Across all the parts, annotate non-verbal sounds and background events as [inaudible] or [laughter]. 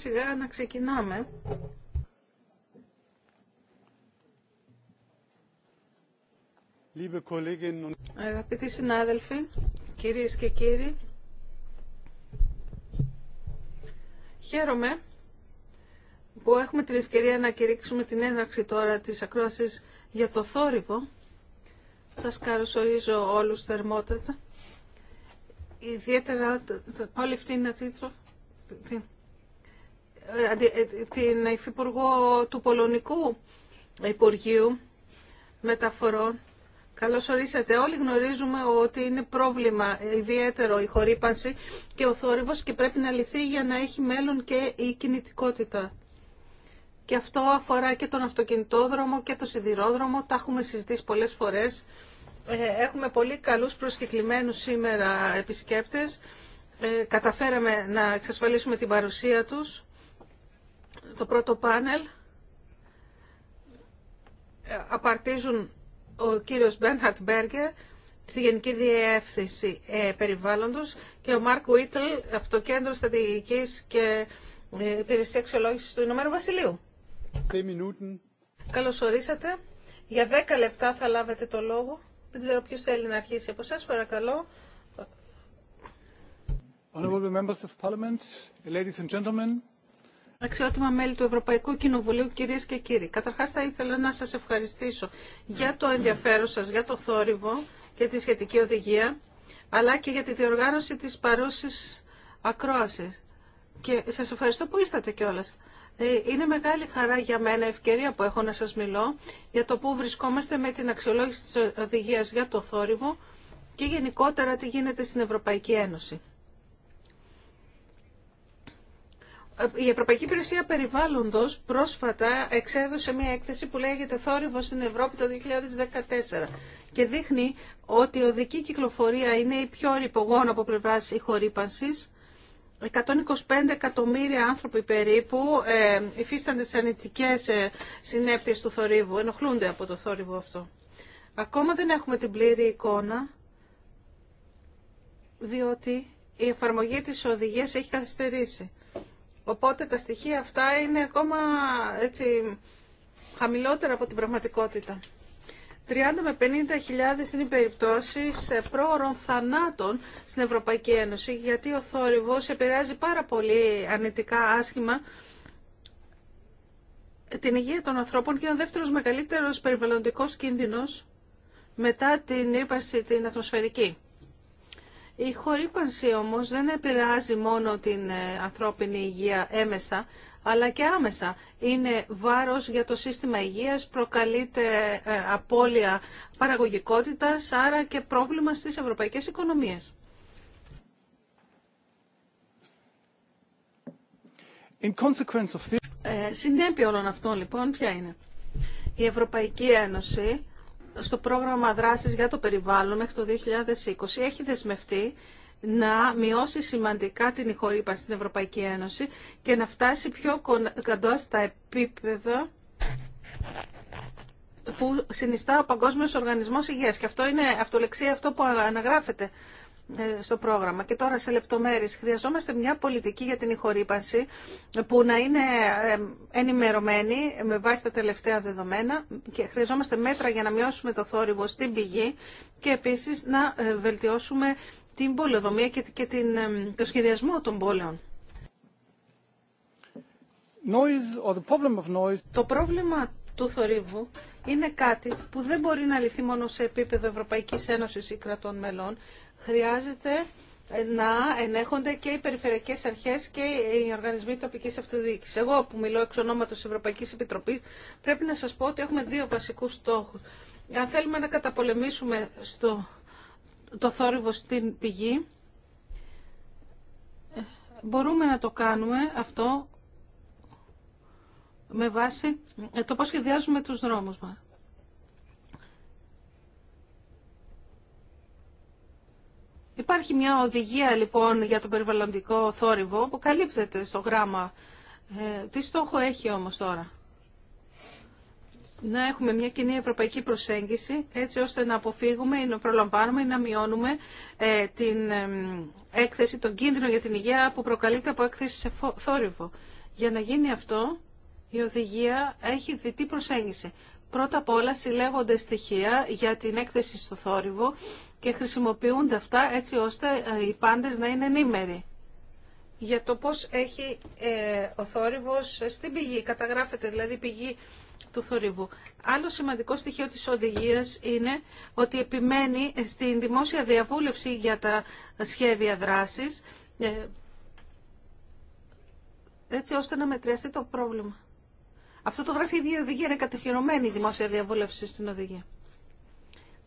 σιγά να ξεκινάμε. Αγαπητοί συνάδελφοι, κυρίες και κύριοι, χαίρομαι που έχουμε την ευκαιρία να κηρύξουμε την έναρξη τώρα της ακρόασης για το θόρυβο. Σας καλωσορίζω όλους θερμότατα ιδιαίτερα όλη αυτή είναι τίτλο. Ε, την Υφυπουργό του Πολωνικού Υπουργείου Μεταφορών. Καλώς ορίσατε. Όλοι γνωρίζουμε ότι είναι πρόβλημα ιδιαίτερο η χορύπανση και ο θόρυβος και πρέπει να λυθεί για να έχει μέλλον και η κινητικότητα. Και αυτό αφορά και τον αυτοκινητόδρομο και το σιδηρόδρομο. Τα έχουμε συζητήσει πολλές φορές. Ε, έχουμε πολύ καλούς προσκεκλημένους σήμερα επισκέπτες. Ε, καταφέραμε να εξασφαλίσουμε την παρουσία τους το πρώτο πάνελ ε, απαρτίζουν ο κύριος Μπένχαρτ Μπέργκερ στη Γενική Διεύθυνση ε, Περιβάλλοντος και ο Μάρκ Βίτλ από το Κέντρο Στρατηγικής και ε, Υπηρεσία Αξιολόγησης του Ηνωμένου Βασιλείου. Καλώς ορίσατε. Για δέκα λεπτά θα λάβετε το λόγο. Δεν ξέρω ποιος θέλει να αρχίσει από σας, παρακαλώ. Honorable members of Parliament, ladies and gentlemen, Αξιότιμα μέλη του Ευρωπαϊκού Κοινοβουλίου, κυρίες και κύριοι. Καταρχάς θα ήθελα να σας ευχαριστήσω για το ενδιαφέρον σας, για το θόρυβο και τη σχετική οδηγία, αλλά και για τη διοργάνωση της παρούσης ακρόασης. Και σας ευχαριστώ που ήρθατε κιόλας. Ε, είναι μεγάλη χαρά για μένα, ευκαιρία που έχω να σας μιλώ, για το που βρισκόμαστε με την αξιολόγηση της οδηγίας για το θόρυβο και γενικότερα τι γίνεται στην Ευρωπαϊκή Ένωση. η Ευρωπαϊκή Υπηρεσία Περιβάλλοντο πρόσφατα εξέδωσε μια έκθεση που λέγεται «Θόρυβο στην Ευρώπη το 2014» και δείχνει ότι η οδική κυκλοφορία είναι η πιο ρηπογόνο από πλευρά ηχορύπανση. 125 εκατομμύρια άνθρωποι περίπου ε, υφίστανται τι ε, συνέπειες του θορύβου, ενοχλούνται από το θόρυβο αυτό. Ακόμα δεν έχουμε την πλήρη εικόνα, διότι η εφαρμογή της οδηγίας έχει καθυστερήσει. Οπότε τα στοιχεία αυτά είναι ακόμα έτσι χαμηλότερα από την πραγματικότητα. 30 με 50 χιλιάδες είναι οι περιπτώσεις ε, πρόωρων θανάτων στην Ευρωπαϊκή Ένωση, γιατί ο θόρυβος επηρεάζει πάρα πολύ ανητικά άσχημα την υγεία των ανθρώπων και ο δεύτερος μεγαλύτερος περιβαλλοντικός κίνδυνος μετά την ύπαρση την ατμοσφαιρική. Η χορύπανση όμως δεν επηρεάζει μόνο την ε, ανθρώπινη υγεία έμεσα, αλλά και άμεσα. Είναι βάρος για το σύστημα υγείας, προκαλείται ε, απώλεια παραγωγικότητας, άρα και πρόβλημα στις ευρωπαϊκές οικονομίες. In of ε, συνέπεια όλων αυτών λοιπόν ποια είναι. Η Ευρωπαϊκή Ένωση στο πρόγραμμα δράσης για το περιβάλλον μέχρι το 2020 έχει δεσμευτεί να μειώσει σημαντικά την ηχορύπαση στην Ευρωπαϊκή Ένωση και να φτάσει πιο κοντά στα επίπεδα που συνιστά ο Παγκόσμιος Οργανισμός Υγείας. Και αυτό είναι αυτολεξία αυτό που αναγράφεται ε, στο πρόγραμμα. Και τώρα σε λεπτομέρειες χρειαζόμαστε μια πολιτική για την ηχορύπανση που να είναι ε, ενημερωμένη με βάση τα τελευταία δεδομένα και χρειαζόμαστε μέτρα για να μειώσουμε το θόρυβο στην πηγή και επίσης να ε, βελτιώσουμε την πολεοδομία και την, το σχεδιασμό των πόλεων. Το πρόβλημα του θορύβου είναι κάτι που δεν μπορεί να λυθεί μόνο σε επίπεδο Ευρωπαϊκής Ένωσης ή κρατών μελών χρειάζεται ε, να ενέχονται και οι περιφερειακές αρχές και οι οργανισμοί τοπικής αυτοδιοίκησης. Εγώ που μιλώ εξ ονόματο Ευρωπαϊκή Ευρωπαϊκής Επιτροπής πρέπει να σας πω ότι έχουμε δύο βασικούς στόχου. Αν θέλουμε να καταπολεμήσουμε στο, το θόρυβο στην πηγή, ε, μπορούμε να το κάνουμε αυτό με βάση το πώς σχεδιάζουμε τους δρόμους μας. Υπάρχει μια οδηγία λοιπόν για τον περιβαλλοντικό θόρυβο που καλύπτεται στο γράμμα. Ε, τι στόχο έχει όμως τώρα. Να έχουμε μια κοινή ευρωπαϊκή προσέγγιση έτσι ώστε να αποφύγουμε ή να προλαμβάνουμε ή να μειώνουμε ε, την έκθεση, τον κίνδυνο για την υγεία που προκαλείται από έκθεση σε θόρυβο. Για να γίνει αυτό η οδηγία έχει διτή προσέγγιση. Πρώτα απ' όλα συλλέγονται στοιχεία για την έκθεση στο θόρυβο και χρησιμοποιούνται αυτά έτσι ώστε ε, οι πάντες να είναι ενήμεροι για το πώς έχει ε, ο θόρυβος ε, στην πηγή, καταγράφεται δηλαδή η πηγή του θορύβου. Άλλο σημαντικό στοιχείο της οδηγίας είναι ότι επιμένει στην δημόσια διαβούλευση για τα σχέδια δράσης, έτσι ώστε να μετριαστεί το πρόβλημα. Αυτό το γράφει η ίδια οδηγία, είναι κατοχυρωμένη η δημόσια διαβούλευση στην οδηγία.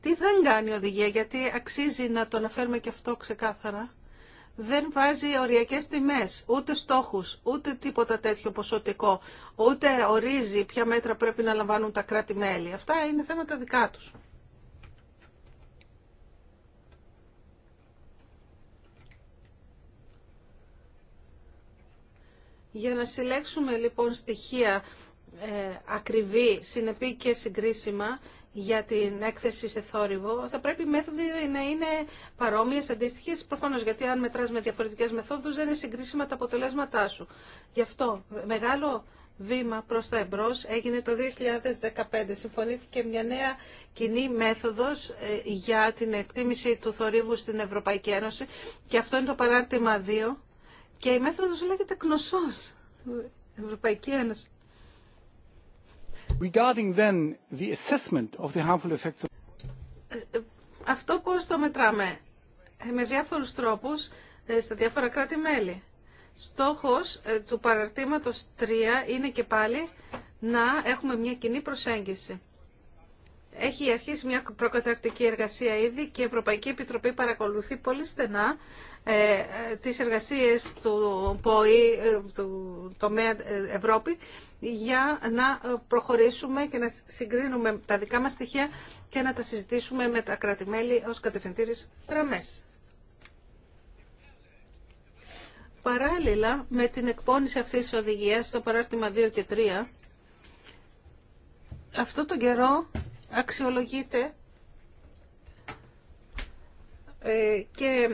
Τι δεν κάνει η οδηγία, γιατί αξίζει να το αναφέρουμε και αυτό ξεκάθαρα. Δεν βάζει οριακές τιμέ. ούτε στόχους, ούτε τίποτα τέτοιο ποσοτικό, ούτε ορίζει ποια μέτρα πρέπει να λαμβάνουν τα κράτη-μέλη. Αυτά είναι θέματα δικά του. Για να συλλέξουμε λοιπόν στοιχεία ε, ακριβή, συνεπή και συγκρίσιμα για την έκθεση σε θόρυβο, θα πρέπει οι μέθοδοι να είναι παρόμοιε, αντίστοιχε. Προφανώ, γιατί αν μετράς με διαφορετικέ μεθόδου, δεν είναι συγκρίσιμα τα αποτελέσματά σου. Γι' αυτό μεγάλο βήμα προ τα εμπρό έγινε το 2015. Συμφωνήθηκε μια νέα κοινή μέθοδο ε, για την εκτίμηση του θορύβου στην Ευρωπαϊκή Ένωση και αυτό είναι το παράρτημα 2. Και η μέθοδο λέγεται κνοσό. Ευρωπαϊκή Ένωση. Αυτό πώς το μετράμε. Ε, με διάφορους τρόπους ε, στα διάφορα κράτη-μέλη. Στόχος ε, του παραρτήματος 3 είναι και πάλι να έχουμε μια κοινή προσέγγιση. Έχει αρχίσει μια προκαταρκτική εργασία ήδη και η Ευρωπαϊκή Επιτροπή παρακολουθεί πολύ στενά τις εργασίες του ΠΟΗ, του τομέα Ευρώπη για να ε, προχωρήσουμε και να συγκρίνουμε τα δικά μας στοιχεία και να τα συζητήσουμε με τα κράτη-μέλη ως κατευθυντήρες γραμμές. Παράλληλα με την εκπόνηση αυτής της οδηγίας στο παράρτημα 2 και 3, αυτό τον καιρό αξιολογείται ε, και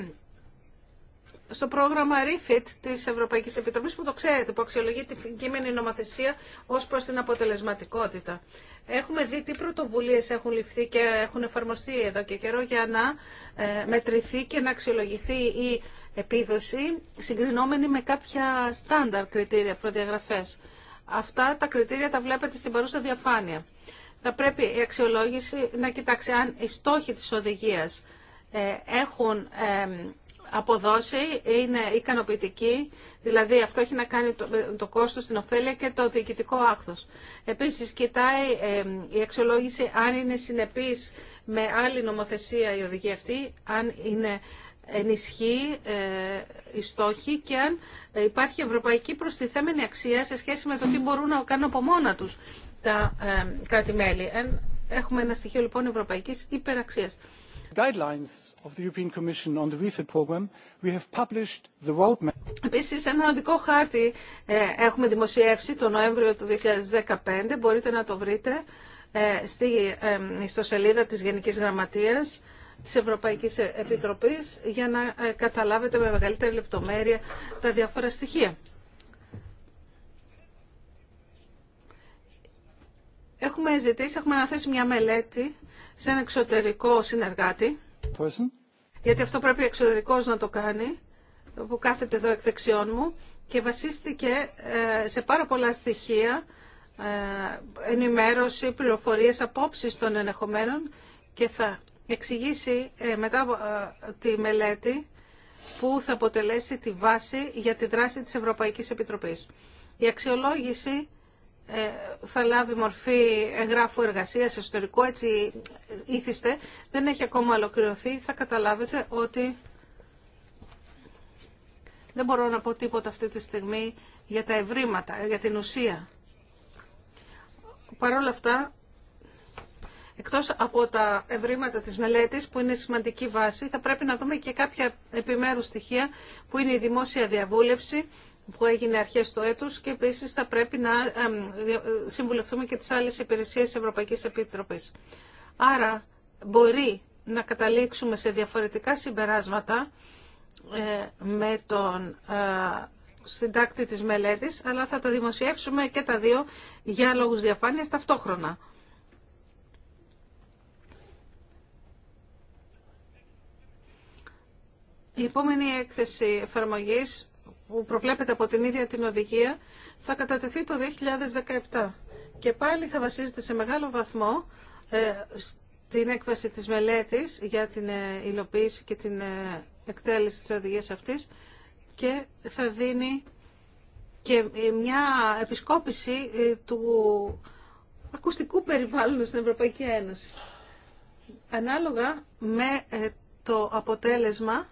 στο πρόγραμμα REFIT τη Ευρωπαϊκή Επιτροπή που το ξέρετε, που αξιολογεί την κείμενη νομοθεσία ως προς την αποτελεσματικότητα. Έχουμε δει τι πρωτοβουλίε έχουν ληφθεί και έχουν εφαρμοστεί εδώ και καιρό για να ε, μετρηθεί και να αξιολογηθεί η επίδοση συγκρινόμενη με κάποια στάνταρ κριτήρια, προδιαγραφές. Αυτά τα κριτήρια τα βλέπετε στην παρούσα διαφάνεια. Θα πρέπει η αξιολόγηση να κοιτάξει αν οι στόχοι της οδηγίας ε, έχουν ε, αποδόση είναι ικανοποιητική, δηλαδή αυτό έχει να κάνει το, κόστος, την ωφέλεια και το διοικητικό άκθος. Επίσης, κοιτάει η αξιολόγηση αν είναι συνεπής με άλλη νομοθεσία η οδηγία αυτή, αν είναι ενισχύει ε, η στόχη και αν ε, υπάρχει ευρωπαϊκή προστιθέμενη αξία σε σχέση με το τι μπορούν να κάνουν από μόνα τους τα κράτη-μέλη. Έχουμε ένα στοιχείο λοιπόν ευρωπαϊκής υπεραξίας. Guidelines of the European Commission on the Refit Program, we have published the roadmap. ένα οδικό χάρτη ε, έχουμε δημοσιεύσει το Νοέμβριο του 2015. Μπορείτε να το βρείτε ε, στη ε, ιστοσελίδα της Γενικής Γραμματείας της Ευρωπαϊκής Επιτροπής για να καταλάβετε με μεγαλύτερη λεπτομέρεια τα διάφορα στοιχεία. Έχουμε ζητήσει, έχουμε αναθέσει μια μελέτη σε ένα εξωτερικό συνεργάτη, γιατί αυτό πρέπει εξωτερικός να το κάνει, που κάθεται εδώ εκ δεξιών μου, και βασίστηκε ε, σε πάρα πολλά στοιχεία, ε, ενημέρωση, πληροφορίες, απόψεις των ενεχομένων και θα εξηγήσει ε, μετά τη μελέτη που θα αποτελέσει τη βάση για τη δράση της Ευρωπαϊκής Επιτροπής. Η αξιολόγηση ε, θα λάβει μορφή εγγράφου εργασίας, εσωτερικό, έτσι ήθιστε, δεν έχει ακόμα ολοκληρωθεί, θα καταλάβετε ότι δεν μπορώ να πω τίποτα αυτή τη στιγμή για τα ευρήματα, για την ουσία. Παρ' όλα αυτά, εκτός από τα ευρήματα της μελέτης, που είναι σημαντική βάση, θα πρέπει να δούμε και κάποια επιμέρους στοιχεία, που είναι η δημόσια διαβούλευση, που έγινε αρχές του έτους και επίσης θα πρέπει να ε, συμβουλευτούμε και τις άλλες υπηρεσίες της Ευρωπαϊκής Επίτροπης. Άρα μπορεί να καταλήξουμε σε διαφορετικά συμπεράσματα ε, με τον ε, συντάκτη της μελέτης, αλλά θα τα δημοσιεύσουμε και τα δύο για λόγους διαφάνειας ταυτόχρονα. Η επόμενη έκθεση εφαρμογής που προβλέπεται από την ίδια την οδηγία θα κατατεθεί το 2017 και πάλι θα βασίζεται σε μεγάλο βαθμό ε, στην έκβαση της μελέτης για την ε, υλοποίηση και την ε, εκτέλεση της οδηγίας αυτής και θα δίνει και μια επισκόπηση του ακουστικού περιβάλλοντος στην Ευρωπαϊκή Ένωση. Ανάλογα με το αποτέλεσμα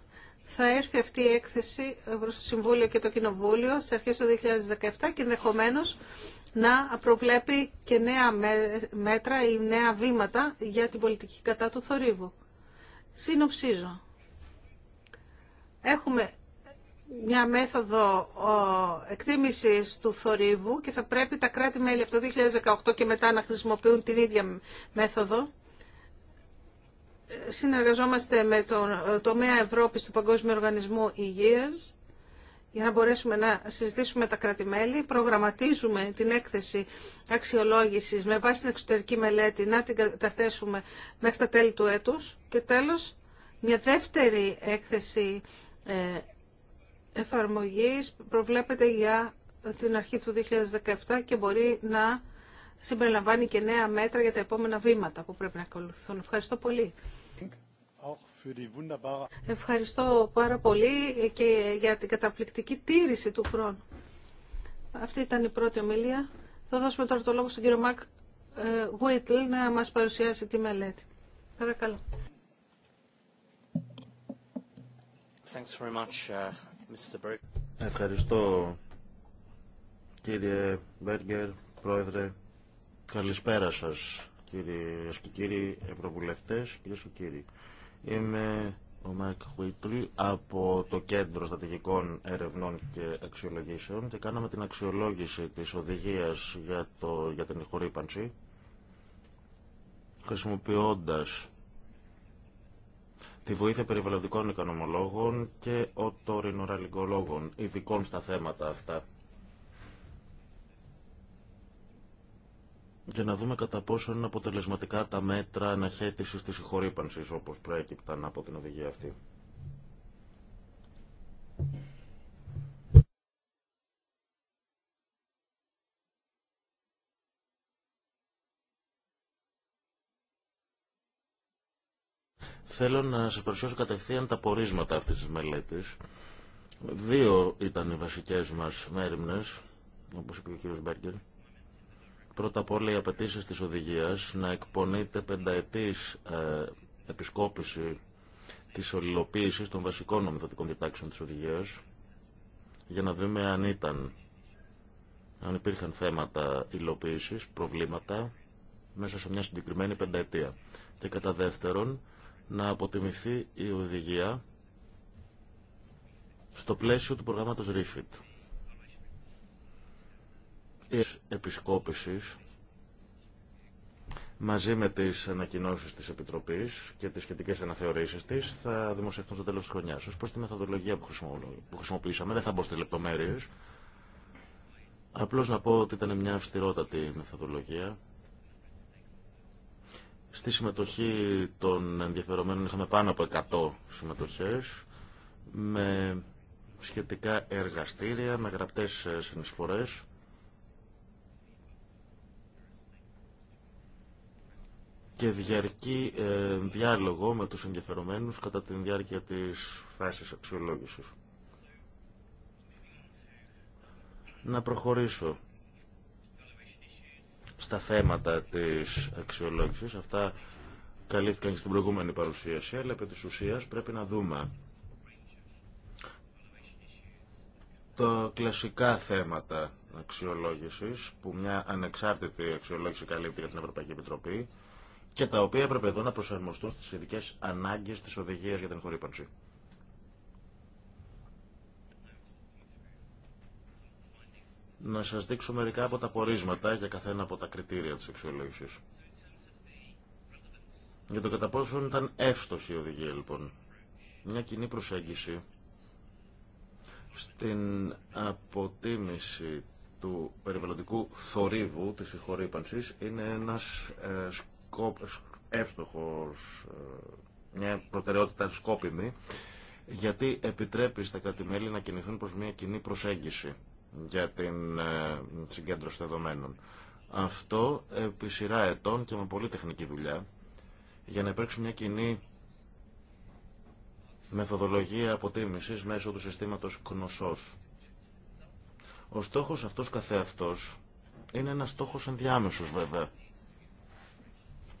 θα έρθει αυτή η έκθεση προς το Συμβούλιο και το Κοινοβούλιο στι αρχές του 2017 και ενδεχομένω να προβλέπει και νέα μέτρα ή νέα βήματα για την πολιτική κατά του θορύβου. Συνοψίζω. Έχουμε μια μέθοδο εκτίμησης του θορύβου και θα πρέπει τα κράτη-μέλη από το 2018 και μετά να χρησιμοποιούν την ίδια μέθοδο συνεργαζόμαστε με τον τομέα Ευρώπης του Παγκόσμιου Οργανισμού Υγείας για να μπορέσουμε να συζητήσουμε τα κράτη-μέλη. Προγραμματίζουμε την έκθεση αξιολόγησης με βάση την εξωτερική μελέτη να την καταθέσουμε μέχρι τα τέλη του έτους. Και τέλος, μια δεύτερη έκθεση ε, εφαρμογής προβλέπεται για την αρχή του 2017 και μπορεί να συμπεριλαμβάνει και νέα μέτρα για τα επόμενα βήματα που πρέπει να ακολουθούν. Ευχαριστώ πολύ. Ευχαριστώ πάρα πολύ και για την καταπληκτική τήρηση του χρόνου. Αυτή ήταν η πρώτη ομιλία. Θα δώσουμε τώρα το λόγο στον κύριο Μακ Γουίτλ ε, να μας παρουσιάσει τη μελέτη. Παρακαλώ. Uh, Ευχαριστώ κύριε Μπέργκερ, πρόεδρε. Καλησπέρα σας κύριε και κύριοι ευρωβουλευτές, και κύριοι. Είμαι ο Μάικ Χουίτλ από το Κέντρο Στατηγικών Ερευνών και Αξιολογήσεων και κάναμε την αξιολόγηση της οδηγίας για, το, για την ηχορύπανση χρησιμοποιώντας τη βοήθεια περιβαλλοντικών οικονομολόγων και οτορινοραλικολόγων ειδικών στα θέματα αυτά. για να δούμε κατά πόσο είναι αποτελεσματικά τα μέτρα αναχέτησης της συγχωρήπανσης όπως προέκυπταν από την οδηγία αυτή. Θέλω να σας παρουσιάσω κατευθείαν τα πορίσματα αυτής της μελέτης. Δύο ήταν οι βασικές μας μέρημνες, όπως είπε ο κ. Μπέργκερ. Πρώτα απ' όλα οι απαιτήσει της οδηγίας να εκπονείται πενταετής ε, επισκόπηση της ολυλοποίησης των βασικών νομοθετικών διτάξεων της οδηγίας για να δούμε αν ήταν αν υπήρχαν θέματα υλοποίησης, προβλήματα μέσα σε μια συγκεκριμένη πενταετία. Και κατά δεύτερον, να αποτιμηθεί η οδηγία στο πλαίσιο του προγράμματος REFIT επισκόπησης μαζί με τις ανακοινώσεις της Επιτροπής και τις σχετικές αναθεωρήσεις της θα δημοσιευτούν στο τέλος της χρονιάς. Ως προς τη μεθοδολογία που χρησιμοποιήσαμε, δεν θα μπω στις λεπτομέρειες, απλώς να πω ότι ήταν μια αυστηρότατη μεθοδολογία. Στη συμμετοχή των ενδιαφερομένων είχαμε πάνω από 100 συμμετοχές με σχετικά εργαστήρια, με γραπτές συνεισφορές και διαρκή ε, διάλογο με τους ενδιαφερομένους κατά τη διάρκεια της φάσης αξιολόγησης. Να προχωρήσω στα θέματα της αξιολόγησης. Αυτά καλύφθηκαν στην προηγούμενη παρουσίαση, αλλά επί της ουσίας πρέπει να δούμε τα κλασικά θέματα αξιολόγησης, που μια ανεξάρτητη αξιολόγηση καλύπτει για την Ευρωπαϊκή Επιτροπή, και τα οποία έπρεπε εδώ να προσαρμοστούν στις ειδικές ανάγκες της οδηγίας για την χορύπανση. Να σας δείξω μερικά από τα πορίσματα για καθένα από τα κριτήρια της αξιολόγησης. Για το κατά πόσο ήταν εύστοχη η οδηγία λοιπόν. Μια κοινή προσέγγιση στην αποτίμηση του περιβαλλοντικού θορύβου της συγχωρήπανσης είναι ένας ε, εύστοχος, ε, μια προτεραιότητα σκόπιμη, γιατί επιτρέπει στα κρατημέλη να κινηθούν προς μια κοινή προσέγγιση για την ε, συγκέντρωση δεδομένων. Αυτό επί σειρά ετών και με πολύ τεχνική δουλειά, για να υπάρξει μια κοινή μεθοδολογία αποτίμησης μέσω του συστήματος γνωσός. Ο στόχος αυτός καθεαυτός είναι ένας στόχος ενδιάμεσος βέβαια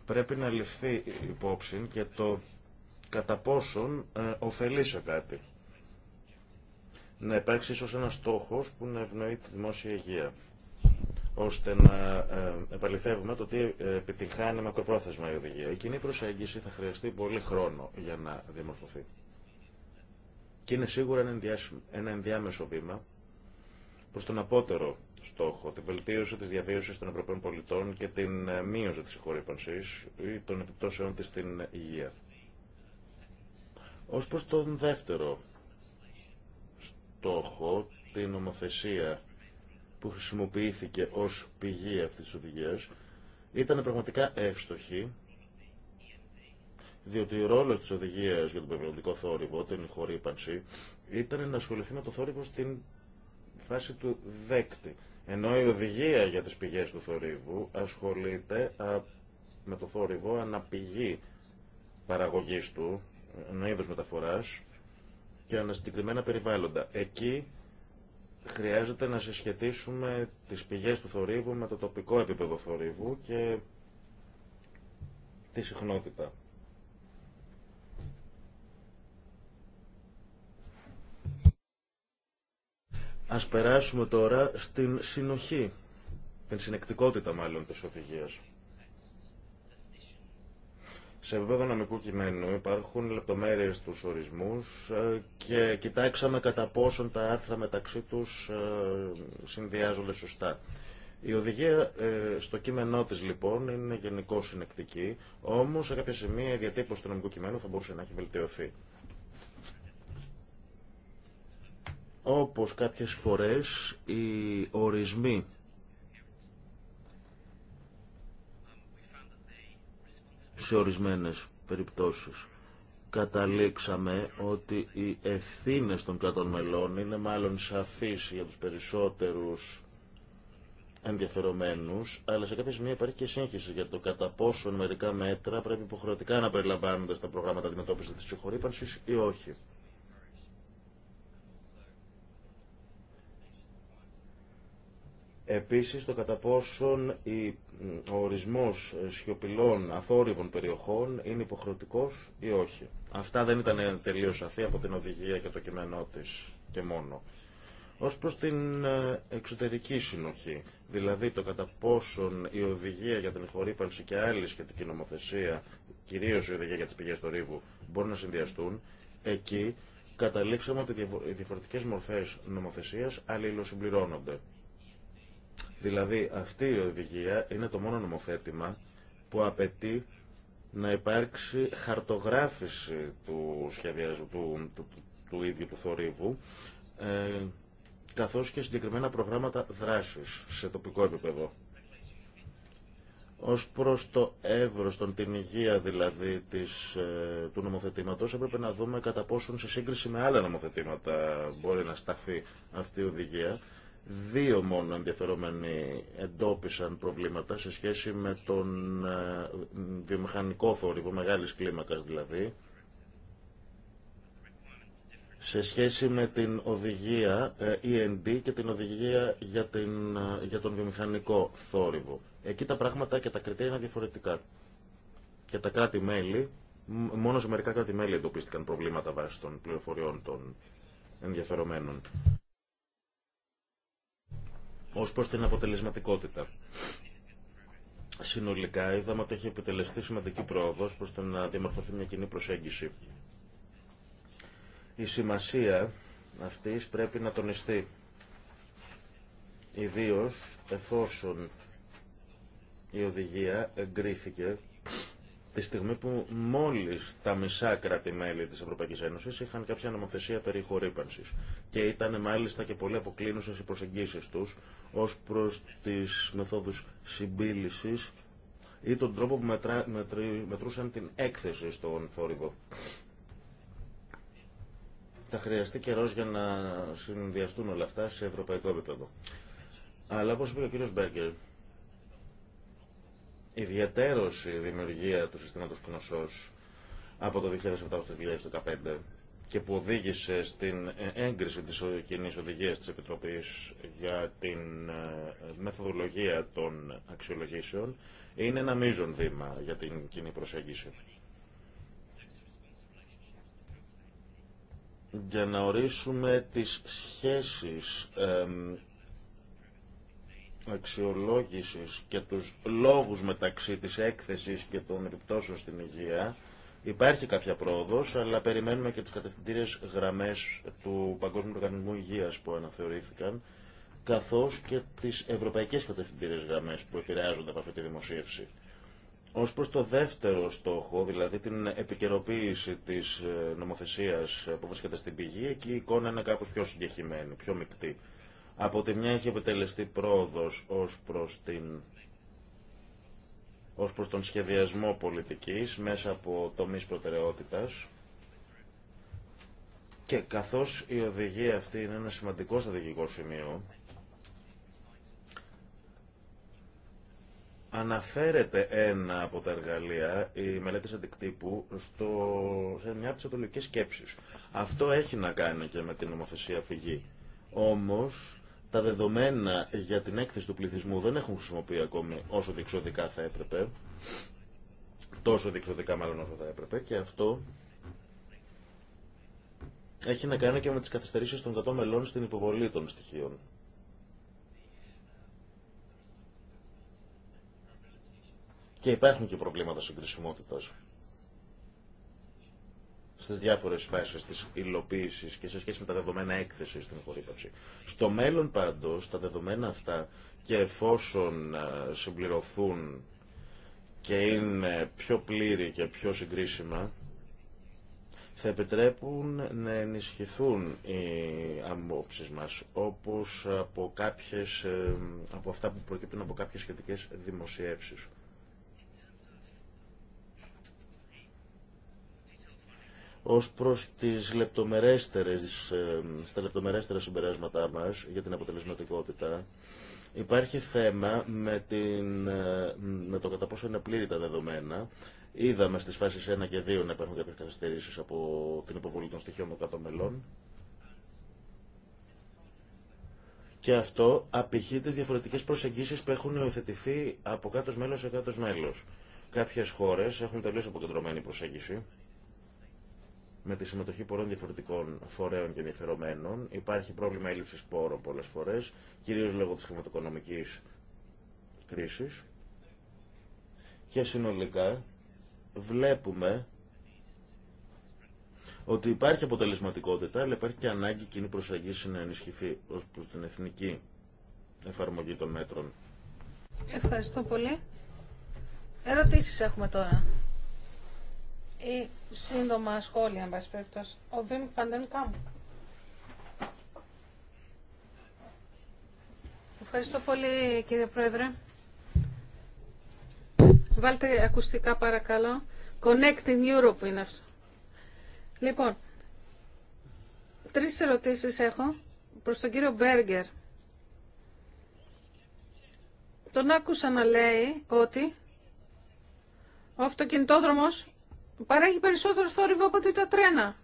πρέπει να ληφθεί υπόψη και το κατά πόσον ε, ωφελεί σε κάτι. Να υπάρξει ίσως ένας στόχος που να ευνοεί τη δημόσια υγεία ώστε να ε, επαληθεύουμε το τι επιτυγχάνει μακροπρόθεσμα η οδηγία. Η κοινή προσέγγιση θα χρειαστεί πολύ χρόνο για να διαμορφωθεί. Και είναι σίγουρα ένα ενδιάμεσο βήμα προς τον απότερο στόχο, τη βελτίωση τη διαβίωσης των Ευρωπαίων πολιτών και την ε, μείωση τη συγχωρήπανση ή των επιπτώσεων της στην υγεία. Ω προ τον δεύτερο στόχο, την νομοθεσία που χρησιμοποιήθηκε ως πηγή αυτή τη οδηγία ήταν πραγματικά εύστοχη, διότι ο ρόλο της οδηγίας για τον περιβαλλοντικό θόρυβο, την χορύπανση, ήταν να ασχοληθεί με το θόρυβο στην φάση του δέκτη. Ενώ η οδηγία για τις πηγές του θορύβου ασχολείται με το θόρυβο αναπηγή παραγωγής του, ένα είδος μεταφοράς και ανασυγκεκριμένα περιβάλλοντα. Εκεί χρειάζεται να συσχετίσουμε τις πηγές του θορύβου με το τοπικό επίπεδο θορύβου και τη συχνότητα. Ας περάσουμε τώρα στην συνοχή, την συνεκτικότητα μάλλον της οδηγίας. Σε επίπεδο νομικού κειμένου υπάρχουν λεπτομέρειες στους ορισμούς ε, και κοιτάξαμε κατά πόσον τα άρθρα μεταξύ τους ε, συνδυάζονται σωστά. Η οδηγία ε, στο κείμενό της λοιπόν είναι γενικώ συνεκτική, όμως σε κάποια σημεία η διατύπωση του νομικού κειμένου θα μπορούσε να έχει βελτιωθεί. Όπως κάποιες φορές οι ορισμοί σε ορισμένες περιπτώσεις καταλήξαμε ότι οι ευθύνες των κρατών μελών είναι μάλλον σαφείς για τους περισσότερους ενδιαφερομένους, αλλά σε κάποια σημεία υπάρχει και σύγχυση για το κατά πόσο μερικά μέτρα πρέπει υποχρεωτικά να περιλαμβάνονται στα προγράμματα αντιμετώπιση τη συγχωρήπανση ή όχι. Επίσης, το κατά πόσον ο ορισμός σιωπηλών αθόρυβων περιοχών είναι υποχρεωτικός ή όχι. Αυτά δεν ήταν τελείως σαφή από την οδηγία και το κείμενό της και μόνο. Ως προς την ε, εξωτερική συνοχή, δηλαδή το κατά πόσον η οδηγία για την χορύπανση και άλλη σχετική νομοθεσία, κυρίως η οδηγία για τις πηγές του ρήβου, μπορούν να συνδυαστούν, εκεί καταλήξαμε ότι οι διαφορετικές μορφές νομοθεσίας αλληλοσυμπληρώνονται. Δηλαδή αυτή η οδηγία είναι το μόνο νομοθέτημα που απαιτεί να υπάρξει χαρτογράφηση του σχεδιασμού του, του, ίδιου του θορύβου ε, καθώς και συγκεκριμένα προγράμματα δράσης σε τοπικό επίπεδο. Ως προς το εύρος, τον, την υγεία δηλαδή της, ε, του νομοθετήματος έπρεπε να δούμε κατά πόσον σε σύγκριση με άλλα νομοθετήματα μπορεί να σταθεί αυτή η οδηγία Δύο μόνο ενδιαφερόμενοι εντόπισαν προβλήματα σε σχέση με τον ε, βιομηχανικό θόρυβο, μεγάλης κλίμακας δηλαδή, σε σχέση με την οδηγία ε, END και την οδηγία για, την, ε, για τον βιομηχανικό θόρυβο. Εκεί τα πράγματα και τα κριτήρια είναι διαφορετικά. Και τα κράτη-μέλη, μόνο σε μερικά κράτη-μέλη εντοπίστηκαν προβλήματα βάσει των πληροφοριών των ενδιαφερομένων ως προς την αποτελεσματικότητα. Συνολικά είδαμε ότι έχει επιτελεστεί σημαντική πρόοδος προς το να διαμορφωθεί μια κοινή προσέγγιση. Η σημασία αυτής πρέπει να τονιστεί, ιδίως εφόσον η οδηγία εγκρίθηκε τη στιγμή που μόλις τα μισά κράτη-μέλη της Ευρωπαϊκής Ένωσης είχαν κάποια νομοθεσία περί χορύπανσης και ήταν μάλιστα και πολύ αποκλίνουσες οι προσεγγίσεις τους ως προς τις μεθόδους συμπίλησης ή τον τρόπο που μετρά, μετρούσαν την έκθεση στον θόρυβο. Θα χρειαστεί καιρό για να συνδυαστούν όλα αυτά σε ευρωπαϊκό επίπεδο. Αλλά όπως είπε ο κύριος Μπέργκερ, ιδιαίτερος η δημιουργία του συστήματος Κνωσός από το 2007 στο 2015 και που οδήγησε στην έγκριση της κοινή οδηγίας της Επιτροπής για την ε, μεθοδολογία των αξιολογήσεων είναι ένα μείζον βήμα για την κοινή προσέγγιση. Για να ορίσουμε τις σχέσεις αξιολόγησης και τους λόγους μεταξύ της έκθεσης και των επιπτώσεων στην υγεία υπάρχει κάποια πρόοδος, αλλά περιμένουμε και τις κατευθυντήριες γραμμές του Παγκόσμιου Οργανισμού Υγείας που αναθεωρήθηκαν, καθώς και τις ευρωπαϊκές κατευθυντήριες γραμμές που επηρεάζονται από αυτή τη δημοσίευση. Ω προ το δεύτερο στόχο, δηλαδή την επικαιροποίηση τη ε, νομοθεσία που βρίσκεται στην πηγή, εκεί η εικόνα είναι κάπω πιο συγκεχημένη, πιο μεικτή. Από τη μια έχει επιτελεστεί πρόοδος ως προς την ως προς τον σχεδιασμό πολιτικής μέσα από τομείς προτεραιότητας και καθώς η οδηγία αυτή είναι ένα σημαντικό στρατηγικό σημείο αναφέρεται ένα από τα εργαλεία, η μελέτη αντικτύπου, στο, σε μια από τις σκέψεις. Αυτό έχει να κάνει και με την νομοθεσία φυγή. Όμως, τα δεδομένα για την έκθεση του πληθυσμού δεν έχουν χρησιμοποιεί ακόμη όσο διεξοδικά θα έπρεπε. Τόσο διεξοδικά μάλλον όσο θα έπρεπε. Και αυτό έχει να κάνει και με τις καθυστερήσεις των κατώμελών μελών στην υποβολή των στοιχείων. Και υπάρχουν και προβλήματα συγκρισιμότητας. Στι διάφορε φάσει τη υλοποίηση και σε σχέση με τα δεδομένα έκθεση στην χωρίπαψη. Στο μέλλον πάντω, τα δεδομένα αυτά και εφόσον ε, συμπληρωθούν και είναι πιο πλήρη και πιο συγκρίσιμα θα επιτρέπουν να ενισχυθούν οι αμόψεις μας, όπως από, κάποιες, ε, από αυτά που προκύπτουν από κάποιες σχετικές δημοσιεύσεις. ως προς τις λεπτομερέστερες, ε, στα λεπτομερέστερα συμπεράσματά μας για την αποτελεσματικότητα, υπάρχει θέμα με, την, ε, με το κατά πόσο είναι πλήρη τα δεδομένα. Είδαμε στις φάσεις 1 και 2 να υπάρχουν κάποιες καθυστερήσεις από την υποβολή των στοιχείων των μελών. Και αυτό απηχεί τις διαφορετικές προσεγγίσεις που έχουν υιοθετηθεί από κάτω μέλος σε κάτω μέλος. Κάποιες χώρες έχουν τελείως αποκεντρωμένη προσέγγιση με τη συμμετοχή πολλών διαφορετικών φορέων και ενδιαφερομένων. Υπάρχει πρόβλημα έλλειψη πόρων πολλέ φορέ, κυρίω λόγω τη χρηματοοικονομική κρίση. Και συνολικά βλέπουμε ότι υπάρχει αποτελεσματικότητα, αλλά υπάρχει και ανάγκη κοινή προσαγγίση να ενισχυθεί ω προ την εθνική εφαρμογή των μέτρων. Ευχαριστώ πολύ. Ερωτήσεις έχουμε τώρα ή σύντομα σχόλια, εν πάση περιπτώσει. Ο Βίμ Φαντενκάμ. Ευχαριστώ πολύ, κύριε Πρόεδρε. Βάλτε ακουστικά, παρακαλώ. Connecting Europe είναι αυτό. Λοιπόν, τρεις ερωτήσεις έχω προς τον κύριο Μπέργκερ. Τον άκουσα να λέει ότι ο αυτοκινητόδρομος παράγει περισσότερο θόρυβο από ότι τα τρένα.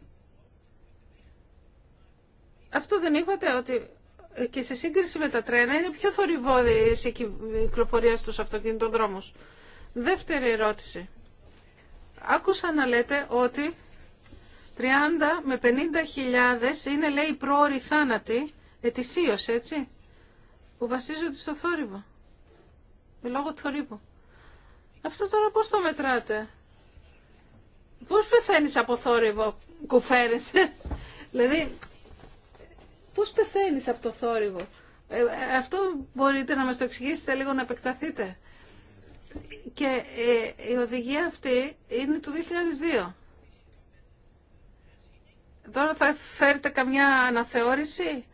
Αυτό δεν είπατε ότι ε, και σε σύγκριση με τα τρένα είναι πιο θορυβόδης η κυκλοφορία στους αυτοκινητοδρόμους. Δεύτερη ερώτηση. Άκουσα να λέτε ότι 30 με 50 χιλιάδες είναι λέει πρόοροι θάνατοι ετησίως έτσι που βασίζονται στο θόρυβο. Ε, λόγω του θορύβου. Αυτό τώρα πώς το μετράτε. Πώς πεθαίνει από θόρυβο, κουφέρεσαι. δηλαδή, πώς πεθαίνει από το θόρυβο. Ε, ε, αυτό μπορείτε να μας το εξηγήσετε λίγο να επεκταθείτε. Και ε, η οδηγία αυτή είναι του 2002. Τώρα θα φέρετε καμιά αναθεώρηση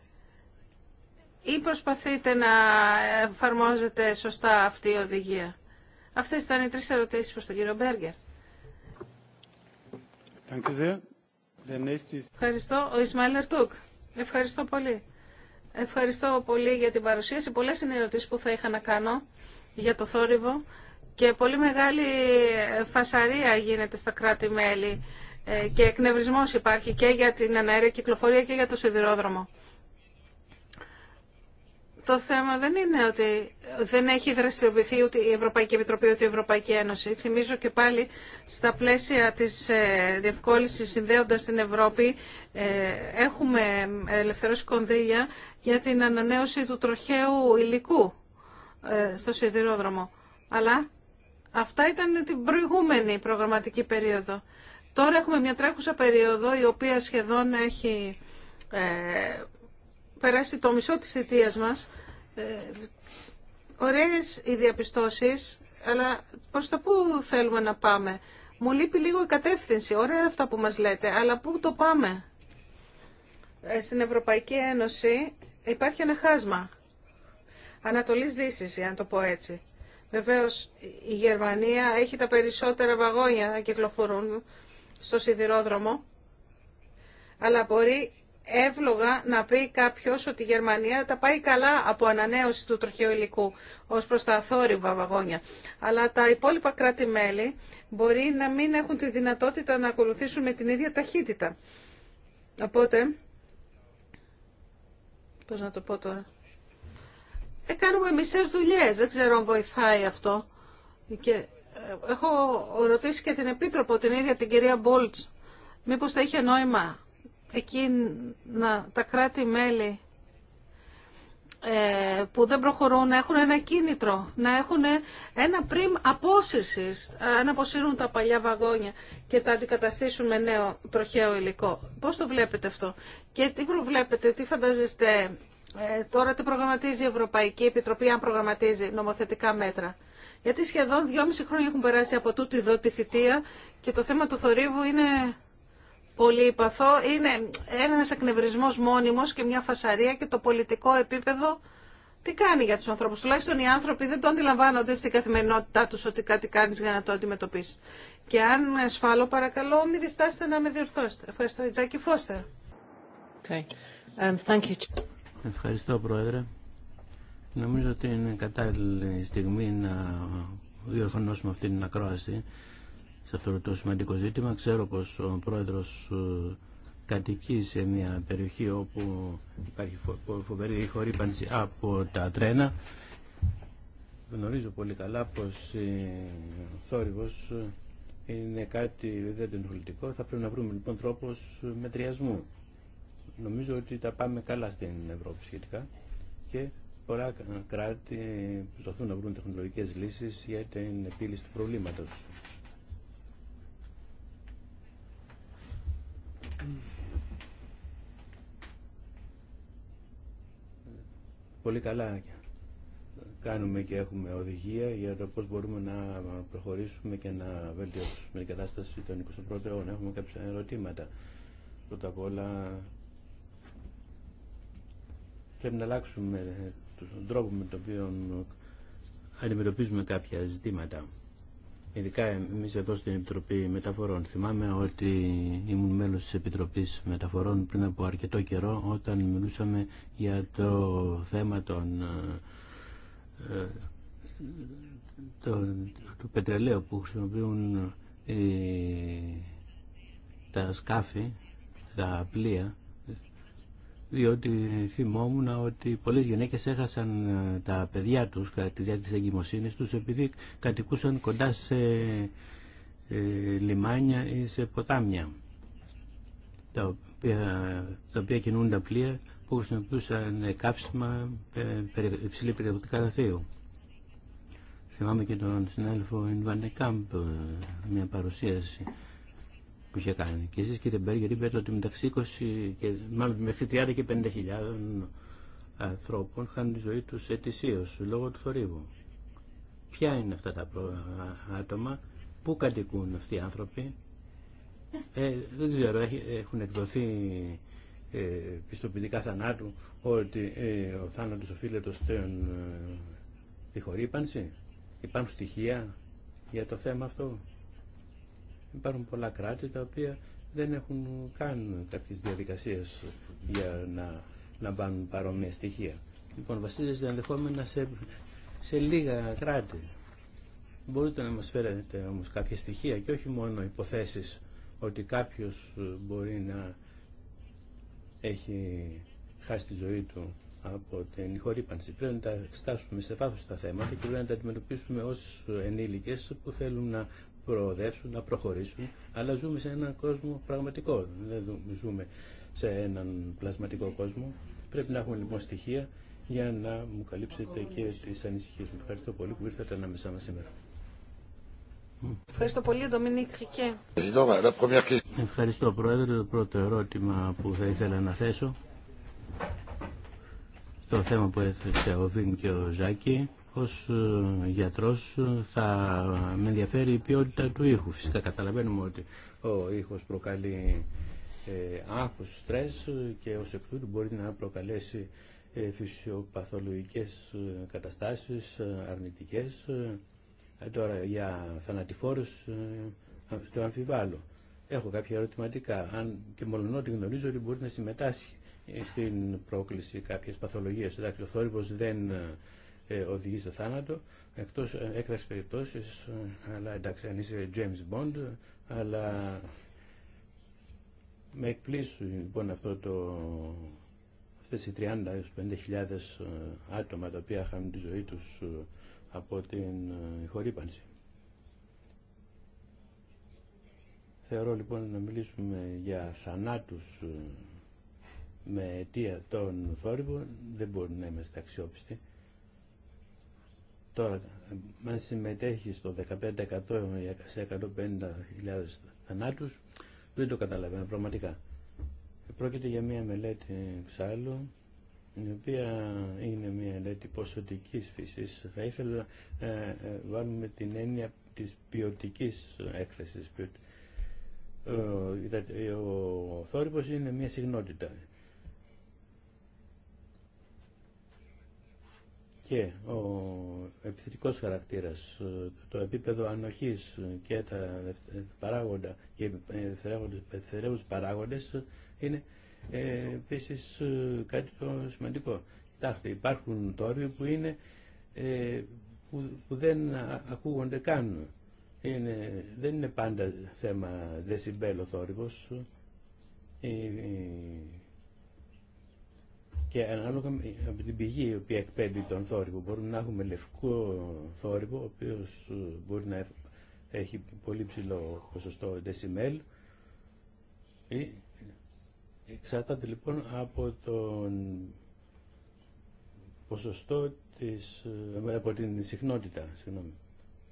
ή προσπαθείτε να εφαρμόζετε σωστά αυτή η οδηγία. Αυτές ήταν οι τρεις ερωτήσεις προς τον κύριο Μπέργκερ. Ευχαριστώ. Ο Ισμαήλ Ερτούκ. Ευχαριστώ πολύ. Ευχαριστώ πολύ για την παρουσίαση. Πολλές είναι οι ερωτήσεις που θα είχα να κάνω για το θόρυβο και πολύ μεγάλη φασαρία γίνεται στα κράτη-μέλη ε, και εκνευρισμός υπάρχει και για την αναέρια κυκλοφορία και για το σιδηρόδρομο το θέμα δεν είναι ότι δεν έχει δραστηριοποιηθεί ούτε η Ευρωπαϊκή Επιτροπή ούτε η Ευρωπαϊκή Ένωση. Θυμίζω και πάλι στα πλαίσια της ε, διευκόλυνσης συνδέοντας την Ευρώπη ε, έχουμε ελευθερώσει κονδύλια για την ανανέωση του τροχαίου υλικού ε, στο σιδηρόδρομο. Αλλά αυτά ήταν την προηγούμενη προγραμματική περίοδο. Τώρα έχουμε μια τρέχουσα περίοδο η οποία σχεδόν έχει περάσει το μισό της θητείας μας. Ε, ωραίες οι διαπιστώσεις, αλλά προς το πού θέλουμε να πάμε. Μου λείπει λίγο η κατεύθυνση. Ωραία αυτά που μας λέτε, αλλά πού το πάμε. Ε, στην Ευρωπαϊκή Ένωση υπάρχει ένα χάσμα. Ανατολής Δύσης, αν το πω έτσι. Βεβαίως η Γερμανία έχει τα περισσότερα βαγόνια να κυκλοφορούν στο σιδηρόδρομο, αλλά μπορεί εύλογα να πει κάποιος ότι η Γερμανία τα πάει καλά από ανανέωση του τροχαίου υλικού ως προς τα αθόρυβα βαγόνια. Αλλά τα υπόλοιπα κράτη-μέλη μπορεί να μην έχουν τη δυνατότητα να ακολουθήσουν με την ίδια ταχύτητα. Οπότε, πώς να το πω τώρα, ε, κάνουμε μισές δουλειές, δεν ξέρω αν βοηθάει αυτό. Και ε, έχω ρωτήσει και την Επίτροπο, την ίδια την κυρία Μπολτς μήπως θα είχε νόημα εκείνα τα κράτη-μέλη ε, που δεν προχωρούν να έχουν ένα κίνητρο, να έχουν ένα πριμ απόσυρσης, αν αποσύρουν τα παλιά βαγόνια και τα αντικαταστήσουν με νέο τροχαίο υλικό. Πώς το βλέπετε αυτό και τι προβλέπετε, τι φανταζεστε ε, τώρα τι προγραμματίζει η Ευρωπαϊκή Επιτροπή, αν προγραμματίζει νομοθετικά μέτρα. Γιατί σχεδόν δυόμιση χρόνια έχουν περάσει από τούτη εδώ τη θητεία και το θέμα του θορύβου είναι Πολύ υπαθώ. Είναι ένας εκνευρισμός μόνιμος και μια φασαρία και το πολιτικό επίπεδο τι κάνει για τους ανθρώπους. Τουλάχιστον οι άνθρωποι δεν το αντιλαμβάνονται στην καθημερινότητά τους ότι κάτι κάνεις για να το αντιμετωπίσει. Και αν ασφάλω παρακαλώ μην διστάσετε να με διορθώσετε. Ευχαριστώ Τζάκη Φώστερ. Um, Ευχαριστώ Πρόεδρε. Νομίζω ότι είναι κατάλληλη στιγμή να διορθώσουμε αυτή την ακρόαση σε αυτό το σημαντικό ζήτημα. Ξέρω πως ο πρόεδρος ε, κατοικεί σε μια περιοχή όπου υπάρχει φοβερή χορύπανση από τα τρένα. Γνωρίζω πολύ καλά πως ο θόρυβος είναι κάτι δεν ενοχλητικό. Θα πρέπει να βρούμε λοιπόν τρόπος μετριασμού. Νομίζω ότι τα πάμε καλά στην Ευρώπη σχετικά και πολλά κράτη προσπαθούν να βρουν τεχνολογικές λύσεις για την επίλυση του προβλήματος. Πολύ καλά κάνουμε και έχουμε οδηγία για το πώς μπορούμε να προχωρήσουμε και να βελτιώσουμε την κατάσταση των 21ου αιώνα. Έχουμε κάποια ερωτήματα. Πρώτα απ' όλα πρέπει να αλλάξουμε τον τρόπο με τον οποίο αντιμετωπίζουμε κάποια ζητήματα ειδικά εμεί εδώ στην Επιτροπή Μεταφορών. Θυμάμαι ότι ήμουν μέλος τη Επιτροπής Μεταφορών πριν από αρκετό καιρό όταν μιλούσαμε για το θέμα των, ε, του πετρελαίου που χρησιμοποιούν τα σκάφη, τα πλοία διότι θυμόμουν ότι πολλές γυναίκες έχασαν ε, τα παιδιά τους κατά τη διάρκεια της εγκυμοσύνης τους επειδή κατοικούσαν κοντά σε ε, λιμάνια ή σε ποτάμια τα οποία, τα οποία κινούν τα πλοία που χρησιμοποιούσαν ε, κάψιμα υψηλή περιοχτικά δαθείου. Θυμάμαι και τον συνάδελφο Ινβανεκάμπ μια παρουσίαση που είχε κάνει. Και εσείς κύριε Μπέργκερ είπατε ότι μεταξύ 20 και μάλλον μέχρι 30 και 50 χιλιάδων ανθρώπων χάνουν τη ζωή του ετησίω λόγω του θορύβου. Ποια είναι αυτά τα άτομα, πού κατοικούν αυτοί οι άνθρωποι. Ε, δεν ξέρω, έχουν εκδοθεί ε, πιστοποιητικά θανάτου ότι ε, ο θάνατος οφείλεται στην ε, τη χορύπανση. Υπάρχουν στοιχεία για το θέμα αυτό. Υπάρχουν πολλά κράτη τα οποία δεν έχουν καν κάποιες διαδικασίες για να μπάνουν παρόμοια στοιχεία. Λοιπόν, βασίζεται ενδεχόμενα σε, σε λίγα κράτη. Μπορείτε να μας φέρετε όμως κάποια στοιχεία και όχι μόνο υποθέσεις ότι κάποιος μπορεί να έχει χάσει τη ζωή του από την χορύπανση. Πρέπει να τα στάσουμε σε βάθος τα θέματα και πρέπει να τα αντιμετωπίσουμε ως ενήλικες που θέλουν να προοδεύσουν, να προχωρήσουν, αλλά ζούμε σε έναν κόσμο πραγματικό. Δεν ζούμε σε έναν πλασματικό κόσμο. Πρέπει να έχουμε λοιπόν στοιχεία για να μου καλύψετε και τις ανησυχίες μου. Ευχαριστώ πολύ που ήρθατε ανάμεσά μα σήμερα. Ευχαριστώ πολύ, Ντομινίκ ε, Ευχαριστώ, Πρόεδρε. Το πρώτο ερώτημα που θα ήθελα να θέσω στο θέμα που έθεσε ο Βίν και ο Ζάκη ως ε, γιατρός ε, θα με ενδιαφέρει η ποιότητα του ήχου. Φυσικά καταλαβαίνουμε ότι ο ήχος προκαλεί ε, άγχος, στρες και ως εκ τούτου μπορεί να προκαλέσει ε, φυσιοπαθολογικές καταστάσεις, αρνητικές. Τώρα για θανατηφόρους το αμφιβάλλω. Έχω κάποια ερωτηματικά αν και ότι γνωρίζω ότι μπορεί να συμμετάσχει στην πρόκληση κάποιες παθολογίες. Εντάξει, ο θόρυβος δεν ε, οδηγεί στο θάνατο, εκτός περιπτώσει, περιπτώσεις, αλλά εντάξει, αν είσαι James Bond, αλλά με εκπλήσουν λοιπόν αυτό το, αυτές οι 30 50000 ε, άτομα τα οποία χάνουν τη ζωή τους ε, από την χορύπανση. Θεωρώ λοιπόν να μιλήσουμε για θανάτους με αιτία των θόρυβων, δεν μπορεί να είμαστε αξιόπιστοι. Τώρα, αν συμμετέχει στο 15% σε 150.000 θανάτου, δεν το καταλαβαίνω πραγματικά. Πρόκειται για μια μελέτη εξάλλου, η οποία είναι μια μελέτη ποσοτικής φυσή, Θα ήθελα να ε, ε, βάλουμε την έννοια τη ποιοτική έκθεσης. Ο, ο θόρυβος είναι μια συγνότητα. και ο επιθετικός χαρακτήρας, ε, το επίπεδο ανοχής και τα ε, παράγοντα και παράγοντες είναι ε, επίση κάτι το σημαντικό. Κοιτάξτε, υπάρχουν τόροι που, είναι, που, δεν ακούγονται καν. Είναι, δεν είναι πάντα θέμα δεσιμπέλο θόρυβος και ανάλογα με την πηγή η οποία εκπέμπει τον θόρυβο. Μπορούμε να έχουμε λευκό θόρυβο, ο οποίο ε, μπορεί να έχει πολύ ψηλό ποσοστό δεσιμέλ. Ε, εξαρτάται λοιπόν από τον ποσοστό της, ε, από την συχνότητα, συγγνώμη.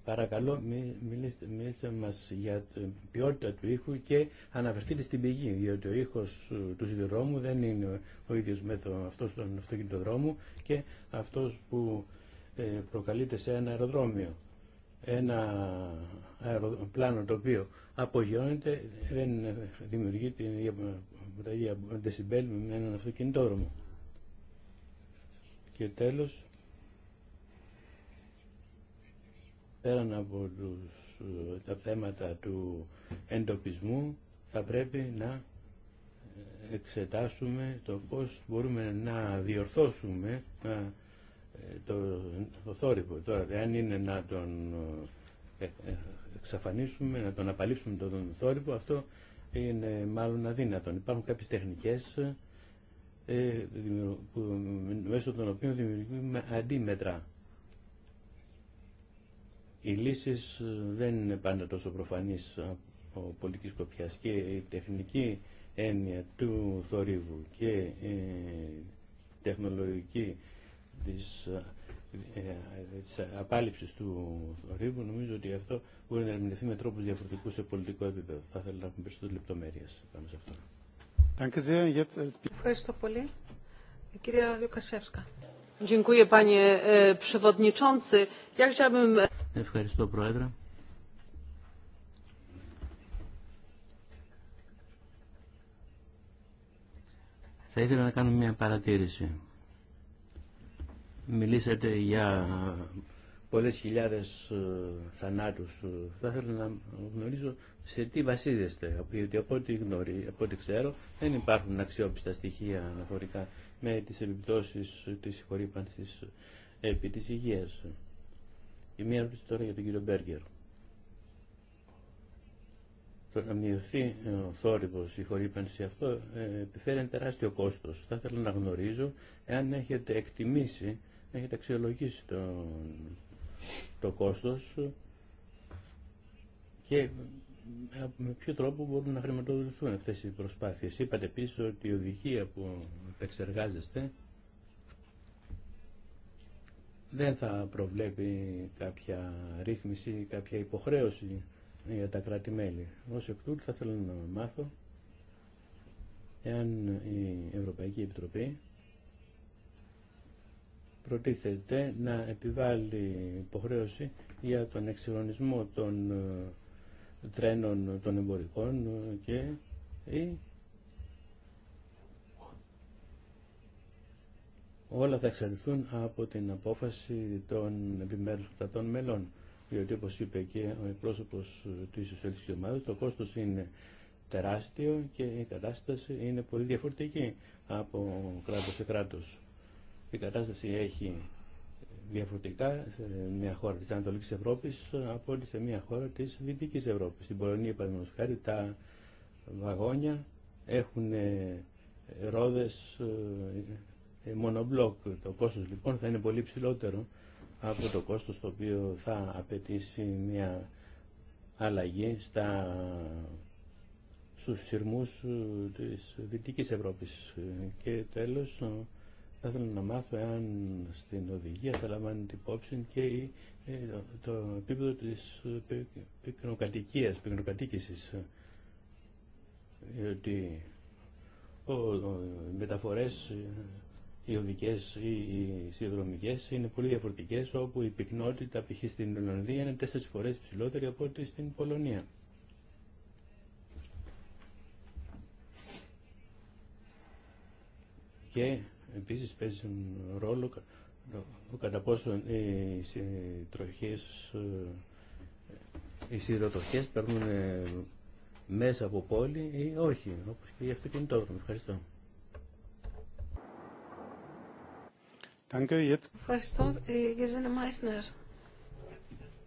Παρακαλώ μιλήστε, μιλήστε μας για την ε, ποιότητα του ήχου και αναφερθείτε στην πηγή, διότι ο ήχος ε, του σιδηρόδρομου δεν είναι ο ίδιος με το, αυτός τον δρόμου και αυτός που ε, προκαλείται σε ένα αεροδρόμιο. Ένα αεροπλάνο το οποίο απογειώνεται δεν δημιουργεί την ίδια δεσιμπέλ με έναν αυτοκινητόδρομο. Και τέλος, πέραν από ε, τα θέματα του εντοπισμού θα πρέπει να ε, εξετάσουμε το πώς μπορούμε να διορθώσουμε ε, το, το θόρυβο. Τώρα, αν είναι να τον εξαφανίσουμε, να τον απαλύσουμε τον θόρυβο, αυτό είναι μάλλον αδύνατον. Υπάρχουν κάποιες τεχνικές ε, που, μέσω των οποίων δημιουργούμε αντίμετρα οι λύσει ε, δεν είναι πάντα τόσο προφανεί από πολιτική σκοπιά και η τεχνική έννοια του θορύβου και η ε, τεχνολογική της, ε, της του θορύβου νομίζω ότι αυτό μπορεί να ερμηνευτεί με τρόπους διαφορετικούς σε πολιτικό επίπεδο. Θα ήθελα να έχουμε περισσότερες λεπτομέρειες πάνω σε αυτό. Ευχαριστώ πολύ. κυρία Λιουκασεύσκα. Ευχαριστώ Πρόεδρε. Θα ήθελα να κάνω μια παρατήρηση. Μιλήσατε για πολλές χιλιάδες ε, θανάτους. Ε, θα ήθελα να γνωρίζω σε τι βασίζεστε, γιατί από ό,τι, από ό,τι ξέρω δεν υπάρχουν αξιόπιστα στοιχεία αναφορικά με τις επιπτώσεις της συγχωρήπανσης επί της υγείας. Και μία ερώτηση τώρα για τον κύριο Μπέργκερ. Το να μειωθεί ε, ο θόρυβος, η χορύπανση, αυτό ε, επιφέρει ένα τεράστιο κόστος. Θα ήθελα να γνωρίζω εάν έχετε εκτιμήσει, έχετε αξιολογήσει το, το κόστος και ε, με ποιο τρόπο μπορούν να χρηματοδοτηθούν αυτέ οι προσπάθειε. Είπατε επίση ότι η οδηγία που επεξεργάζεστε δεν θα προβλέπει κάποια ρύθμιση ή κάποια υποχρέωση για τα κράτη-μέλη. Ως εκ τούτου θα θέλω να μάθω εάν η Ευρωπαϊκή Επιτροπή προτίθεται να επιβάλλει υποχρέωση για τον εξυγχρονισμό των ε, τρένων των εμπορικών και ή όλα θα εξαρτηθούν από την απόφαση των επιμέρους κρατών μελών. Διότι όπως είπε και ο εκπρόσωπος της Σοσιαλιστικής Ομάδας, το κόστος είναι τεράστιο και η κατάσταση είναι πολύ διαφορετική από κράτος σε κράτος. Η κατάσταση έχει διαφορετικά σε μια χώρα της Ανατολικής Ευρώπης από ότι σε μια χώρα της Δυτικής Ευρώπης. Στην Πολωνία, παραδείγματος χάρη, τα βαγόνια έχουν ρόδες ε, ε, μονομπλοκ. Το κόστος λοιπόν θα είναι πολύ ψηλότερο από το κόστος το οποίο θα απαιτήσει μια αλλαγή στα, στους σειρμούς ε, της Δυτικής Ευρώπης. Ε, και τέλος θα ήθελα να μάθω εάν στην οδηγία θα την υπόψη και το επίπεδο της πυκνοκατοικίας, πυκνοκατοίκησης. Διότι ο, μεταφορές οι οδικές ή οι σιδηροδρομικές είναι πολύ διαφορετικές όπου η οι ειναι πολυ διαφορετικέ οπου η πυκνοτητα π.χ. στην Ολλανδία είναι τέσσερις φορές ψηλότερη από ό,τι στην Πολωνία. Και επίσης παίζει ρόλο κατά πόσο οι τροχές, ε, οι σιδηροτροχές παίρνουν ε, μέσα από πόλη ή όχι, όπως και οι αυτοκινητόδρομοι. Ευχαριστώ. Ευχαριστώ, ε, Γεζίνε Μάισνερ.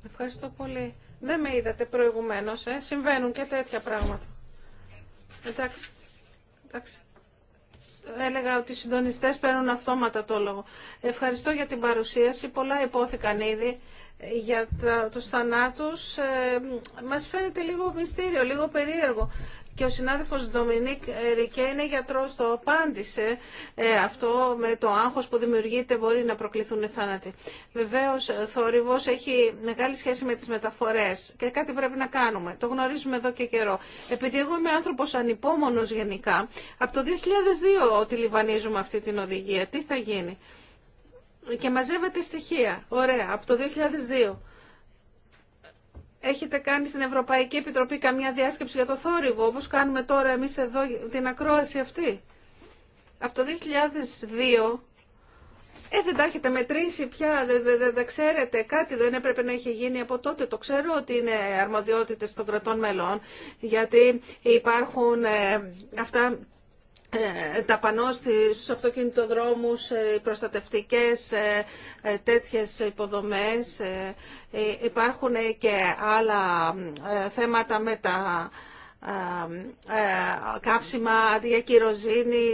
Ευχαριστώ πολύ. Δεν με είδατε προηγουμένω. ε. Συμβαίνουν και τέτοια πράγματα. Εντάξει. Εντάξει. Έλεγα ότι οι συντονιστέ παίρνουν αυτόματα το λόγο. Ευχαριστώ για την παρουσίαση. Πολλά υπόθηκαν ήδη για τα, τους θανάτους. Ε, μας φαίνεται λίγο μυστήριο, λίγο περίεργο και ο συνάδελφος Ντομινίκ Ρικέ είναι γιατρός, το απάντησε ε, αυτό με το άγχος που δημιουργείται μπορεί να προκληθούν θάνατοι. Βεβαίως, ε, θόρυβος έχει μεγάλη σχέση με τις μεταφορές και κάτι πρέπει να κάνουμε. Το γνωρίζουμε εδώ και καιρό. Επειδή εγώ είμαι άνθρωπος ανυπόμονος γενικά, από το 2002 ότι λιβανίζουμε αυτή την οδηγία, τι θα γίνει. Και μαζεύεται στοιχεία. Ωραία, από το 2002 έχετε κάνει στην Ευρωπαϊκή Επιτροπή καμιά διάσκεψη για το θόρυβο, όπως κάνουμε τώρα εμείς εδώ την ακρόαση αυτή. Από το 2002, ε, δεν τα έχετε μετρήσει πια, δεν, δεν, δεν, ξέρετε, κάτι δεν έπρεπε να έχει γίνει από τότε. Το ξέρω ότι είναι αρμοδιότητες των κρατών μελών, γιατί υπάρχουν ε, αυτά ε, τα πανώ στους αυτοκινητοδρόμους, ε, προστατευτικές ε, τέτοιες υποδομές. Υπάρχουν και άλλα θέματα με τα καύσιμα, διακυροζίνη,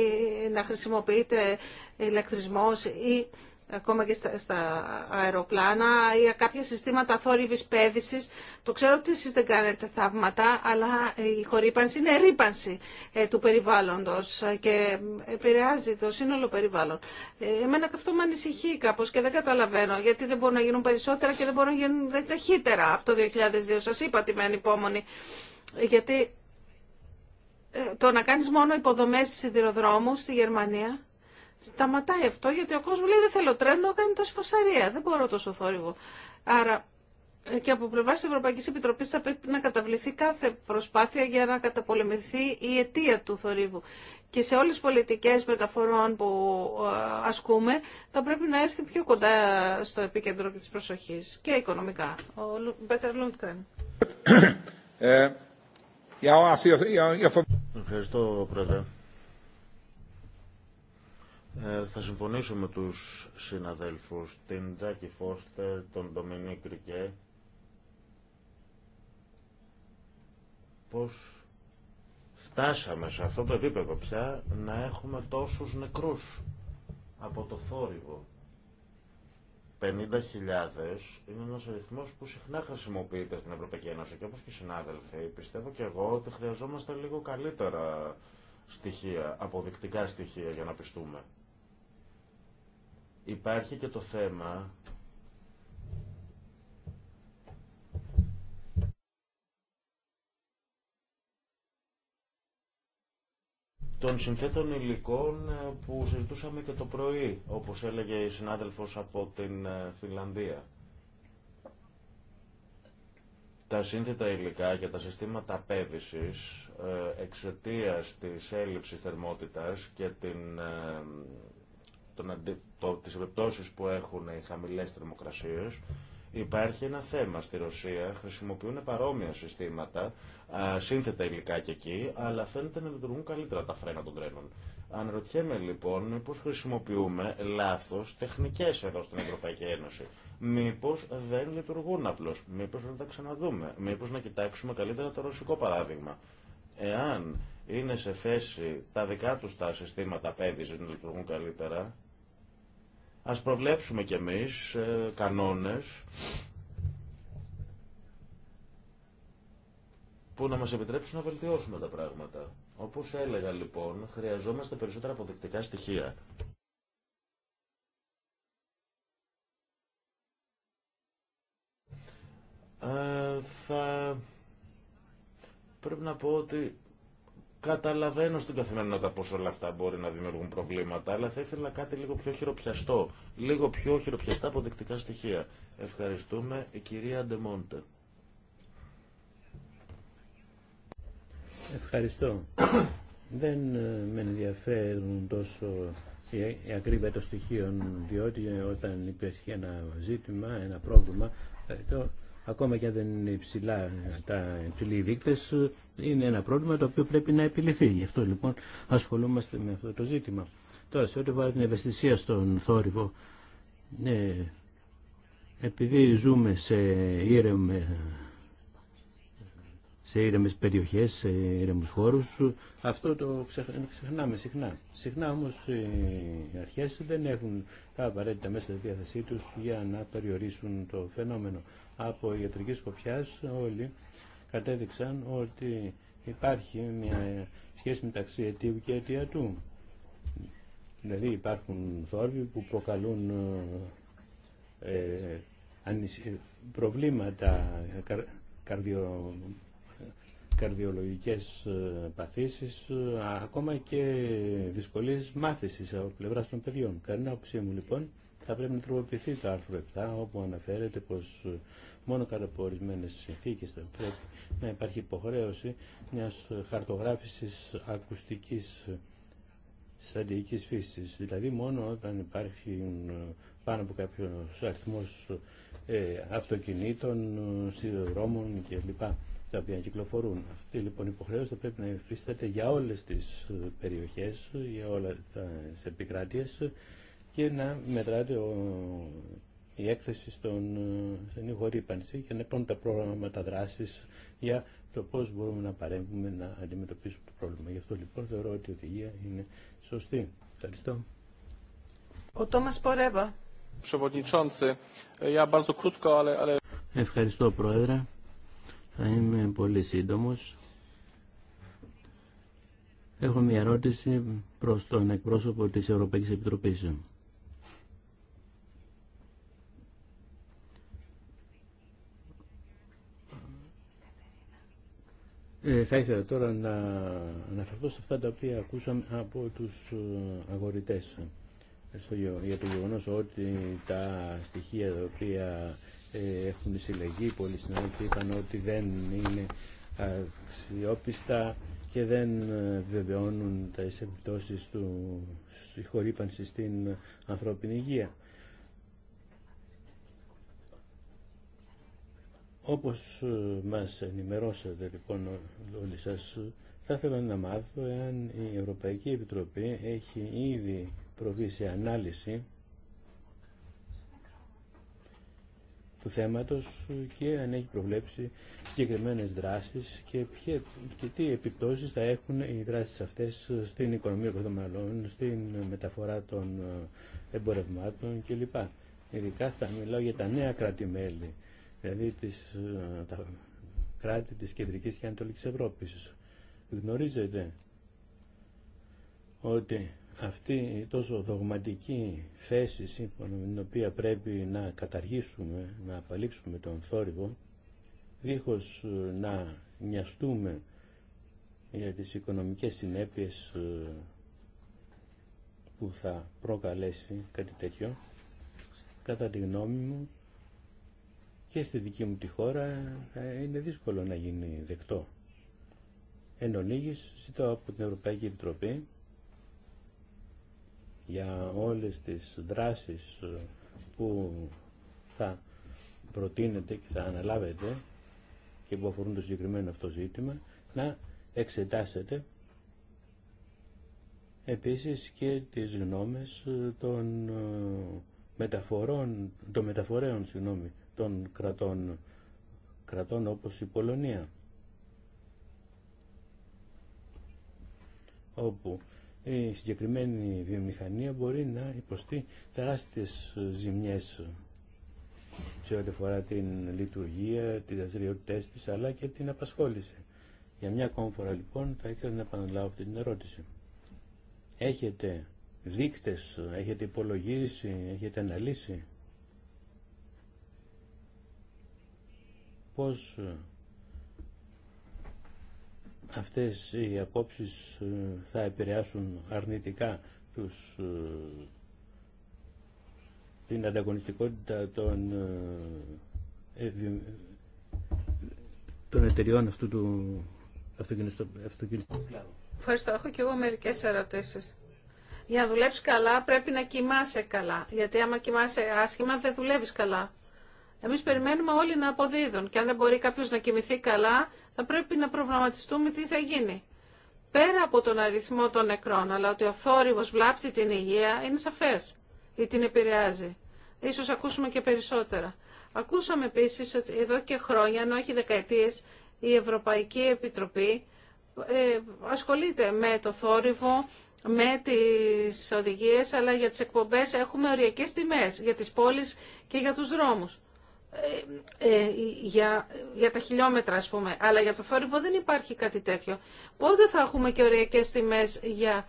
να χρησιμοποιείται ηλεκτρισμός ή ακόμα και στα, στα αεροπλάνα ή κάποια συστήματα θόρυβης πέδησης. Το ξέρω ότι εσείς δεν κάνετε θαύματα, αλλά η χορύπανση είναι ρήπανση ε, του περιβάλλοντος και επηρεάζει το σύνολο περιβάλλον. Ε, εμένα αυτό με ανησυχεί κάπως και δεν καταλαβαίνω γιατί δεν μπορούν να γίνουν περισσότερα και δεν μπορούν να γίνουν ταχύτερα από το 2002. Σας είπα τι με ανυπόμονη. Γιατί ε, το να κάνεις μόνο υποδομές σιδηροδρόμου στη Γερμανία σταματάει αυτό γιατί ο κόσμος λέει δεν θέλω τρένο, κάνει τόση φασαρία, δεν μπορώ τόσο θόρυβο. Άρα και από πλευρά τη Ευρωπαϊκή Επιτροπή θα πρέπει να καταβληθεί κάθε προσπάθεια για να καταπολεμηθεί η αιτία του θορύβου. Και σε όλες τις πολιτικές μεταφορών που ασκούμε θα πρέπει να έρθει πιο κοντά στο επίκεντρο της προσοχής και οικονομικά. Ο Μπέτερ Λούντκρεν. Ευχαριστώ, Πρόεδρε. Ε, θα συμφωνήσω με τους συναδέλφους, την Τζάκι Φώστερ, τον Ντομινίκ Ρικέ. Πώς φτάσαμε σε αυτό το επίπεδο πια να έχουμε τόσους νεκρούς από το θόρυβο. 50.000 είναι ένας αριθμός που συχνά χρησιμοποιείται στην Ευρωπαϊκή Ένωση και όπως και οι συνάδελφοι πιστεύω και εγώ ότι χρειαζόμαστε λίγο καλύτερα στοιχεία, αποδεικτικά στοιχεία για να πιστούμε. Υπάρχει και το θέμα των συνθέτων υλικών ε, που συζητούσαμε και το πρωί, όπως έλεγε η συνάδελφος από την ε, Φιλανδία. Τα σύνθετα υλικά και τα συστήματα πέβησης ε, εξαιτίας της έλλειψης θερμότητας και την τον αντι... τις επιπτώσεις που έχουν οι χαμηλές θερμοκρασίες, υπάρχει ένα θέμα στη Ρωσία. Χρησιμοποιούν παρόμοια συστήματα, σύνθετα υλικά και εκεί, αλλά φαίνεται να λειτουργούν καλύτερα τα φρένα των τρένων. Αναρωτιέμαι λοιπόν μήπω χρησιμοποιούμε λάθο τεχνικέ εδώ στην Ευρωπαϊκή Ένωση. Μήπω δεν λειτουργούν απλώ. Μήπω να τα ξαναδούμε. Μήπω να κοιτάξουμε καλύτερα το ρωσικό παράδειγμα. Εάν είναι σε θέση τα δικά του τα συστήματα πέδηση να λειτουργούν καλύτερα, Ας προβλέψουμε κι εμείς ε, κανόνες που να μας επιτρέψουν να βελτιώσουμε τα πράγματα. Όπως έλεγα λοιπόν, χρειαζόμαστε περισσότερα αποδεικτικά στοιχεία. Ε, θα πρέπει να πω ότι Καταλαβαίνω στην καθημερινότητα πως όλα αυτά μπορεί να δημιουργούν προβλήματα, αλλά θα ήθελα κάτι λίγο πιο χειροπιαστό, λίγο πιο χειροπιαστά αποδεικτικά στοιχεία. Ευχαριστούμε η κυρία Ντεμόντε. Ευχαριστώ. Δεν ε, με ενδιαφέρουν τόσο η ακρίβεια των στοιχείων, διότι όταν υπήρχε ένα ζήτημα, ένα πρόβλημα, ε, ακόμα και αν δεν είναι υψηλά τα υψηλοί δείκτες, είναι ένα πρόβλημα το οποίο πρέπει να επιληθεί. Γι' αυτό λοιπόν ασχολούμαστε με αυτό το ζήτημα. Τώρα, σε ό,τι αφορά την ευαισθησία στον θόρυβο, ναι, επειδή ζούμε σε ήρεμε σε ήρεμε περιοχές, σε ήρεμου χώρους. Αυτό το ξεχνάμε συχνά. Συχνά όμω οι αρχέ δεν έχουν τα απαραίτητα μέσα στη διάθεσή του για να περιορίσουν το φαινόμενο. Από ιατρική σκοπιά όλοι κατέδειξαν ότι υπάρχει μια σχέση μεταξύ αιτίου και αιτιατού. Δηλαδή υπάρχουν θόρυβοι που προκαλούν ε, προβλήματα καρδιο καρδιολογικές ε, παθήσεις, ε, ακόμα και δυσκολίες μάθησης από πλευρά των παιδιών. Κανένα οψία μου λοιπόν θα πρέπει να τροποποιηθεί το άρθρο 7, όπου αναφέρεται πως ε, μόνο κατά από ορισμένες συνθήκες θα πρέπει να υπάρχει υποχρέωση μιας χαρτογράφησης ακουστικής στρατηγικής φύσης. Δηλαδή μόνο όταν υπάρχει πάνω από κάποιος αριθμός αυτοκινήτων, σιδεδρόμων κλπ τα οποία κυκλοφορούν. Αυτή λοιπόν η υποχρέωση θα πρέπει να υφίσταται για όλες τις ε, περιοχές, για όλες τις επικράτειες και να μετράται η έκθεση στον, ε, στην υγορύπανση και να υπάρχουν τα πρόγραμματα δράσης για το πώς μπορούμε να παρέμβουμε να αντιμετωπίσουμε το πρόβλημα. Γι' αυτό λοιπόν θεωρώ ότι η οδηγία είναι σωστή. Ευχαριστώ. Ε, Ευχαριστώ Πρόεδρε. Θα είμαι πολύ σύντομος. Έχω μια ερώτηση προς τον εκπρόσωπο της Ευρωπαϊκής Επιτροπής. Ε, θα ήθελα τώρα να αναφερθώ σε αυτά τα οποία ακούσαμε από τους ε, αγορητές. Ε, για το γεγονός ότι τα στοιχεία τα οποία ε, έχουν συλλεγεί. Πολλοί συνάδελφοι είπαν ότι δεν είναι αξιόπιστα και δεν ε, βεβαιώνουν τις επιπτώσει του χορύπανση στην ανθρώπινη υγεία. Όπως ε, μας ενημερώσατε λοιπόν όλοι σας, θα ήθελα να μάθω εάν η Ευρωπαϊκή Επιτροπή έχει ήδη προβεί σε ανάλυση του θέματος και αν έχει προβλέψει συγκεκριμένες δράσεις και, ποιε, και τι επιπτώσεις θα έχουν οι δράσεις αυτές στην οικονομία των μελών, στην μεταφορά των ε, εμπορευμάτων κλπ. Ειδικά θα μιλάω για τα νέα κράτη-μέλη, δηλαδή ε, τα κράτη της Κεντρικής και Ανατολικής Ευρώπης. Γνωρίζετε ότι αυτή η τόσο δογματική θέση σύμφωνα με την οποία πρέπει να καταργήσουμε, να απαλείψουμε τον θόρυβο, δίχως ε, να νοιαστούμε για τις οικονομικές συνέπειες ε, που θα προκαλέσει κάτι τέτοιο, κατά τη γνώμη μου και στη δική μου τη χώρα ε, είναι δύσκολο να γίνει δεκτό. Εν ολίγης, ζητώ από την Ευρωπαϊκή Επιτροπή για όλες τις δράσεις που θα προτείνετε και θα αναλάβετε και που αφορούν το συγκεκριμένο αυτό ζήτημα να εξετάσετε επίσης και τις γνώμες των ε, μεταφορών, των μεταφορέων συγγνώμη, των κρατών, κρατών όπως η Πολωνία όπου η συγκεκριμένη βιομηχανία μπορεί να υποστεί τεράστιες ζημιές σε ό,τι αφορά την λειτουργία, τι δραστηριότητε τη, αλλά και την απασχόληση. Για μια ακόμη φορά λοιπόν θα ήθελα να επαναλάβω αυτή την ερώτηση. Έχετε δείκτες, έχετε υπολογίσει, έχετε αναλύσει. Πώς αυτές οι απόψεις ε, θα επηρεάσουν αρνητικά τους, ε, την ανταγωνιστικότητα των, ε, των εταιριών αυτού του αυτοκινητικού κλάδου. Ευχαριστώ. Έχω και εγώ μερικέ ερωτήσει. Για να δουλέψει καλά πρέπει να κοιμάσαι καλά. Γιατί άμα κοιμάσαι άσχημα δεν δουλεύει καλά. Εμεί περιμένουμε όλοι να αποδίδουν και αν δεν μπορεί κάποιο να κοιμηθεί καλά θα πρέπει να προγραμματιστούμε τι θα γίνει. Πέρα από τον αριθμό των νεκρών, αλλά ότι ο θόρυβο βλάπτει την υγεία είναι σαφές ή την επηρεάζει. Ίσως ακούσουμε και περισσότερα. Ακούσαμε επίσης ότι εδώ και χρόνια, ενώ όχι δεκαετίε, η την επηρεαζει σω ακουσουμε και περισσοτερα ακουσαμε επιση οτι εδω και χρονια αν οχι δεκαετιε η ευρωπαικη επιτροπη ε, ασχολείται με το θόρυβο, με τις οδηγίες, αλλά για τις εκπομπές έχουμε οριακές τιμές για τις πόλεις και για τους δρόμους. Ε, ε, ε, για, για τα χιλιόμετρα ας πούμε, αλλά για το θόρυβο δεν υπάρχει κάτι τέτοιο. Πότε θα έχουμε και οριακές τιμές για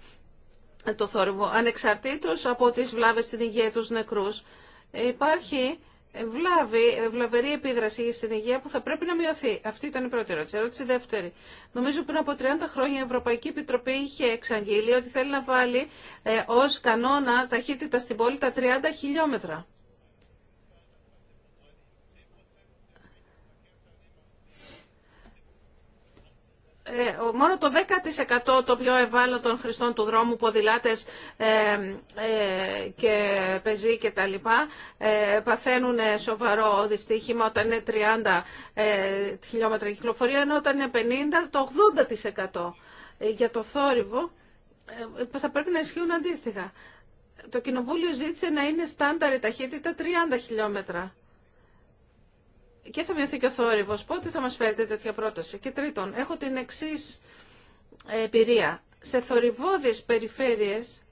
το θόρυβο, ανεξαρτήτως από τις βλάβες στην υγεία τους νεκρούς. Υπάρχει βλάβη, βλαβερή επίδραση στην υγεία που θα πρέπει να μειωθεί. Αυτή ήταν η πρώτη ερώτηση. Ερώτηση δεύτερη. Νομίζω πριν από 30 χρόνια η Ευρωπαϊκή Επιτροπή είχε εξαγγείλει ότι θέλει να βάλει ε, ως κανόνα ταχύτητα στην πόλη τα 30 χιλιόμετρα. Ε, μόνο το 10% των πιο ευάλωτων χρηστών του δρόμου, ποδηλάτες ε, ε, και πεζοί και τα λοιπά, παθαίνουν σοβαρό δυστύχημα όταν είναι 30 χιλιόμετρα κυκλοφορία, ενώ όταν είναι 50 το 80% για το θόρυβο θα πρέπει να ισχύουν αντίστοιχα. Το Κοινοβούλιο ζήτησε να είναι στάνταρη ταχύτητα 30 χιλιόμετρα και θα μειωθεί και ο θόρυβο. Πότε θα μας φέρετε τέτοια πρόταση. Και τρίτον, έχω την εξή ε, εμπειρία. Σε θορυβώδεις περιφέρειες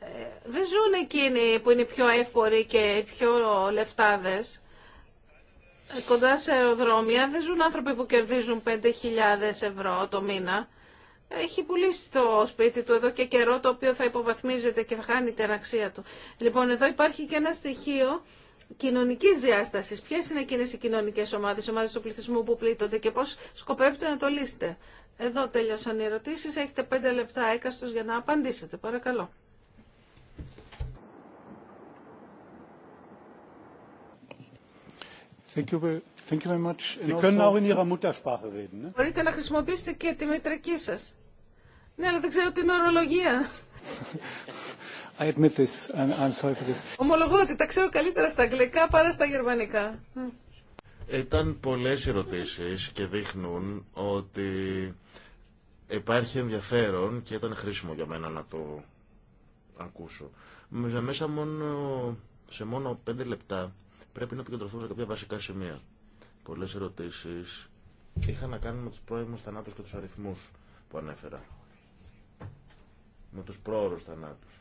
ε, δεν ζουν εκείνοι που είναι πιο εύποροι και πιο λεφτάδες. Ε, κοντά σε αεροδρόμια δεν ζουν άνθρωποι που κερδίζουν 5.000 ευρώ το μήνα. Έχει πουλήσει το σπίτι του εδώ και καιρό το οποίο θα υποβαθμίζεται και θα χάνει την αξία του. Λοιπόν, εδώ υπάρχει και ένα στοιχείο κοινωνική διάσταση. Ποιε είναι εκείνε οι κοινωνικέ ομάδε, οι ομάδε του πληθυσμού που πλήττονται και πώ σκοπεύετε να το λύσετε. Εδώ τελειώσαν οι ερωτήσει. Έχετε πέντε λεπτά έκαστο για να απαντήσετε. Παρακαλώ. Thank you. Thank you very much. Μπορείτε να χρησιμοποιήσετε και τη μητρική σα. Ναι, αλλά δεν ξέρω την ορολογία. [laughs] I admit this. Ομολογώ ότι τα ξέρω καλύτερα στα αγγλικά παρά στα γερμανικά. Ήταν πολλές ερωτήσεις και δείχνουν ότι υπάρχει ενδιαφέρον και ήταν χρήσιμο για μένα να το ακούσω. Μέσα μόνο, σε μόνο πέντε λεπτά πρέπει να επικεντρωθούν σε κάποια βασικά σημεία. Πολλές ερωτήσεις είχαν να κάνουν με τους πρώιμους θανάτους και τους αριθμούς που ανέφερα. Με τους πρόωρους θανάτους.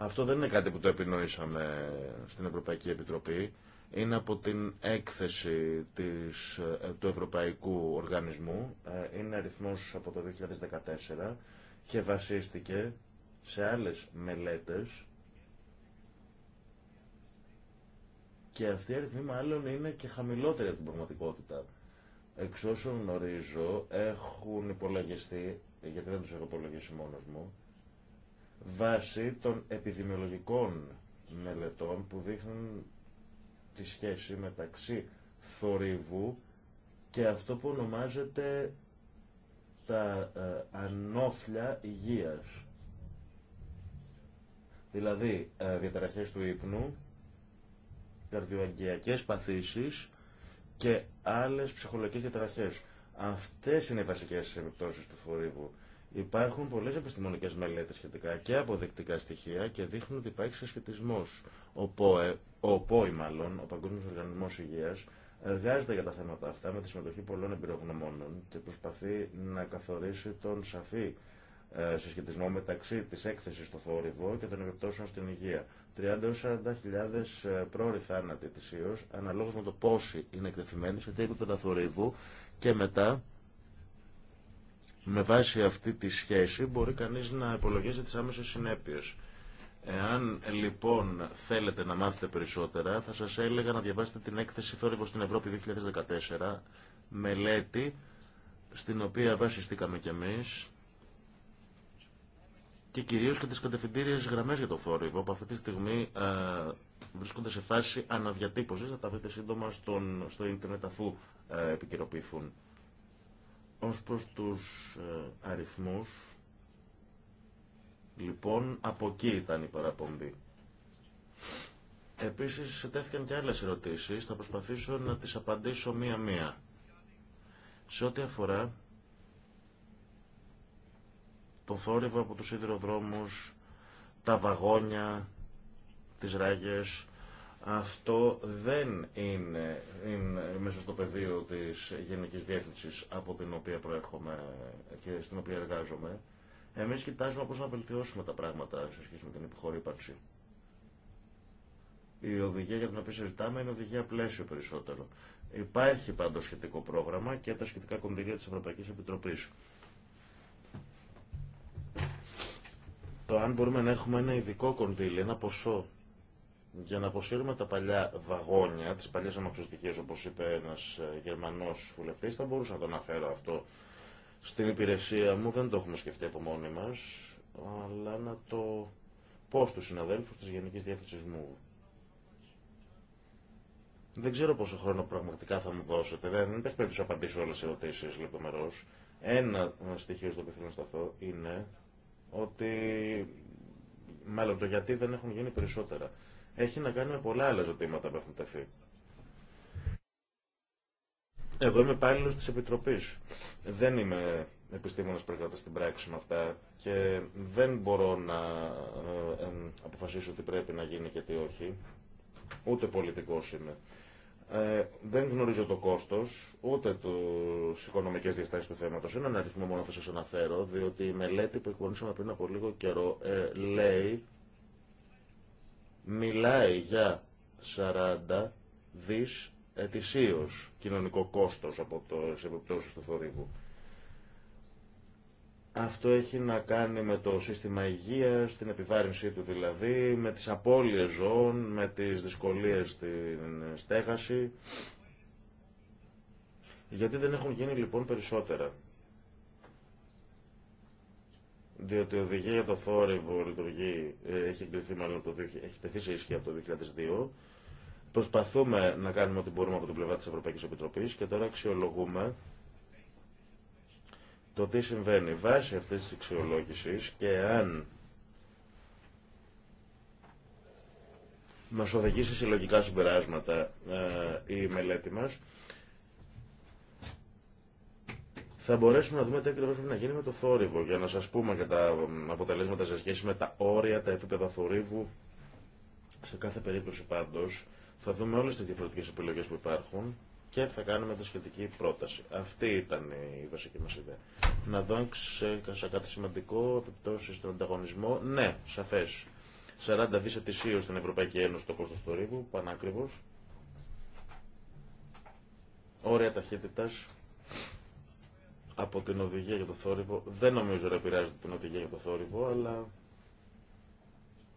Αυτό δεν είναι κάτι που το επινοήσαμε στην Ευρωπαϊκή Επιτροπή. Είναι από την έκθεση της, ε, του Ευρωπαϊκού Οργανισμού. Ε, είναι αριθμός από το 2014 και βασίστηκε σε άλλες μελέτες και αυτοί οι αριθμοί μάλλον είναι και χαμηλότερη από την πραγματικότητα. Εξ όσων γνωρίζω έχουν υπολογιστεί, γιατί δεν τους έχω υπολογίσει μόνος μου, βάσει των επιδημιολογικών μελετών που δείχνουν τη σχέση μεταξύ θορύβου και αυτό που ονομάζεται τα ε, ανόφλια υγείας. Δηλαδή ε, διαταραχές του ύπνου, καρδιοαγγειακές παθήσεις και άλλες ψυχολογικές διαταραχές. Αυτές είναι οι βασικές επιπτώσεις του θορύβου. Υπάρχουν πολλές επιστημονικές μελέτες σχετικά και αποδεικτικά στοιχεία και δείχνουν ότι υπάρχει συσχετισμός. Ο ΠΟΕ, ο μάλλον, ο Παγκόσμιος Οργανισμός Υγείας, εργάζεται για τα θέματα αυτά με τη συμμετοχή πολλών εμπειρογνωμόνων και προσπαθεί να καθορίσει τον σαφή ε, συσχετισμό μεταξύ της έκθεσης στο θόρυβο και των επιπτώσεων στην υγεία. 30-40.000 ε, πρόοροι θάνατοι της ΥΟΣ, αναλόγως με το πόσοι είναι εκτεθειμένοι σε τι επίπεδα θορύβου και μετά με βάση αυτή τη σχέση μπορεί κανείς να υπολογίζει τις άμεσες συνέπειες. Εάν λοιπόν θέλετε να μάθετε περισσότερα, θα σας έλεγα να διαβάσετε την έκθεση «Θόρυβο στην Ευρώπη 2014», μελέτη στην οποία βασιστήκαμε κι εμείς και κυρίως και τις κατευθυντήριες γραμμές για το θόρυβο, που αυτή τη στιγμή ε, βρίσκονται σε φάση αναδιατύπωσης, θα τα βρείτε σύντομα στο ίντερνετ αφού ε, επικαιροποιηθούν. Ως προς τους ε, αριθμούς, λοιπόν, από εκεί ήταν η παραπομπή. Επίσης, τέθηκαν και άλλες ερωτήσεις. Θα προσπαθήσω να τις απαντήσω μία-μία. Σε ό,τι αφορά το θόρυβο από τους σιδηροδρόμους, τα βαγόνια, τις ράγες, αυτό δεν είναι, είναι μέσα στο πεδίο της Γενικής Διεύθυνσης από την οποία προέρχομαι και στην οποία εργάζομαι. Εμείς κοιτάζουμε πώς να βελτιώσουμε τα πράγματα σε σχέση με την υποχωρήπαρξη. Η οδηγία για την οποία συζητάμε είναι οδηγία πλαίσιο περισσότερο. Υπάρχει πάντως σχετικό πρόγραμμα και τα σχετικά κονδυλία της Ευρωπαϊκής Επιτροπής. Το αν μπορούμε να έχουμε ένα ειδικό κονδύλι, ένα ποσό για να αποσύρουμε τα παλιά βαγόνια, τις παλιές αμαξοστοιχίες όπως είπε ένας ε, Γερμανός βουλευτής, θα μπορούσα να το αναφέρω αυτό στην υπηρεσία μου, δεν το έχουμε σκεφτεί από μόνοι μας, αλλά να το πω στους συναδέλφους της Γενικής Διεύθυνσης μου. Δεν ξέρω πόσο χρόνο πραγματικά θα μου δώσετε, δεν υπάρχει περίπτωση να απαντήσω όλες τις ερωτήσεις λεπτομερώς. Ένα στοιχείο στο οποίο θέλω να σταθώ είναι ότι μάλλον το γιατί δεν έχουν γίνει περισσότερα έχει να κάνει με πολλά άλλα ζητήματα που έχουν τεθεί. Εδώ είμαι υπάλληλο τη Επιτροπή. Δεν είμαι επιστήμονας πρέπει στην πράξη με αυτά και δεν μπορώ να ε, αποφασίσω τι πρέπει να γίνει και τι όχι. Ούτε πολιτικός είμαι. Ε, δεν γνωρίζω το κόστος, ούτε τι οικονομικέ διαστάσεις του θέματος. Είναι ένα αριθμό μόνο θα σα αναφέρω, διότι η μελέτη που εκπονήσαμε πριν από λίγο καιρό ε, λέει μιλάει για 40 δις ετησίως κοινωνικό κόστος από το επιπτώσεις του θορύβου. Αυτό έχει να κάνει με το σύστημα υγείας, την επιβάρυνσή του δηλαδή, με τις απώλειες ζώων, με τις δυσκολίες στην στέγαση. Γιατί δεν έχουν γίνει λοιπόν περισσότερα διότι η οδηγία για το θόρυβο λειτουργεί, ε, έχει εγκριθεί μάλλον το, έχει τεθεί σε ίσχυ από το 2002. Προσπαθούμε να κάνουμε ό,τι μπορούμε από την πλευρά τη Ευρωπαϊκή Επιτροπή και τώρα αξιολογούμε το τι συμβαίνει βάσει αυτή τη αξιολόγηση και αν μα οδηγήσει συλλογικά συμπεράσματα ε, η μελέτη μα θα μπορέσουμε να δούμε τι ακριβώ πρέπει να γίνει με το θόρυβο για να σα πούμε και τα αποτελέσματα σε σχέση με τα όρια, τα επίπεδα θορύβου. Σε κάθε περίπτωση πάντω θα δούμε όλε τι διαφορετικέ επιλογέ που υπάρχουν και θα κάνουμε τη σχετική πρόταση. Αυτή ήταν η βασική μα ιδέα. Να δω αν ξέχασα κάτι σημαντικό, επιπτώσει στον ανταγωνισμό. Ναι, σαφέ. 40 δι ετησίω στην Ευρωπαϊκή Ένωση το κόστο θορύβου, πανάκριβο. Όρια ταχύτητα από την οδηγία για το θόρυβο. Δεν νομίζω να επηρεάζεται την οδηγία για το θόρυβο, αλλά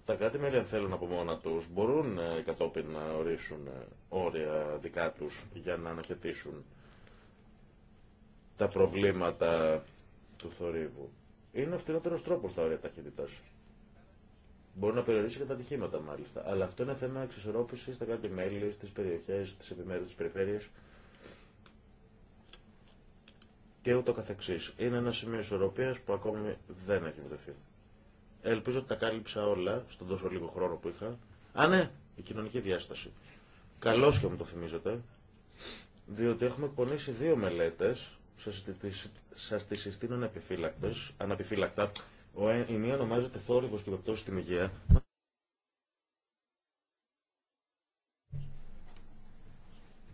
τα κράτη-μέλη αν θέλουν από μόνα τους μπορούν ε, κατόπιν να ορίσουν ε, όρια δικά τους για να αναχαιτήσουν τα προβλήματα του θορύβου. Είναι ο φθηνότερο τρόπος τα όρια ταχύτητας. Μπορεί να περιορίσει και τα ατυχήματα μάλιστα. Αλλά αυτό είναι θέμα εξισορρόπηση στα κράτη-μέλη, στι περιοχέ, στι επιμέρου τη και ούτω καθεξής. Είναι ένα σημείο ισορροπίας που ακόμη δεν έχει βρεθεί. Ελπίζω ότι τα κάλυψα όλα στον τόσο λίγο χρόνο που είχα. Α, ναι, η κοινωνική διάσταση. Καλώς και μου το θυμίζετε, διότι έχουμε πονήσει δύο μελέτες, σας τις συστήνω Αναπιφύλακτα. Ο, ε, η μία ονομάζεται θόρυβος και επιπτώσεις στην υγεία,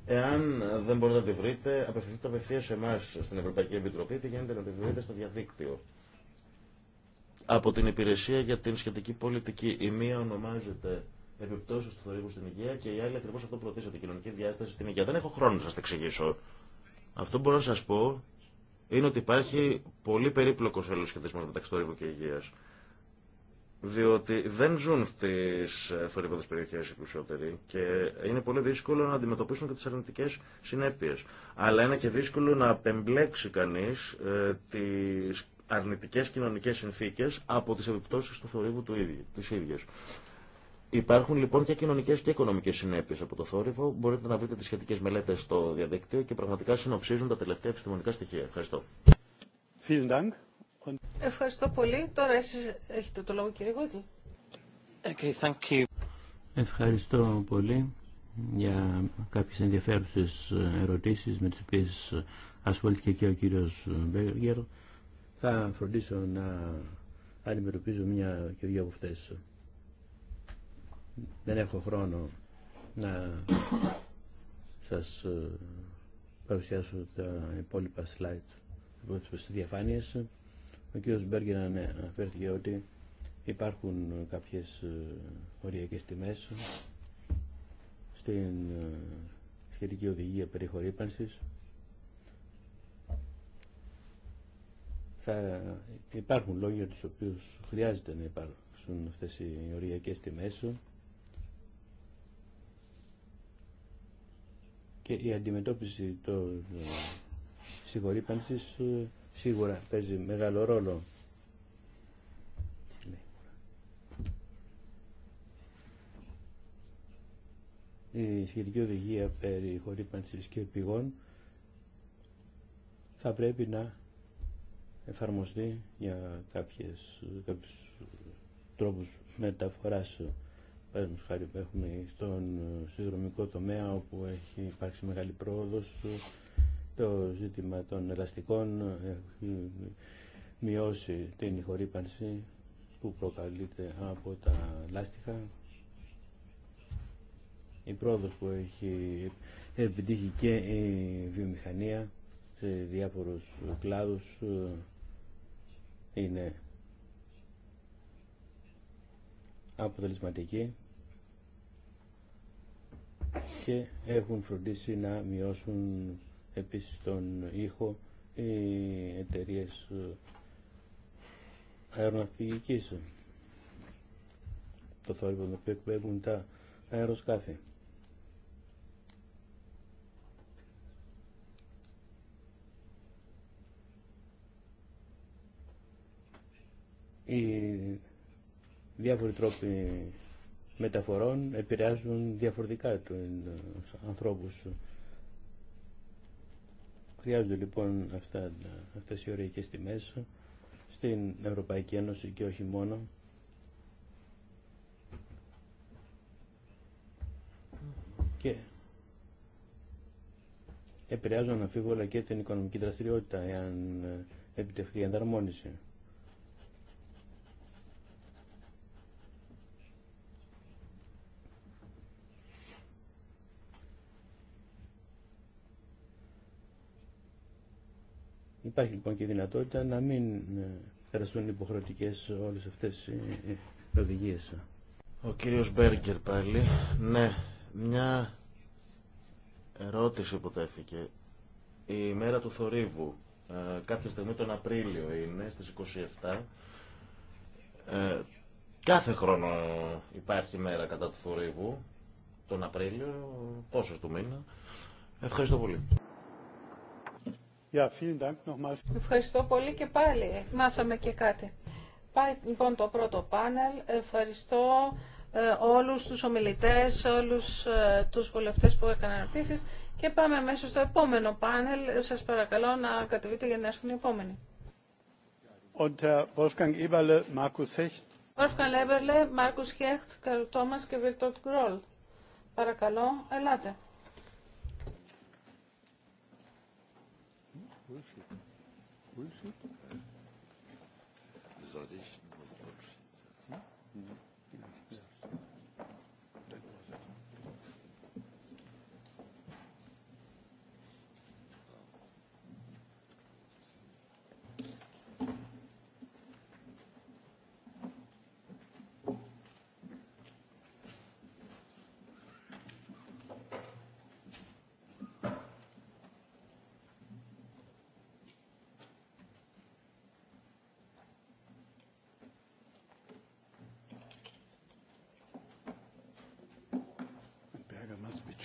Εάν δεν μπορείτε να τη βρείτε, απευθυνθείτε απευθεία σε εμά στην Ευρωπαϊκή Επιτροπή, τι να τη βρείτε στο διαδίκτυο. Από την Υπηρεσία για την Σχετική Πολιτική. Η μία ονομάζεται Επιπτώσει του θορύβου στην υγεία και η άλλη ακριβώ αυτό που ρωτήσατε, κοινωνική διάσταση στην υγεία. Δεν έχω χρόνο να σα εξηγήσω. Αυτό που μπορώ να σα πω είναι ότι υπάρχει πολύ περίπλοκο σχετισμό μεταξύ θορύβου και υγεία διότι δεν ζουν τις θορύβοδε περιοχέ οι περισσότεροι και είναι πολύ δύσκολο να αντιμετωπίσουν και τι αρνητικέ συνέπειε. Αλλά είναι και δύσκολο να κανεί κανείς ε, τι αρνητικέ κοινωνικέ συνθήκε από τι επιπτώσει του θορύβου του ίδιου, της ίδιας. Υπάρχουν λοιπόν και κοινωνικέ και οικονομικέ συνέπειε από το θόρυβο. Μπορείτε να βρείτε τι σχετικέ μελέτε στο διαδίκτυο και πραγματικά συνοψίζουν τα τελευταία επιστημονικά στοιχεία. Ευχαριστώ. Ευχαριστώ πολύ. Τώρα εσείς έχετε το λόγο κύριε Γότη. Okay, thank you. Ευχαριστώ πολύ για κάποιες ενδιαφέρουσες ερωτήσεις με τις οποίες ασχολήθηκε και ο κύριος Μπέργερ. Θα φροντίσω να αντιμετωπίζω μια και δύο από αυτές. Δεν έχω χρόνο να σας ε, παρουσιάσω τα υπόλοιπα slides, τις διαφάνειες. Ο κ. Μπέργκεν αναφέρθηκε ότι υπάρχουν κάποιες ε, οριακές τιμές στην ε, σχετική οδηγία περί χορύπανσης. Θα υπάρχουν λόγια τους οποίους χρειάζεται να υπάρξουν αυτές οι οριακές τιμές και η αντιμετώπιση των συγχωρήπανσης ε, σίγουρα παίζει μεγάλο ρόλο. Η σχετική οδηγία περί χορύπανσης και πηγών θα πρέπει να εφαρμοστεί για κάποιες, κάποιους τρόπους μεταφοράς παραδείγματος χάρη που έχουμε στον συνδρομικό τομέα όπου έχει υπάρξει μεγάλη πρόοδος το ζήτημα των ελαστικών έχει μειώσει την ηχορύπανση που προκαλείται από τα λάστιχα. Η πρόοδος που έχει επιτύχει και η βιομηχανία σε διάφορους κλάδους είναι αποτελεσματική και έχουν φροντίσει να μειώσουν επίσης τον ήχο οι εταιρείε ε, αεροναυπηγικής το θόρυβο με οποίο εκπέμπουν τα αεροσκάφη. Οι διάφοροι τρόποι μεταφορών επηρεάζουν διαφορετικά τους ανθρώπους. Χρειάζονται λοιπόν αυτά, αυτές οι στη τιμές στην Ευρωπαϊκή Ένωση και όχι μόνο. Και επηρεάζουν αμφίβολα και την οικονομική δραστηριότητα εάν επιτευχθεί η ανταρμόνιση. Υπάρχει λοιπόν και δυνατότητα να μην περαστούν ε, υποχρεωτικέ όλες αυτές οι ε, οδηγίε. Ο κύριος Μπέργκερ πάλι. Ναι, μια ερώτηση που Η μέρα του θορύβου, ε, κάποια στιγμή τον Απρίλιο είναι, στις 27. Κάθε χρόνο υπάρχει μέρα κατά του θορύβου, τον Απρίλιο, τόσο του μήνα. Ευχαριστώ πολύ vielen Dank Ευχαριστώ πολύ και πάλι. Μάθαμε και κάτι. Πάει λοιπόν το πρώτο πάνελ. Ευχαριστώ ε, όλους τους ομιλητές, όλους ε, τους βουλευτές που έκαναν ερωτήσεις και πάμε μέσα στο επόμενο πάνελ. Σας παρακαλώ να κατεβείτε για να έρθουν οι επόμενοι. Und Herr Wolfgang Eberle, Markus Hecht. Wolfgang Eberle, Markus Hecht, και Wiltord Groll. Παρακαλώ, ελάτε.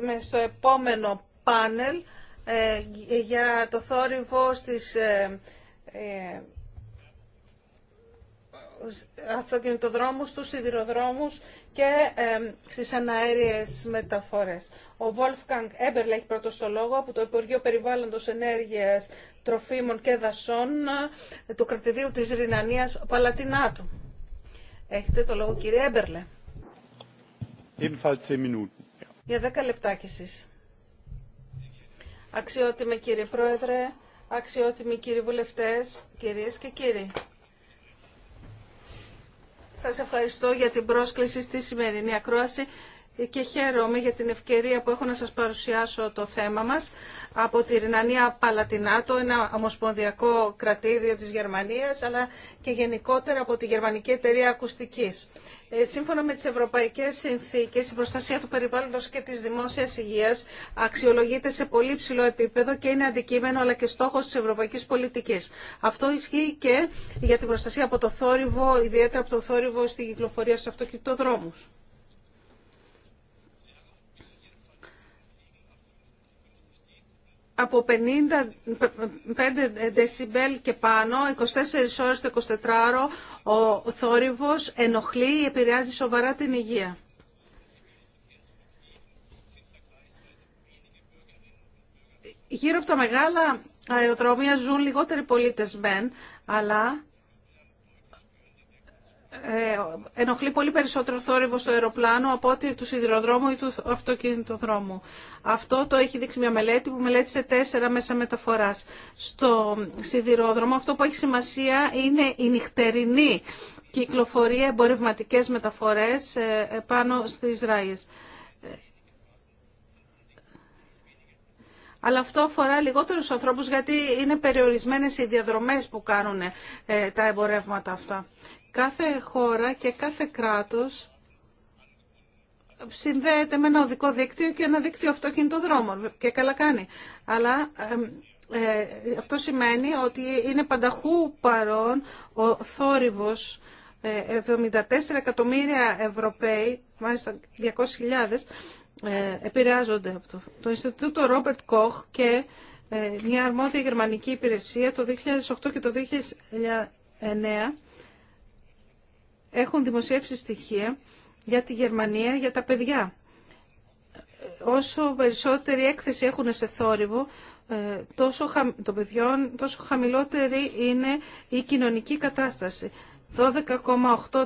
με στο επόμενο πάνελ ε, για το θόρυβο στις ε, ε, αυτοκινητοδρόμους, στους σιδηροδρόμους και ε, στις αναέριες μεταφορές. Ο Wolfgang Έμπερλε έχει πρώτο το λόγο από το Υπουργείο Περιβάλλοντος Ενέργειας Τροφίμων και Δασών του κρατηδίου της Ρινανίας Παλατινάτου. Έχετε το λόγο κύριε Έμπερλε. Ebenfalls 10 minuten. Για δέκα λεπτάκια εσείς. Αξιότιμε κύριε Πρόεδρε, αξιότιμοι κύριοι βουλευτές, κυρίες και κύριοι. Σας ευχαριστώ για την πρόσκληση στη σημερινή ακρόαση και χαίρομαι για την ευκαιρία που έχω να σας παρουσιάσω το θέμα μας από τη Ρινανία Παλατινάτο, ένα ομοσπονδιακό κρατήδιο της Γερμανίας, αλλά και γενικότερα από τη Γερμανική Εταιρεία Ακουστικής. Ε, σύμφωνα με τις ευρωπαϊκές συνθήκες, η προστασία του περιβάλλοντος και της δημόσιας υγείας αξιολογείται σε πολύ ψηλό επίπεδο και είναι αντικείμενο αλλά και στόχος της ευρωπαϊκής πολιτικής. Αυτό ισχύει και για την προστασία από το θόρυβο, ιδιαίτερα από το θόρυβο στην κυκλοφορία στους αυτοκινητοδρόμους. από 55 δεσιμπέλ και πάνω, 24 ώρες το 24ωρο, ο θόρυβος ενοχλεί ή επηρεάζει σοβαρά την υγεία. Γύρω από τα μεγάλα αεροδρόμια ζουν λιγότεροι πολίτες μεν, αλλά ε, ενοχλεί πολύ περισσότερο θόρυβο στο αεροπλάνο από ότι του σιδηροδρόμου ή του αυτοκινητοδρόμου. Αυτό το έχει δείξει μια μελέτη που μελέτησε τέσσερα μέσα μεταφοράς. Στο σιδηρόδρομο αυτό που έχει σημασία είναι η νυχτερινή κυκλοφορία, εμπορευματικέ μεταφορές ε, πάνω στις ράγες. αλλά αυτό αφορά λιγότερους ανθρώπους γιατί είναι περιορισμένες οι διαδρομές που μελετησε τεσσερα μεσα μεταφορας στο σιδηροδρομο αυτο που εχει σημασια ειναι η νυχτερινη κυκλοφορια εμπορευματικε μεταφορες πανω στι ραγες αλλα αυτο αφορα λιγοτερους ανθρωπους γιατι ειναι περιορισμενες οι διαδρομες που κανουν ε, τα εμπορεύματα αυτά. Κάθε χώρα και κάθε κράτος συνδέεται με ένα οδικό δίκτυο και ένα δίκτυο αυτοκινητοδρόμων και καλά κάνει. Αλλά ε, αυτό σημαίνει ότι είναι πανταχού παρόν ο θόρυβος 74 ε, εκατομμύρια Ευρωπαίοι, μάλιστα 200.000, ε, επηρεάζονται από το, το Ινστιτούτο Ρόμπερτ Κοχ και ε, μια αρμόδια γερμανική υπηρεσία το 2008 και το 2009 έχουν δημοσιεύσει στοιχεία για τη Γερμανία για τα παιδιά. Όσο περισσότερη έκθεση έχουν σε θόρυβο, ε, τόσο των παιδιών, τόσο χαμηλότερη είναι η κοινωνική κατάσταση. 12,8%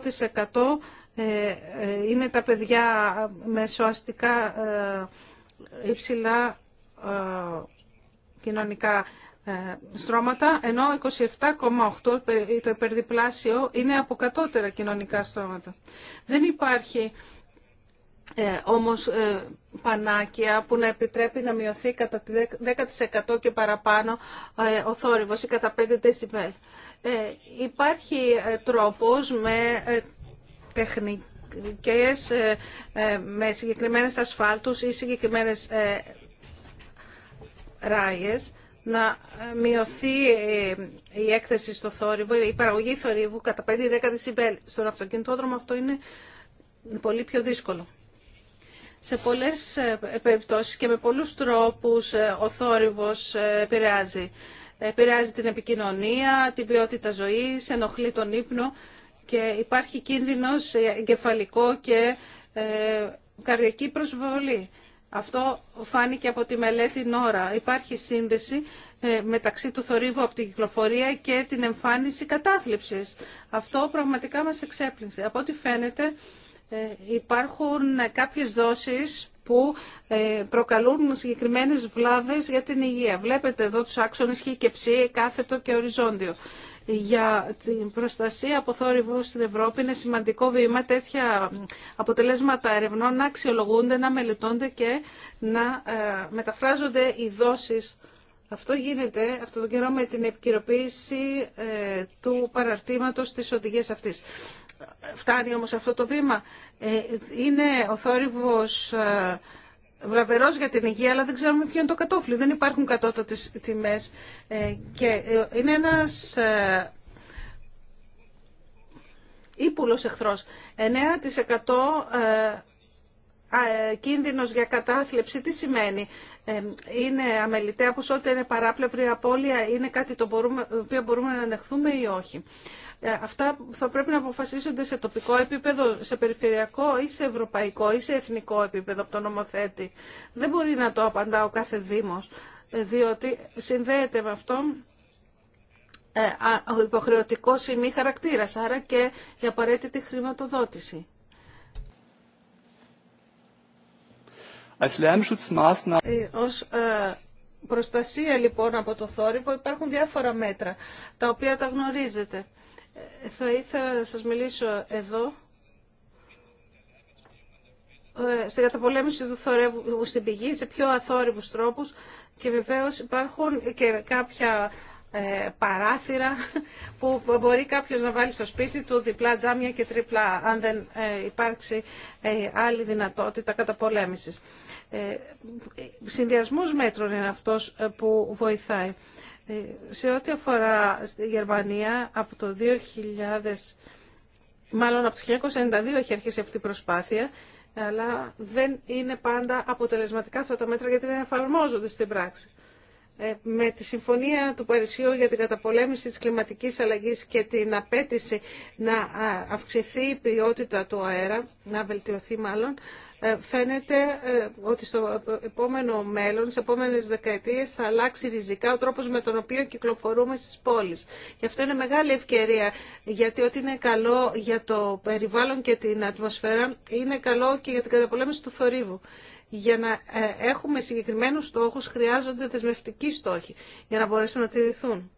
ε, ε, είναι τα παιδιά μεσοαστικά υψηλά κοινωνικά ε, στρώματα, ενώ 27,8 το υπερδιπλάσιο είναι από κατώτερα κοινωνικά στρώματα. Δεν υπάρχει ε, όμως ε, πανάκια που να επιτρέπει να μειωθεί κατά 10% και παραπάνω ε, ο θόρυβος ή κατά 5 δεσιμπέλ. Ε, υπάρχει τρόπος με τεχνικές, με συγκεκριμένες ασφάλτους ή συγκεκριμένες ράγες να μειωθεί ε, η έκθεση στο θόρυβο, η παραγωγή θορύβου κατά 5-10 δισιμπέλ. Στον αυτοκινητόδρομο αυτό είναι πολύ πιο δύσκολο. Σε πολλές ε, περιπτώσεις και με πολλούς τρόπους ε, ο θόρυβος επηρεάζει. Επηρεάζει την επικοινωνία, την ποιότητα ζωής, ενοχλεί τον ύπνο και υπάρχει κίνδυνος εγκεφαλικό και καρδιακή προσβολή. Αυτό φάνηκε από τη μελέτη Νόρα. Υπάρχει σύνδεση ε, μεταξύ του θορύβου από την κυκλοφορία και την εμφάνιση κατάθλιψης. Αυτό πραγματικά μας εξέπληξε. Από ό,τι φαίνεται ε, υπάρχουν κάποιες δόσεις που ε, προκαλούν συγκεκριμένες βλάβες για την υγεία. Βλέπετε εδώ τους άξονες χ και ψ, κάθετο και οριζόντιο για την προστασία από θόρυβο στην Ευρώπη είναι σημαντικό βήμα. Τέτοια αποτελέσματα ερευνών να αξιολογούνται, να μελετώνται και να ε, μεταφράζονται οι δόσεις. Αυτό γίνεται αυτό τον καιρό με την επικυροποίηση ε, του παραρτήματος της οδηγίας αυτής. Φτάνει όμως αυτό το βήμα. Ε, είναι ο θόρυβος Βραβερό για την υγεία, αλλά δεν ξέρουμε ποιο είναι το κατόφλι. Δεν υπάρχουν κατώτατες τιμές. Ε, και ε, είναι ένα ε, ύπουλος εχθρός. 9% ε, κίνδυνο για κατάθλιψη, τι σημαίνει. είναι αμεληταία ποσότητα, είναι παράπλευρη απώλεια, είναι κάτι το οποίο μπορούμε να ανεχθούμε ή όχι. Ε, αυτά θα πρέπει να αποφασίζονται σε τοπικό επίπεδο, σε περιφερειακό ή σε ευρωπαϊκό ή σε εθνικό επίπεδο από τον νομοθέτη. Δεν μπορεί να το απαντά ο κάθε Δήμος, ε, διότι συνδέεται με αυτό ε, ο υποχρεωτικός ή μη χαρακτήρας, άρα και η απαραίτητη χρηματοδότηση. Ως προστασία λοιπόν από το θόρυβο υπάρχουν διάφορα μέτρα, τα οποία τα γνωρίζετε θα ήθελα να σας μιλήσω εδώ ε, στην καταπολέμηση του θορεύου στην πηγή, σε πιο αθόρυβους τρόπους και βεβαίως υπάρχουν και κάποια ε, παράθυρα που μπορεί κάποιος να βάλει στο σπίτι του διπλά τζάμια και τριπλά αν δεν ε, υπάρξει ε, άλλη δυνατότητα καταπολέμησης. Ε, συνδυασμός μέτρων είναι αυτός ε, που βοηθάει. Ε, σε ό,τι αφορά στη Γερμανία, από το 2000, μάλλον από το 1992 έχει αρχίσει αυτή η προσπάθεια, αλλά δεν είναι πάντα αποτελεσματικά αυτά τα μέτρα γιατί δεν εφαρμόζονται στην πράξη. Ε, με τη Συμφωνία του Παρισιού για την καταπολέμηση της κλιματικής αλλαγής και την απέτηση να αυξηθεί η ποιότητα του αέρα, να βελτιωθεί μάλλον, ε, φαίνεται ε, ότι στο επόμενο μέλλον, στις επόμενες δεκαετίες θα αλλάξει ριζικά ο τρόπος με τον οποίο κυκλοφορούμε στις πόλεις. Γι' αυτό είναι μεγάλη ευκαιρία, γιατί ό,τι είναι καλό για το περιβάλλον και την ατμοσφαίρα είναι καλό και για την καταπολέμηση του θορύβου. Για να ε, έχουμε συγκεκριμένους στόχους χρειάζονται δεσμευτικοί στόχοι για να μπορέσουν να τηρηθούν.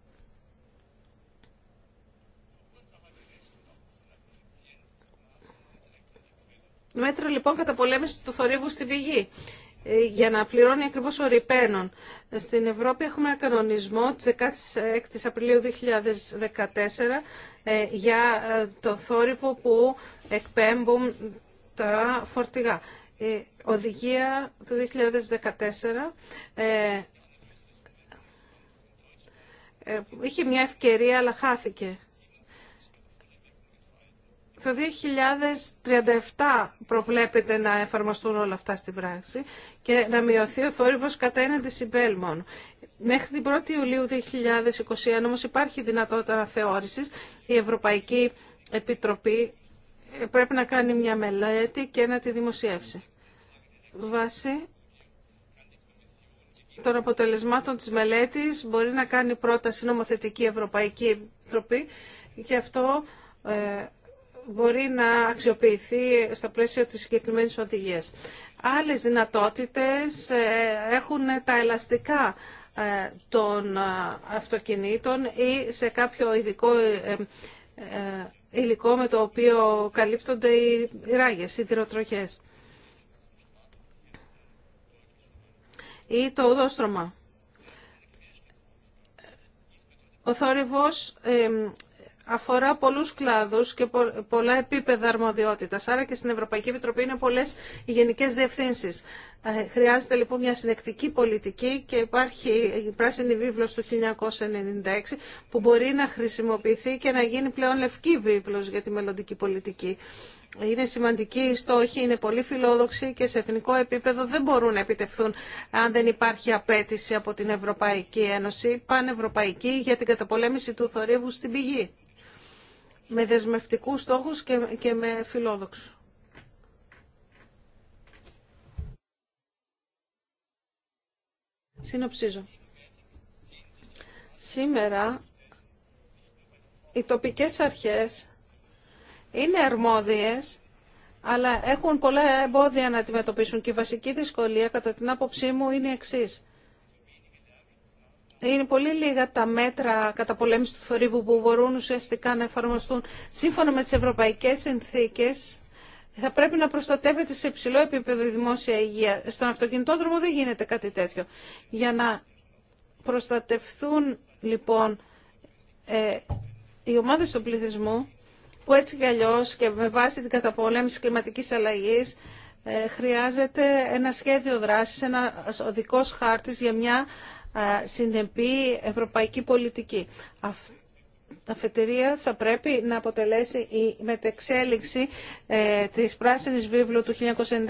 Μέτρα λοιπόν κατά πολέμηση του θορύβου στη πηγή ε, για να πληρώνει ακριβώς ο ρηπαίνων. Στην Ευρώπη έχουμε ένα κανονισμό τη 16 Απριλίου 2014 ε, για ε, το θόρυβο που εκπέμπουν τα φορτηγά. Η οδηγία του 2014 είχε μια ευκαιρία αλλά χάθηκε. Το 2037 προβλέπεται να εφαρμοστούν όλα αυτά στην πράξη και να μειωθεί ο θόρυβος κατά έναντι δισιμπέλ μόνο. Μέχρι την 1η Ιουλίου 2021 όμως υπάρχει δυνατότητα αναθεώρησης. Η Ευρωπαϊκή Επιτροπή ε, πρέπει να κάνει μια μελέτη και να τη δημοσιεύσει. Βάσει των αποτελεσμάτων της μελέτης μπορεί να κάνει πρόταση νομοθετική Ευρωπαϊκή Επιτροπή και αυτό ε, μπορεί να αξιοποιηθεί στα πλαίσια της συγκεκριμένη οδηγίας. Άλλες δυνατότητες ε, έχουν τα ελαστικά ε, των ε, αυτοκινήτων ή σε κάποιο ειδικό υλικό με το οποίο καλύπτονται οι ράγες, οι τυροτροχές. Ή το οδόστρωμα. Ο θόρυβος αφορά πολλούς κλάδους και πολλά επίπεδα αρμοδιότητας. Άρα και στην Ευρωπαϊκή Επιτροπή είναι πολλές οι γενικές διευθύνσεις. Ε, χρειάζεται λοιπόν μια συνεκτική πολιτική και υπάρχει η πράσινη βίβλος του 1996 που μπορεί να χρησιμοποιηθεί και να γίνει πλέον λευκή βίβλος για τη μελλοντική πολιτική. Είναι σημαντική η στόχη, είναι πολύ φιλόδοξη και σε εθνικό επίπεδο δεν μπορούν να επιτευχθούν αν δεν υπάρχει απέτηση από την Ευρωπαϊκή Ένωση, πανευρωπαϊκή, για την καταπολέμηση του θορύβου στην πηγή με δεσμευτικούς στόχους και, και με φιλόδοξους. Συνοψίζω. Σήμερα οι τοπικές αρχές είναι αρμόδιες, αλλά έχουν πολλά εμπόδια να αντιμετωπίσουν και η βασική δυσκολία κατά την άποψή μου είναι η εξής είναι πολύ λίγα τα μέτρα πολέμηση του θορύβου που μπορούν ουσιαστικά να εφαρμοστούν σύμφωνα με τις ευρωπαϊκές συνθήκες. Θα πρέπει να προστατεύεται σε υψηλό επίπεδο η δημόσια υγεία. Στον αυτοκινητόδρομο δεν γίνεται κάτι τέτοιο. Για να προστατευθούν λοιπόν ε, οι ομάδες του πληθυσμού που έτσι κι αλλιώς και με βάση την καταπολέμηση κλιματικής αλλαγής ε, χρειάζεται ένα σχέδιο δράσης, ένα οδικός χάρτης για μια συνεπή ευρωπαϊκή πολιτική. Αφετηρία θα πρέπει να αποτελέσει η μετεξέλιξη ε, της Πράσινης Βίβλου του 1996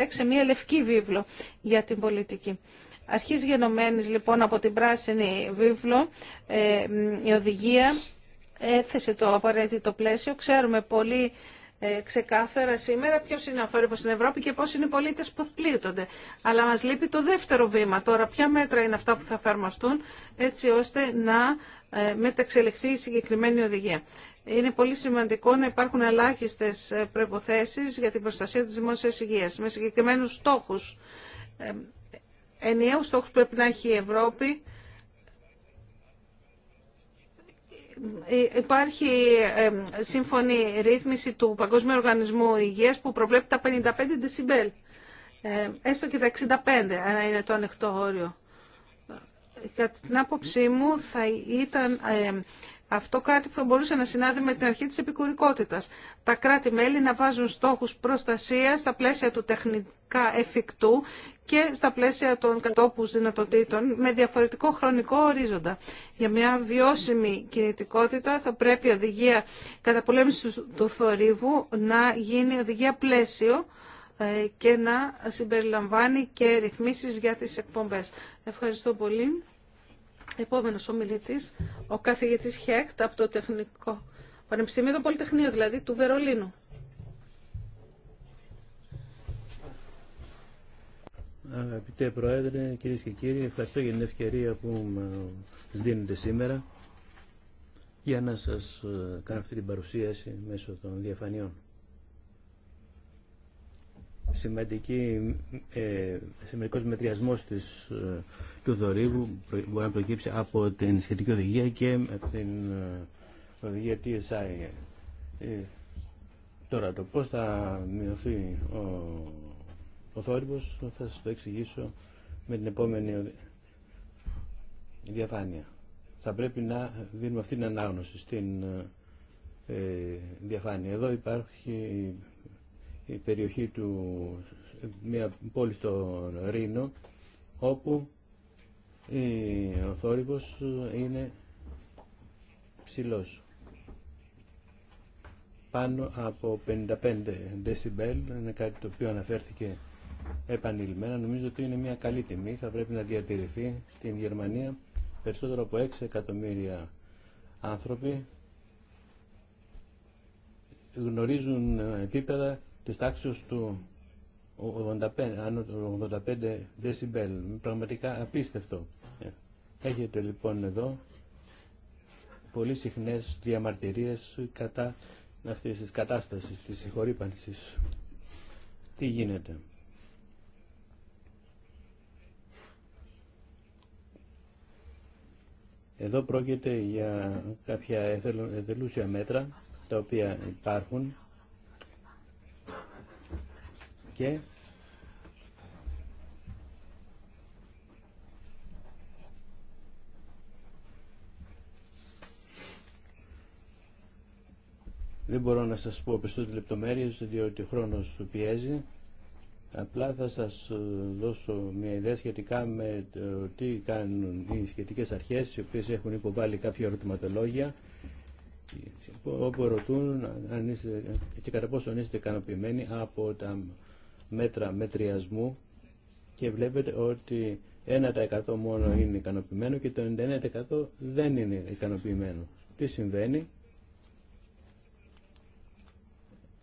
σε μια λευκή βίβλο για την πολιτική. Αρχής γενομένης λοιπόν από την Πράσινη Βίβλο ε, η οδηγία έθεσε το απαραίτητο πλαίσιο. Ξέρουμε πολύ ε, ξεκάθαρα σήμερα ποιο είναι ο θόρυβο στην Ευρώπη και πώ είναι οι πολίτε που πλήττονται. Αλλά μα λείπει το δεύτερο βήμα. Τώρα, ποια μέτρα είναι αυτά που θα εφαρμοστούν έτσι ώστε να ε, μεταξελιχθεί η συγκεκριμένη οδηγία. Είναι πολύ σημαντικό να υπάρχουν ελάχιστε ε, προποθέσει για την προστασία τη δημόσια υγεία με συγκεκριμένου στόχου. Ενιαίου στόχου πρέπει να έχει η Ευρώπη Ε, υπάρχει ε, σύμφωνη ρύθμιση του Παγκόσμιου Οργανισμού Υγείας που προβλέπει τα 55 δεσιμπέλ. Ε, έστω και τα 65, αν είναι το ανοιχτό όριο. Κατά την άποψή μου θα ήταν αυτό κάτι που θα μπορούσε να συνάδει με την αρχή της επικουρικότητας. Τα κράτη-μέλη να βάζουν στόχους προστασίας στα πλαίσια του τεχνικά εφικτού και στα πλαίσια των κατόπους δυνατοτήτων με διαφορετικό χρονικό ορίζοντα. Για μια βιώσιμη κινητικότητα θα πρέπει η οδηγία καταπολέμησης του θορύβου να γίνει οδηγία πλαίσιο ε, και να συμπεριλαμβάνει και ρυθμίσεις για τις εκπομπές. Ευχαριστώ πολύ. Επόμενος ομιλητή, ο καθηγητή Χέκτ από το Τεχνικό Πανεπιστήμιο, το Πολυτεχνείο δηλαδή, του Βερολίνου. Αγαπητέ Πρόεδρε, κυρίε και κύριοι, ευχαριστώ για την ευκαιρία που μας δίνετε σήμερα για να σας ε, κάνω αυτή την παρουσίαση μέσω των διαφανειών σημαντική, ε, μετριασμός της, ε, του δωρίου μπορεί να προκύψει από την σχετική οδηγία και από την ε, οδηγία TSI. Ε, τώρα το πώς θα μειωθεί ο, ο θα σας το εξηγήσω με την επόμενη διαφάνεια. Θα πρέπει να δίνουμε αυτή την ανάγνωση στην ε, διαφάνεια. Εδώ υπάρχει η περιοχή του, μια πόλη στο Ρήνο, όπου ο θόρυβος είναι ψηλός. Πάνω από 55 decibel, είναι κάτι το οποίο αναφέρθηκε επανειλημμένα. Νομίζω ότι είναι μια καλή τιμή, θα πρέπει να διατηρηθεί στην Γερμανία. Περισσότερο από 6 εκατομμύρια άνθρωποι γνωρίζουν επίπεδα της τάξης του 85, δεσιμπέλ. Πραγματικά απίστευτο. Έχετε λοιπόν εδώ πολύ συχνές διαμαρτυρίες κατά αυτής της κατάστασης, της συγχωρήπανσης. Τι γίνεται. Εδώ πρόκειται για κάποια εθελούσια μέτρα τα οποία υπάρχουν δεν μπορώ να σας πω περισσότερες λεπτομέρειες διότι ο χρόνος πιέζει. Απλά θα σας δώσω μια ιδέα σχετικά με τι κάνουν οι σχετικές αρχές οι οποίες έχουν υποβάλει κάποια ερωτηματολόγια όπου ρωτούν αν είστε, και κατά πόσο είστε ικανοποιημένοι από τα μέτρα μετριασμού και βλέπετε ότι 1% μόνο είναι ικανοποιημένο και το 99% δεν είναι ικανοποιημένο. Τι συμβαίνει,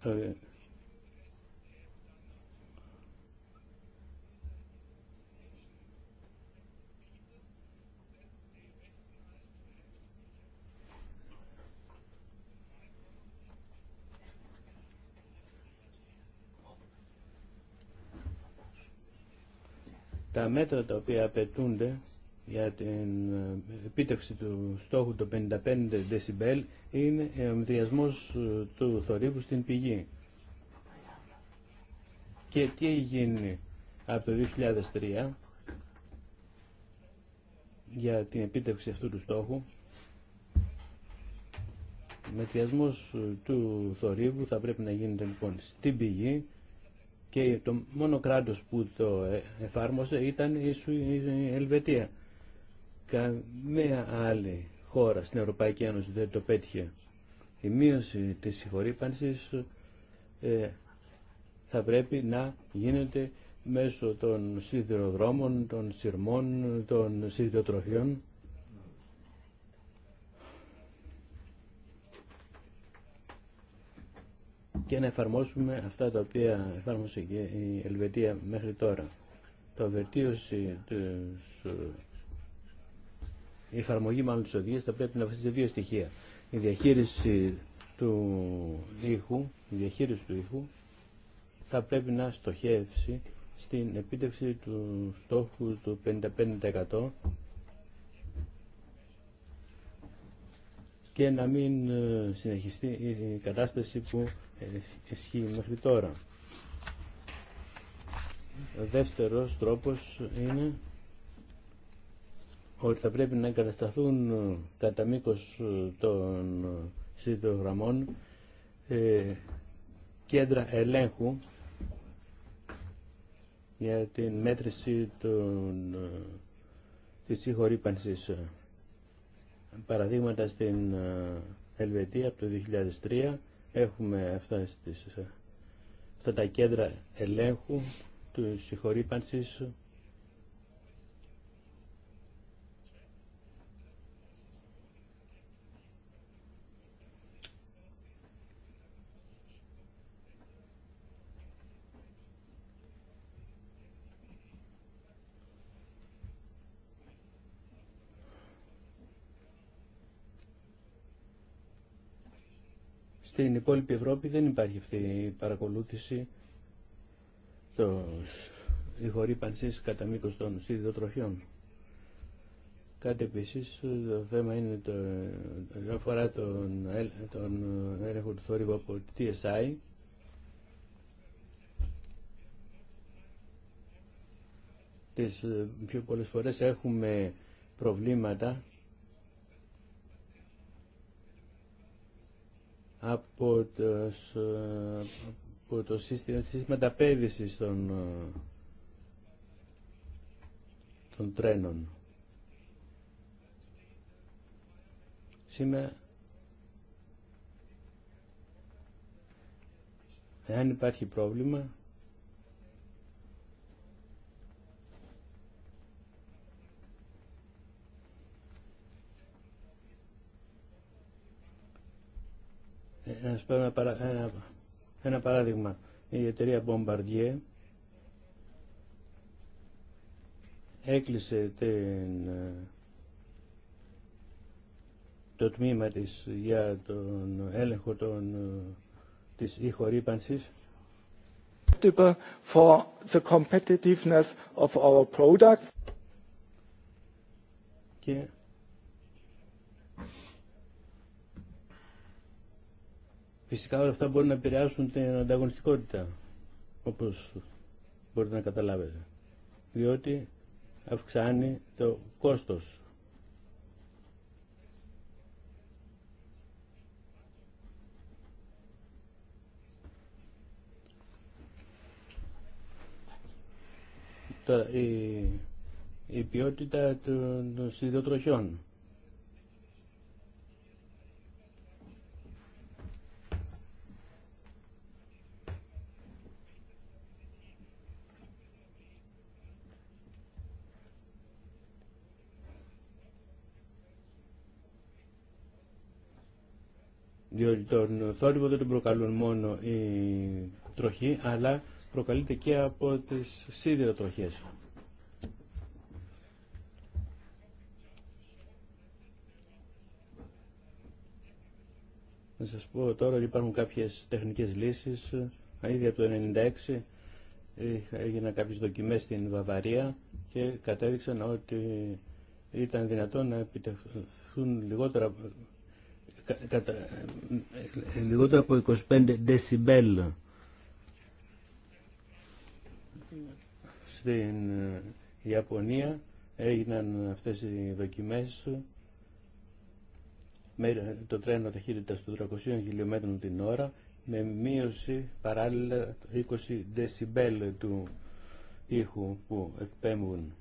ε, Τα μέτρα τα οποία απαιτούνται για την ε, επίτευξη του στόχου των 55 δεσιμπέλ είναι ο μητριασμός ε, του θορύβου στην πηγή. Και τι έχει γίνει από το 2003 για την επίτευξη αυτού του στόχου. Ο ε, του θορύβου θα πρέπει να γίνεται λοιπόν στην πηγή και το μόνο κράτος που το ε, εφάρμοσε ήταν η Ελβετία. Καμία άλλη χώρα στην Ευρωπαϊκή Ένωση δεν το πέτυχε. Η μείωση της συγχωρήπανσης ε, θα πρέπει να γίνεται μέσω των σιδηροδρόμων, των σειρμών, των σιδηροτροφιών και να εφαρμόσουμε αυτά τα οποία εφάρμοσε και η Ελβετία μέχρι τώρα. Το βελτίωση της... Ε, η εφαρμογή μάλλον της οδηγίας θα πρέπει να βασίζεται δύο στοιχεία. Η διαχείριση του ήχου, η διαχείριση του ήχου θα πρέπει να στοχεύσει στην επίτευξη του στόχου του 55% και να μην ε, συνεχιστεί η κατάσταση που ε, ισχύει μέχρι τώρα. Ο δεύτερος τρόπος είναι ότι θα πρέπει να εγκατασταθούν κατά μήκο των σύντογραμμών ε, κέντρα ελέγχου για την μέτρηση των, ε, της συγχωρήπανσης παραδείγματα στην Ελβετία από το 2003 έχουμε αυτά, στις, ε, αυτά τα κέντρα ελέγχου του συγχωρήπανσης Στην υπόλοιπη Ευρώπη δεν υπάρχει αυτή η παρακολούθηση τους, χορύπανση κατά μήκος των σιδηροτροχιών. Κάτι επίση το θέμα είναι το, αφορά τον, τον έλεγχο του θόρυβου από TSI. Τις πιο πολλές φορές έχουμε προβλήματα από το, από το σύστημα της των, των τρένων. Σήμερα, εάν υπάρχει πρόβλημα, να ε, σας πω ένα, παρα... ένα ένα παράδειγμα. Η εταιρεία Bombardier έκλεισε την, ε, το τμήμα της για τον έλεγχο των, ε, της ηχορύπανσης for the competitiveness of our products. Και Φυσικά όλα αυτά μπορεί να επηρεάσουν την ανταγωνιστικότητα, όπως μπορείτε να καταλάβετε. Διότι αυξάνει το κόστος. η, ποιότητα των, των διότι τον θόρυβο δεν τον προκαλούν μόνο η τροχή, αλλά προκαλείται και από τις τροχές. Να σας πω τώρα ότι υπάρχουν κάποιες τεχνικές λύσεις. Ήδη από το 1996 έγιναν κάποιες δοκιμές στην Βαβαρία και κατέδειξαν ότι ήταν δυνατόν να επιτευχθούν λιγότερα κατα, ε, λιγότερο από 25 δεσιμπέλ στην ε, Ιαπωνία έγιναν αυτές οι δοκιμές με το τρένο ταχύτητα του 300 χιλιόμετρων την ώρα με μείωση παράλληλα 20 δεσιμπέλ του ήχου που εκπέμπουν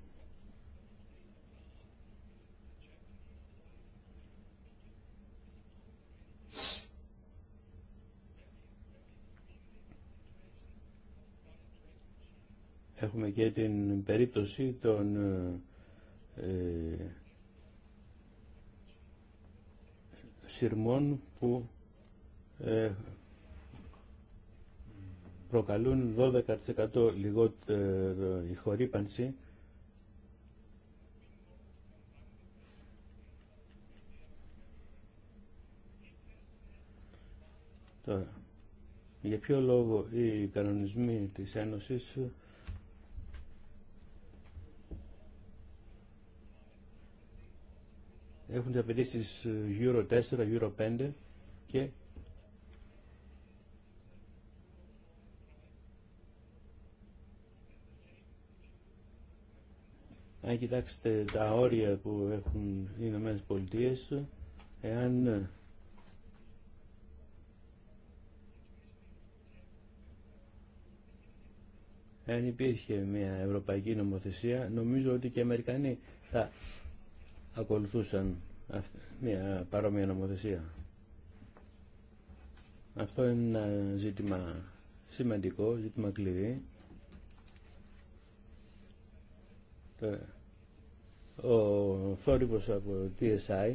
έχουμε και την περίπτωση των ε, ε σειρμών που ε, προκαλούν 12% η χορύπανση Τώρα, για ποιο λόγο οι κανονισμοί της Ένωσης έχουν τις απαιτήσει Euro 4, Euro 5 και αν κοιτάξετε τα όρια που έχουν οι Ηνωμένες Πολιτείες, εάν ε, εάν υπήρχε μια ευρωπαϊκή νομοθεσία, νομίζω ότι και οι Αμερικανοί θα ακολουθούσαν μια παρόμοια νομοθεσία. Αυτό είναι ένα ζήτημα σημαντικό, ζήτημα κλειδί. Ο θόρυβος από TSI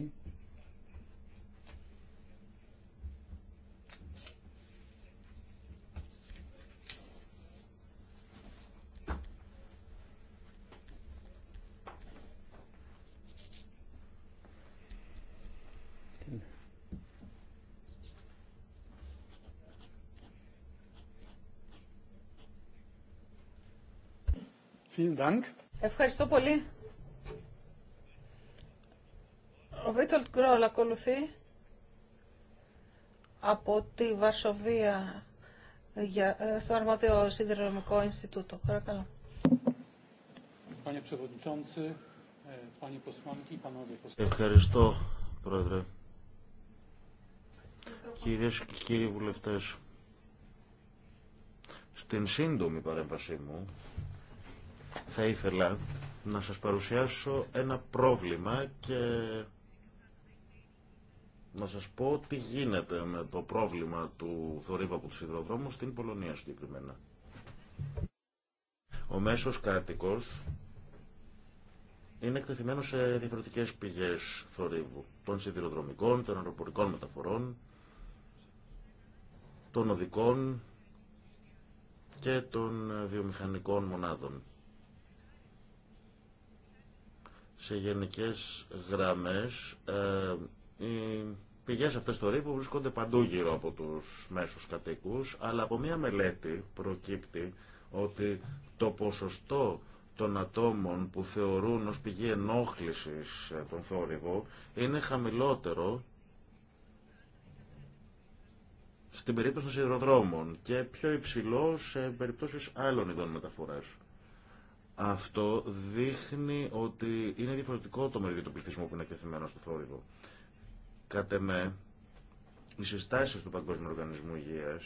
Ευχαριστώ πολύ. Ο Βίτολτ Γκρόλ ακολουθεί από τη Βαρσοβία για, ε, στο Αρμόδιο Σιδηροδρομικό Ινστιτούτο. Παρακαλώ. Ε, Ευχαριστώ, Πρόεδρε. Κυρίες και κύριοι βουλευτές, στην σύντομη παρέμβασή μου θα ήθελα να σας παρουσιάσω ένα πρόβλημα και να σας πω τι γίνεται με το πρόβλημα του θορύβου από τους στην Πολωνία συγκεκριμένα. Ο μέσος κάτοικος είναι εκτεθειμένο σε διαφορετικές πηγές θορύβου των σιδηροδρομικών, των αεροπορικών μεταφορών, των οδικών και των βιομηχανικών μονάδων. σε γενικές γραμμές ε, οι πηγές αυτές του ρήπου βρίσκονται παντού γύρω από τους μέσους κατοίκους αλλά από μια μελέτη προκύπτει ότι το ποσοστό των ατόμων που θεωρούν ως πηγή ενόχλησης τον θόρυβο είναι χαμηλότερο στην περίπτωση των σιδηροδρόμων και πιο υψηλό σε περιπτώσεις άλλων ειδών μεταφοράς. Αυτό δείχνει ότι είναι διαφορετικό το μερίδιο του πληθυσμού που είναι κεθυμένο στο θόρυβο. Κατ' εμέ, οι συστάσει του Παγκόσμιου Οργανισμού Υγεία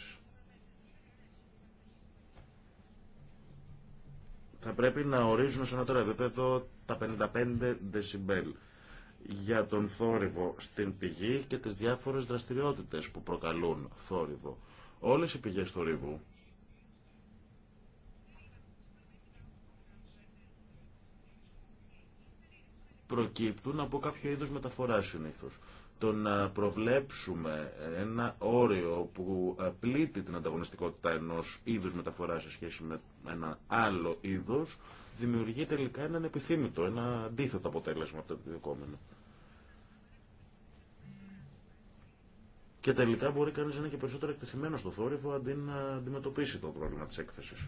θα πρέπει να ορίζουν σε ανώτερο επίπεδο τα 55 δεσιμπέλ για τον θόρυβο στην πηγή και τις διάφορες δραστηριότητες που προκαλούν θόρυβο. Όλες οι πηγές θορύβου προκύπτουν από κάποιο είδος μεταφορά συνήθως. Το να προβλέψουμε ένα όριο που ε, πλήττει την ανταγωνιστικότητα ενός είδους μεταφοράς σε σχέση με ένα άλλο είδος, δημιουργεί τελικά έναν επιθύμητο, ένα αντίθετο αποτέλεσμα από το επιδιωκόμενο. Και τελικά μπορεί κανείς να είναι και περισσότερο εκτεθειμένο στο θόρυβο αντί να αντιμετωπίσει το πρόβλημα της έκθεσης.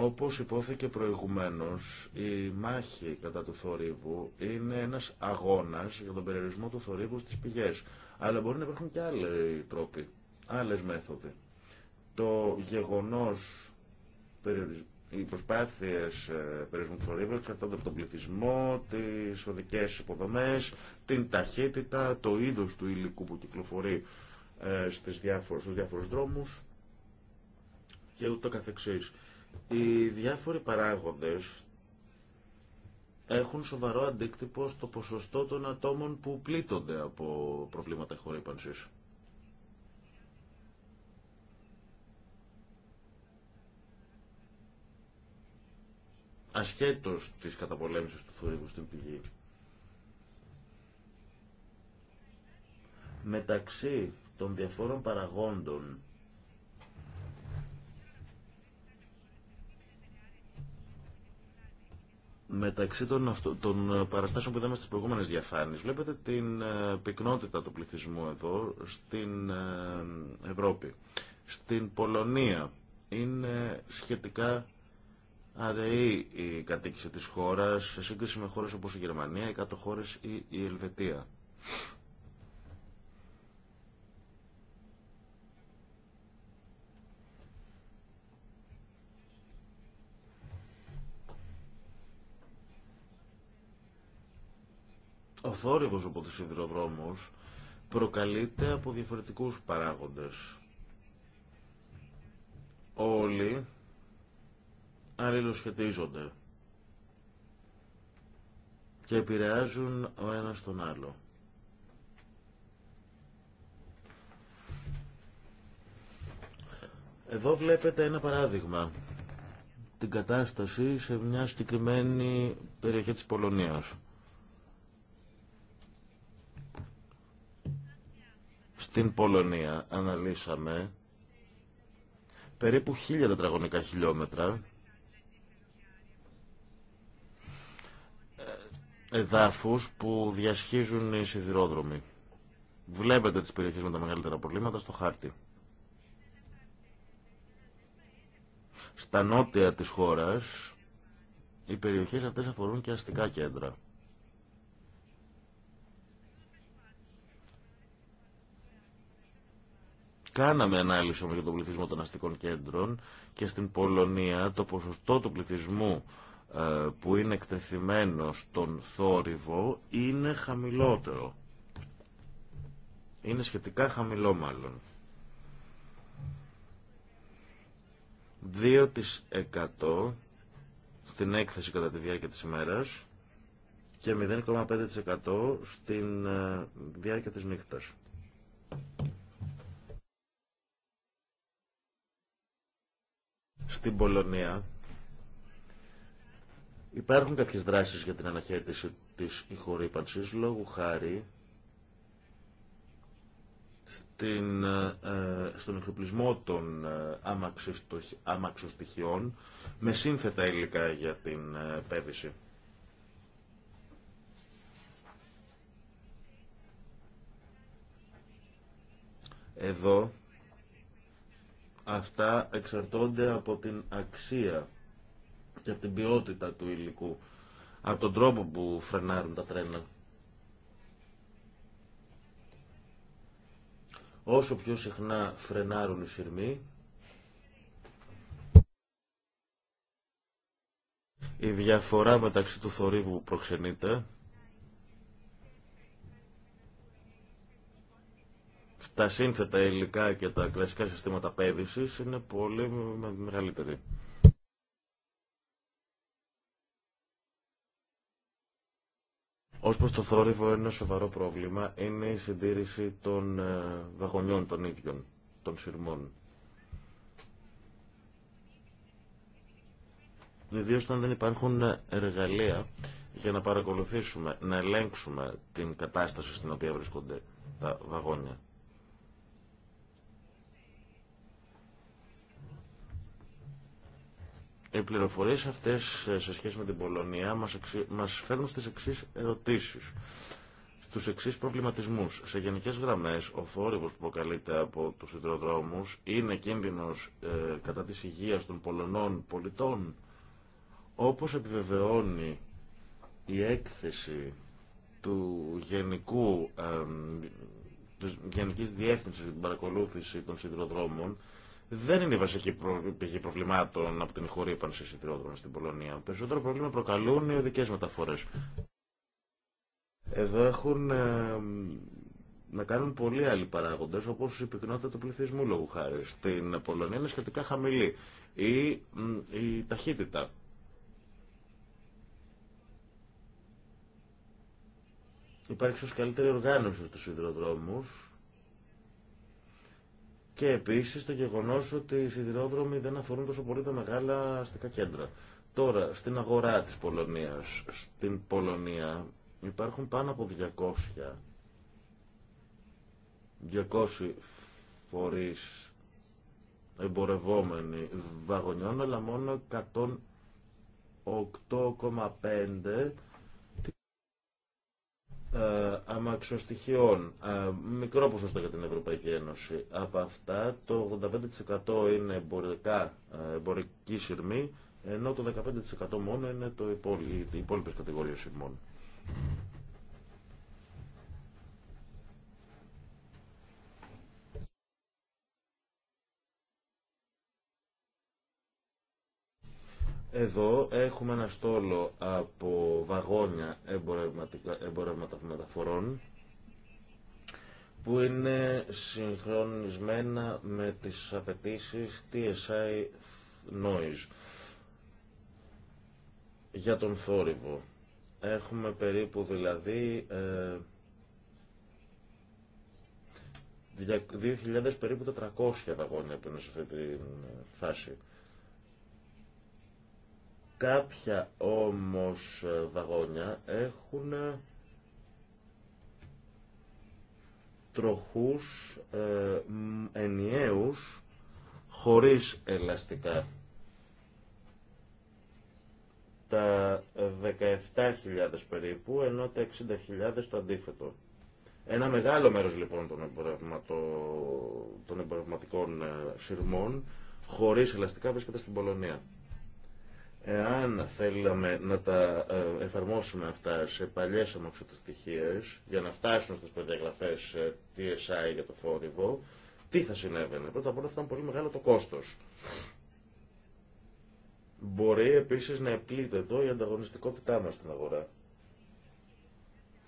Όπως υπόθηκε προηγουμένως, η μάχη κατά του θορύβου είναι ένας αγώνας για τον περιορισμό του θορύβου στις πηγές. Αλλά μπορεί να υπάρχουν και άλλοι τρόποι, άλλες μέθοδοι. Το γεγονός, οι προσπάθειες ε, περιορισμού του θορύβου εξαρτώνται από τον πληθυσμό, τις οδικές υποδομές, την ταχύτητα, το είδος του υλικού που κυκλοφορεί ε, στις διάφορους, στους διάφορους δρόμους και ούτω καθεξής. Οι διάφοροι παράγοντες έχουν σοβαρό αντίκτυπο στο ποσοστό των ατόμων που πλήττονται από προβλήματα χορύπανσης. ασχέτως της καταπολέμησης του θορύβου στην πηγή. Μεταξύ των διαφόρων παραγόντων Μεταξύ των, αυτο, ε, παραστάσεων που είδαμε στις προηγούμενες διαφάνειες βλέπετε την ε, πυκνότητα του πληθυσμού εδώ στην ε, Ευρώπη. Στην Πολωνία είναι σχετικά αραιή η κατοίκηση της χώρας σε σύγκριση με χώρες όπως η Γερμανία, οι κάτω χώρες ή η Ελβετία. Ο θόρυβος από τους σιδηροδρόμους προκαλείται από διαφορετικούς παράγοντες. Όλοι αλληλοσχετίζονται και επηρεάζουν ο ένας τον άλλο. Εδώ βλέπετε ένα παράδειγμα την κατάσταση σε μια συγκεκριμένη περιοχή της Πολωνίας. Στην Πολωνία αναλύσαμε περίπου χίλια τετραγωνικά χιλιόμετρα ε, εδάφους που διασχίζουν οι σιδηρόδρομοι. Βλέπετε τις περιοχές με τα μεγαλύτερα προβλήματα στο χάρτη. Στα νότια της χώρας οι περιοχές αυτές αφορούν και αστικά κέντρα. Κάναμε ανάλυση για τον πληθυσμό των αστικών κέντρων και στην Πολωνία το ποσοστό του πληθυσμού ε, που είναι εκτεθειμένο στον θόρυβο είναι χαμηλότερο. Είναι σχετικά χαμηλό μάλλον. 2% στην έκθεση κατά τη διάρκεια της ημέρας και 0,5% στην ε, διάρκεια της νύχτας. Στην Πολωνία υπάρχουν κάποιες δράσεις για την αναχέτηση της ηχορύπανσης λόγου χάρη στην, ε, ε, στον εξοπλισμό των ε, αμαξοστοιχειών με σύνθετα υλικά για την πέδηση. Εδώ αυτά εξαρτώνται από την αξία και από την ποιότητα του υλικού, από τον τρόπο που φρενάρουν τα τρένα. Όσο πιο συχνά φρενάρουν οι σειρμοί, η διαφορά μεταξύ του θορύβου που προξενείται τα σύνθετα υλικά και τα κλασικά συστήματα πέδησης είναι πολύ μεγαλύτερη. Ως προς το θόρυβο ένα σοβαρό πρόβλημα είναι η συντήρηση των ε, βαγονιών των ίδιων, των σειρμών. Ιδίως όταν δεν υπάρχουν εργαλεία για να παρακολουθήσουμε, να ελέγξουμε την κατάσταση στην οποία βρίσκονται τα βαγόνια. Οι πληροφορίες αυτές ε, σε σχέση με την Πολωνία μας, μας φέρνουν στις εξής ερωτήσεις στους εξής προβληματισμούς. Σε γενικές γραμμές, ο θόρυβος που προκαλείται από τους υδροδρόμους είναι κίνδυνος ε, κατά της υγείας των Πολωνών πολιτών. Όπως επιβεβαιώνει η έκθεση του Γενικού, ε, της Γενικής Διεύθυνσης για την παρακολούθηση των σιδηροδρόμων, δεν είναι η βασική πηγή προβλημάτων από την ηχορύπανση σιδηρόδρομων στην Πολωνία. Περισσότερο πρόβλημα προκαλούν οι οδικέ μεταφορέ. Εδώ έχουν ε, να κάνουν πολλοί άλλοι παράγοντε, όπω η πυκνότητα του πληθυσμού λόγω χάρη. Στην Πολωνία είναι σχετικά χαμηλή. Ή η, η ταχυτητα Υπάρχει ίσω καλύτερη οργάνωση στου σιδηροδρόμου, και επίσης το γεγονός ότι οι σιδηρόδρομοι δεν αφορούν τόσο πολύ τα μεγάλα αστικά κέντρα. Τώρα, στην αγορά της Πολωνίας, στην Πολωνία υπάρχουν πάνω από 200, 200 φορείς εμπορευόμενοι βαγονιών, αλλά μόνο 108,5 ε, αμαξοστοιχειών, ε, μικρό ποσοστό για την Ευρωπαϊκή Ένωση. Από αυτά το 85% είναι εμπορικά, ε, εμπορική σειρμή, ενώ το 15% μόνο είναι το υπόλοι, οι υπόλοιπες κατηγορίες σειρμών. Εδώ έχουμε ένα στόλο από βαγόνια εμπορεύματα μεταφορών που είναι συγχρονισμένα με τις απαιτήσει TSI Noise για τον θόρυβο. Έχουμε περίπου δηλαδή 2.000 ε, περίπου 400 βαγόνια που είναι σε αυτή τη ε, φάση. Κάποια όμως ε, βαγόνια έχουν ε, τροχούς ε, ενιαίους χωρίς ελαστικά. Τα 17.000 περίπου, ενώ τα 60.000 το αντίθετο. Ένα μεγάλο μέρος λοιπόν των, εμπορευματο... των εμπορευματικών ε, σειρμών χωρίς ελαστικά βρίσκεται στην Πολωνία. Εάν θέλαμε να τα ε, εφαρμόσουμε αυτά σε παλιές αμαξιοτεστοιχίες για να φτάσουν στις προδιαγραφές ε, TSI για το θόρυβο, τι θα συνέβαινε. Πρώτα απ' όλα θα ήταν πολύ μεγάλο το κόστος. Μπορεί επίσης να επλείται εδώ η ανταγωνιστικότητά μας στην αγορά.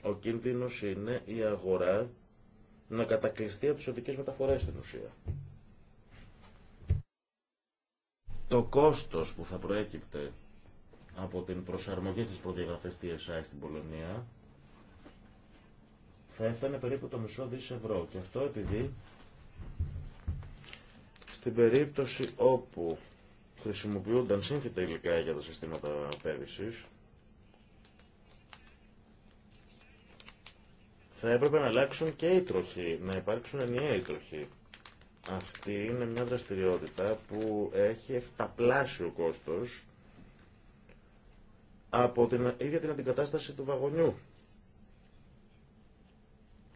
Ο κίνδυνος είναι η αγορά να κατακλειστεί από τις οδικές μεταφορές στην ουσία. το κόστος που θα προέκυπτε από την προσαρμογή στις προδιαγραφές TSI στην Πολωνία θα έφτανε περίπου το μισό δις ευρώ και αυτό επειδή στην περίπτωση όπου χρησιμοποιούνταν σύνθετα υλικά για τα συστήματα πέδησης θα έπρεπε να αλλάξουν και οι τροχοί, να υπάρξουν ενιαίοι τροχοί αυτή είναι μια δραστηριότητα που έχει εφταπλάσιο κόστος από την ίδια την αντικατάσταση του βαγονιού.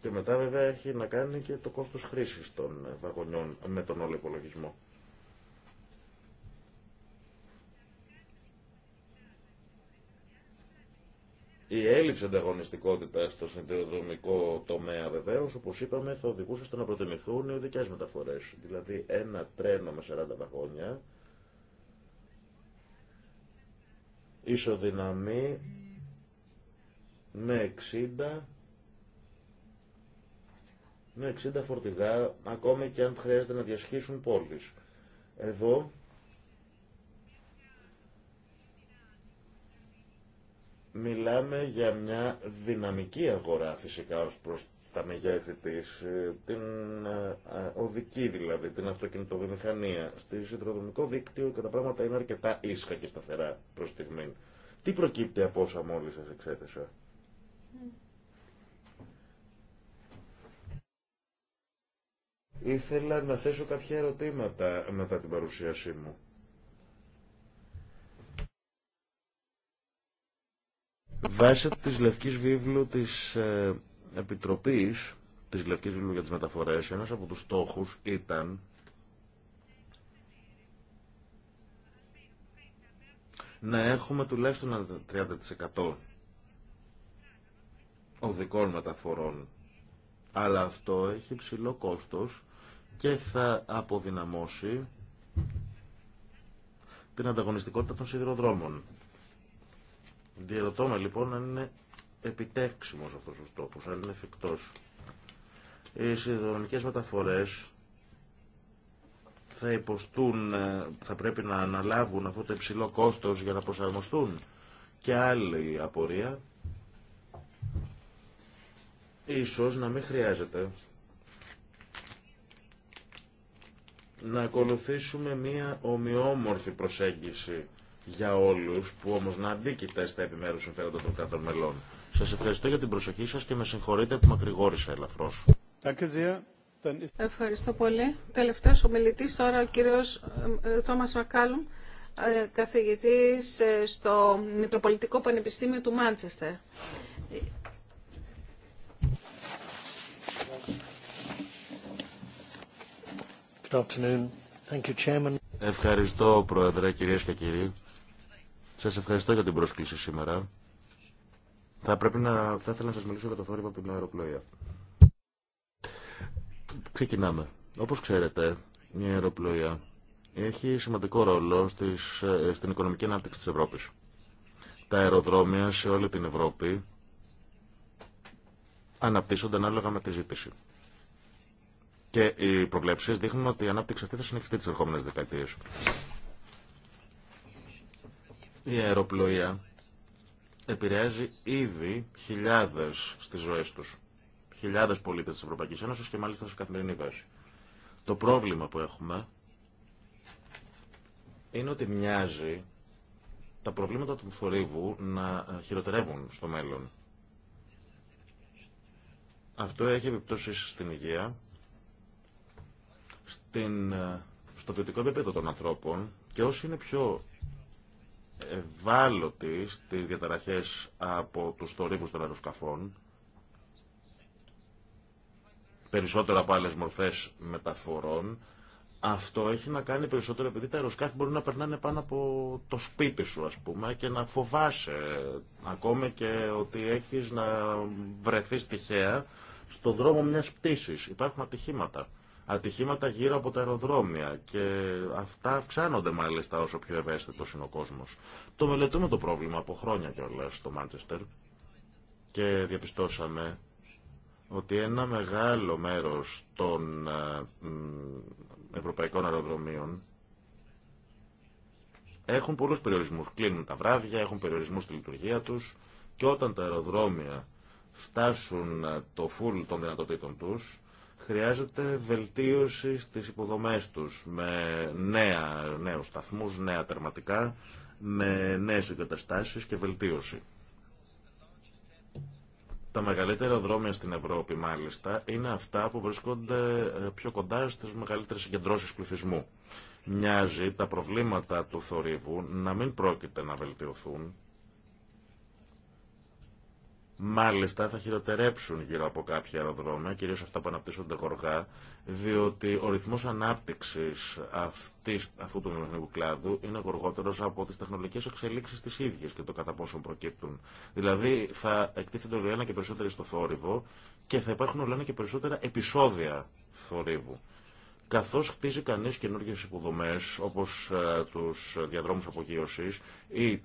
Και μετά βέβαια έχει να κάνει και το κόστος χρήσης των βαγονιών με τον όλο υπολογισμό. Η έλλειψη ανταγωνιστικότητα στο συντηροδρομικό τομέα βεβαίω, όπω είπαμε, θα οδηγούσε στο να προτιμηθούν οι οδικέ μεταφορέ. Δηλαδή ένα τρένο με 40 βαγόνια ισοδυναμεί με 60 με 60 φορτηγά, ακόμη και αν χρειάζεται να διασχίσουν πόλεις. Εδώ Μιλάμε για μια δυναμική αγορά φυσικά ως προς τα μεγέθη της, ε, την ε, ε, οδική δηλαδή, την αυτοκινητοβιομηχανία. Στη συνδρομικό δίκτυο και τα πράγματα είναι αρκετά ίσχα και σταθερά προς στιγμή. Τι προκύπτει από όσα μόλις σας εξέθεσα. Ήθελα να θέσω κάποια ερωτήματα μετά την παρουσίασή μου. Βάσει της Λευκής Βίβλου της ε, Επιτροπής, της Λευκής Βίβλου για τις Μεταφορές, ένας από τους στόχους ήταν να έχουμε τουλάχιστον 30% οδικών μεταφορών. Αλλά αυτό έχει ψηλό κόστος και θα αποδυναμώσει την ανταγωνιστικότητα των σιδηροδρόμων. Διερωτώμε, λοιπόν αν είναι επιτέξιμος αυτός ο στόχος, αν είναι εφικτός. Οι συνδρομικές μεταφορές θα υποστούν, ε, θα πρέπει να αναλάβουν αυτό το υψηλό κόστος για να προσαρμοστούν και άλλη απορία. Ίσως να μην χρειάζεται να ακολουθήσουμε μία ομοιόμορφη προσέγγιση για όλους που όμως να αντίκειται στα επιμέρους συμφέροντα των κρατών μελών. Σας ευχαριστώ για την προσοχή σας και με συγχωρείτε που μακρηγόρησα ελαφρώς. Ευχαριστώ πολύ. Τελευταίος ομιλητή τώρα ο κύριος ε, ε, Τόμας Μακάλουμ, ε, καθηγητής στο Μητροπολιτικό Πανεπιστήμιο του Μάντσεστερ. Good afternoon. Thank you, Chairman. Ευχαριστώ, Πρόεδρε, κυρίες και κύριοι. Σας ευχαριστώ για την πρόσκληση σήμερα. Θα, πρέπει να... θα ήθελα να σας μιλήσω για το θόρυβο από την αεροπλοεία. Ξεκινάμε. Όπως ξέρετε, η αεροπλοεία έχει σημαντικό ρόλο στις... στην οικονομική ανάπτυξη της Ευρώπης. Τα αεροδρόμια σε όλη την Ευρώπη αναπτύσσονται ανάλογα με τη ζήτηση. Και οι προβλέψει δείχνουν ότι η ανάπτυξη αυτή θα συνεχιστεί τι ερχόμενε δεκαετίε. Η αεροπλοεία επηρεάζει ήδη χιλιάδες στις ζωές τους. Χιλιάδες πολίτες της Ευρωπαϊκής Ένωσης και μάλιστα σε καθημερινή βάση. Το πρόβλημα που έχουμε είναι ότι μοιάζει τα προβλήματα του θορύβου να χειροτερεύουν στο μέλλον. Αυτό έχει επιπτώσεις στην υγεία, στην, ε, στο βιωτικό επίπεδο των ανθρώπων και όσοι είναι πιο ευάλωτη στις διαταραχές από τους θορύβους των αεροσκαφών, περισσότερο από άλλες μορφές μεταφορών, αυτό έχει να κάνει περισσότερο επειδή τα αεροσκάφη μπορούν να περνάνε πάνω από το σπίτι σου ας πούμε και να φοβάσαι ακόμη και ότι έχεις να βρεθείς τυχαία στο δρόμο μιας πτήσης. Υπάρχουν ατυχήματα ατυχήματα γύρω από τα αεροδρόμια και αυτά αυξάνονται μάλιστα όσο πιο ευαίσθητος είναι ο κόσμος. Το μελετούμε το πρόβλημα από χρόνια κιόλα στο Μάντσεστερ και διαπιστώσαμε ότι ένα μεγάλο μέρος των ε, ευρωπαϊκών αεροδρομίων έχουν πολλούς περιορισμούς. Κλείνουν τα βράδια, έχουν περιορισμούς στη λειτουργία τους και όταν τα αεροδρόμια φτάσουν ε, το φουλ των δυνατοτήτων τους, Χρειάζεται βελτίωση στις υποδομές τους με νέα, νέους σταθμούς, νέα τερματικά, με νέες εγκαταστάσεις και βελτίωση. Τα μεγαλύτερα δρόμια στην Ευρώπη, μάλιστα, είναι αυτά που βρίσκονται ε, πιο κοντά στις μεγαλύτερες συγκεντρώσεις πληθυσμού. Μοιάζει τα προβλήματα του θορύβου να μην πρόκειται να βελτιωθούν μάλιστα θα χειροτερέψουν γύρω από κάποια αεροδρόμια, κυρίως αυτά που αναπτύσσονται γοργά, διότι ο ρυθμός ανάπτυξης αυτής, αυτού του μηχανικού κλάδου είναι γοργότερος από τις τεχνολογικές εξελίξεις της ίδιας και το κατά πόσο προκύπτουν. Δηλαδή θα εκτίθενται ολοένα και περισσότεροι στο θόρυβο και θα υπάρχουν ολοένα και περισσότερα επεισόδια θορύβου. Καθώ χτίζει κανείς καινούργιες υποδομές, όπως ε, του διαδρόμου απογείωση ή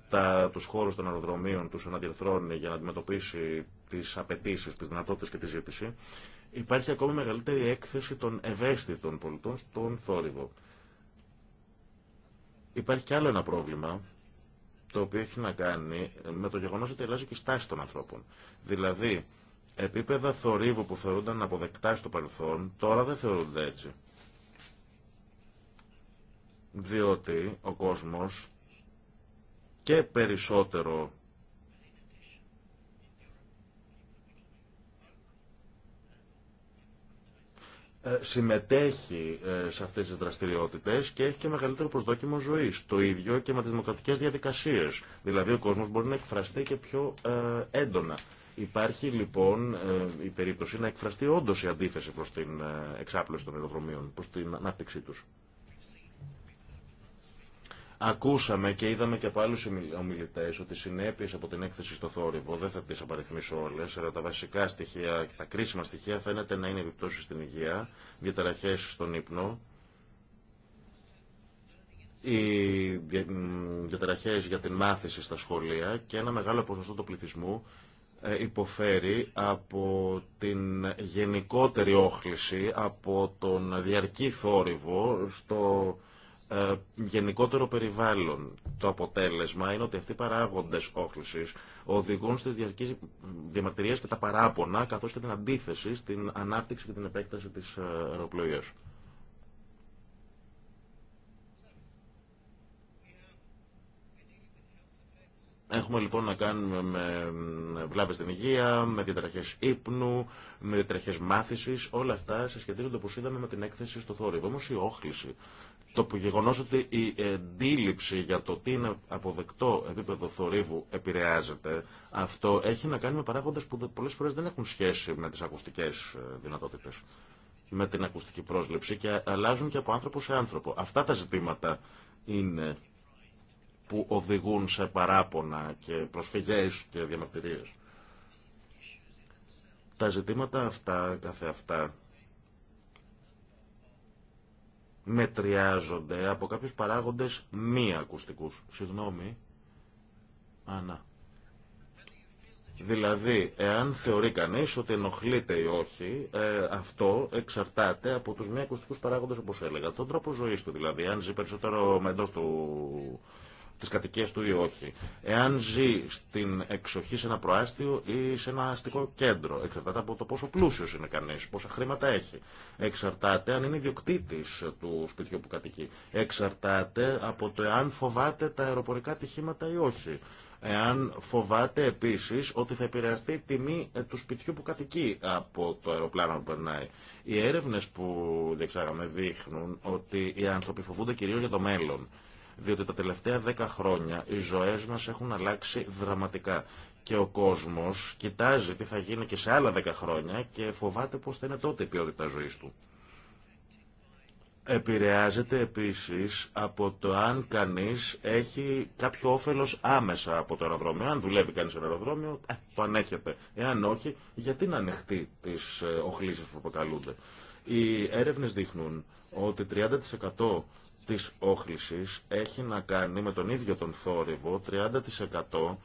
του χώρου των αεροδρομίων, του αναδιερθρώνει για να αντιμετωπίσει τι απαιτήσει, τι δυνατότητε και τη ζήτηση, υπάρχει ακόμη μεγαλύτερη έκθεση των ευαίσθητων πολιτών στον θόρυβο. Υπάρχει κι άλλο ένα πρόβλημα, το οποίο έχει να κάνει με το γεγονό ότι αλλάζει και η στάση των ανθρώπων. Δηλαδή, επίπεδα θορύβου που θεωρούνταν αποδεκτά στο παρελθόν, τώρα δεν θεωρούνται έτσι διότι ο κόσμος και περισσότερο ε, συμμετέχει ε, σε αυτές τις δραστηριότητες και έχει και μεγαλύτερο προσδόκιμο ζωής. Το ίδιο και με τις δημοκρατικές διαδικασίες. Δηλαδή ο κόσμος μπορεί να εκφραστεί και πιο ε, έντονα. Υπάρχει λοιπόν η περίπτωση να εκφραστεί όντως η αντίθεση προς την εξάπλωση των αεροδρομίων, προς την ανάπτυξή τους. Ακούσαμε και είδαμε και από άλλου ομιλητέ ότι συνέπειε από την έκθεση στο θόρυβο, δεν θα τι απαριθμίσω όλε, αλλά τα βασικά στοιχεία, και τα κρίσιμα στοιχεία φαίνεται να είναι επιπτώσει στην υγεία, διαταραχέ στον ύπνο, οι για την μάθηση στα σχολεία και ένα μεγάλο ποσοστό του πληθυσμού ε, υποφέρει από την γενικότερη όχληση, από τον διαρκή θόρυβο στο ε, γενικότερο περιβάλλον. Το αποτέλεσμα είναι ότι αυτοί οι παράγοντε όχληση οδηγούν στι διαρκείς διαμαρτυρίες και τα παράπονα, καθώ και την αντίθεση στην ανάπτυξη και την επέκταση τη ε, αεροπλοεία. Έχουμε λοιπόν να κάνουμε με ε, βλάβες στην υγεία, με διαταραχές ύπνου, με διαταραχές μάθησης. Όλα αυτά σχετίζονται, όπως είδαμε με την έκθεση στο θόρυβο. Όμως η όχληση το γεγονό ότι η αντίληψη για το τι είναι αποδεκτό επίπεδο θορύβου επηρεάζεται, αυτό έχει να κάνει με παράγοντες που πολλές φορές δεν έχουν σχέση με τις ακουστικές ε, δυνατότητες, με την ακουστική πρόσληψη και αλλάζουν και από άνθρωπο σε άνθρωπο. Αυτά τα ζητήματα είναι που οδηγούν σε παράπονα και προσφυγές και διαμαρτυρίες. Τα ζητήματα αυτά, καθε αυτά, μετριάζονται από κάποιους παράγοντες μη ακουστικούς. Συγγνώμη. Α, να. Δηλαδή, εάν θεωρεί κανείς ότι ενοχλείται ή όχι, ε, αυτό εξαρτάται από τους μη ακουστικούς παράγοντες, όπως έλεγα. Τον τρόπο ζωή του δηλαδή. Αν ζει περισσότερο εντός του τι κατοικίε του ή όχι. Εάν ζει στην εξοχή σε ένα προάστιο ή σε ένα αστικό κέντρο. Εξαρτάται από το πόσο πλούσιο είναι κανεί, πόσα χρήματα έχει. Εξαρτάται αν είναι ιδιοκτήτη του σπιτιού που κατοικεί. Εξαρτάται από το εάν φοβάται τα αεροπορικά τυχήματα ή όχι. Εάν φοβάται επίση ότι θα επηρεαστεί η τιμή ε, του σπιτιού που κατοικεί από το αεροπλάνο που περνάει. Οι έρευνε που διεξάγαμε δείχνουν ότι οι άνθρωποι φοβούνται κυρίω για το μέλλον. Διότι τα τελευταία δέκα χρόνια οι ζωές μας έχουν αλλάξει δραματικά και ο κόσμος κοιτάζει τι θα γίνει και σε άλλα δέκα χρόνια και φοβάται πώς θα είναι τότε η ποιότητα ζωής του. Επηρεάζεται επίσης από το αν κανείς έχει κάποιο όφελος άμεσα από το αεροδρόμιο. Αν δουλεύει κανείς ένα αεροδρόμιο, ε, το ανέχεται. Εάν όχι, γιατί να ανεχτεί τις ε, οχλήσεις που προκαλούνται. Οι έρευνες δείχνουν ότι 30% της όχλησης έχει να κάνει με τον ίδιο τον θόρυβο 30%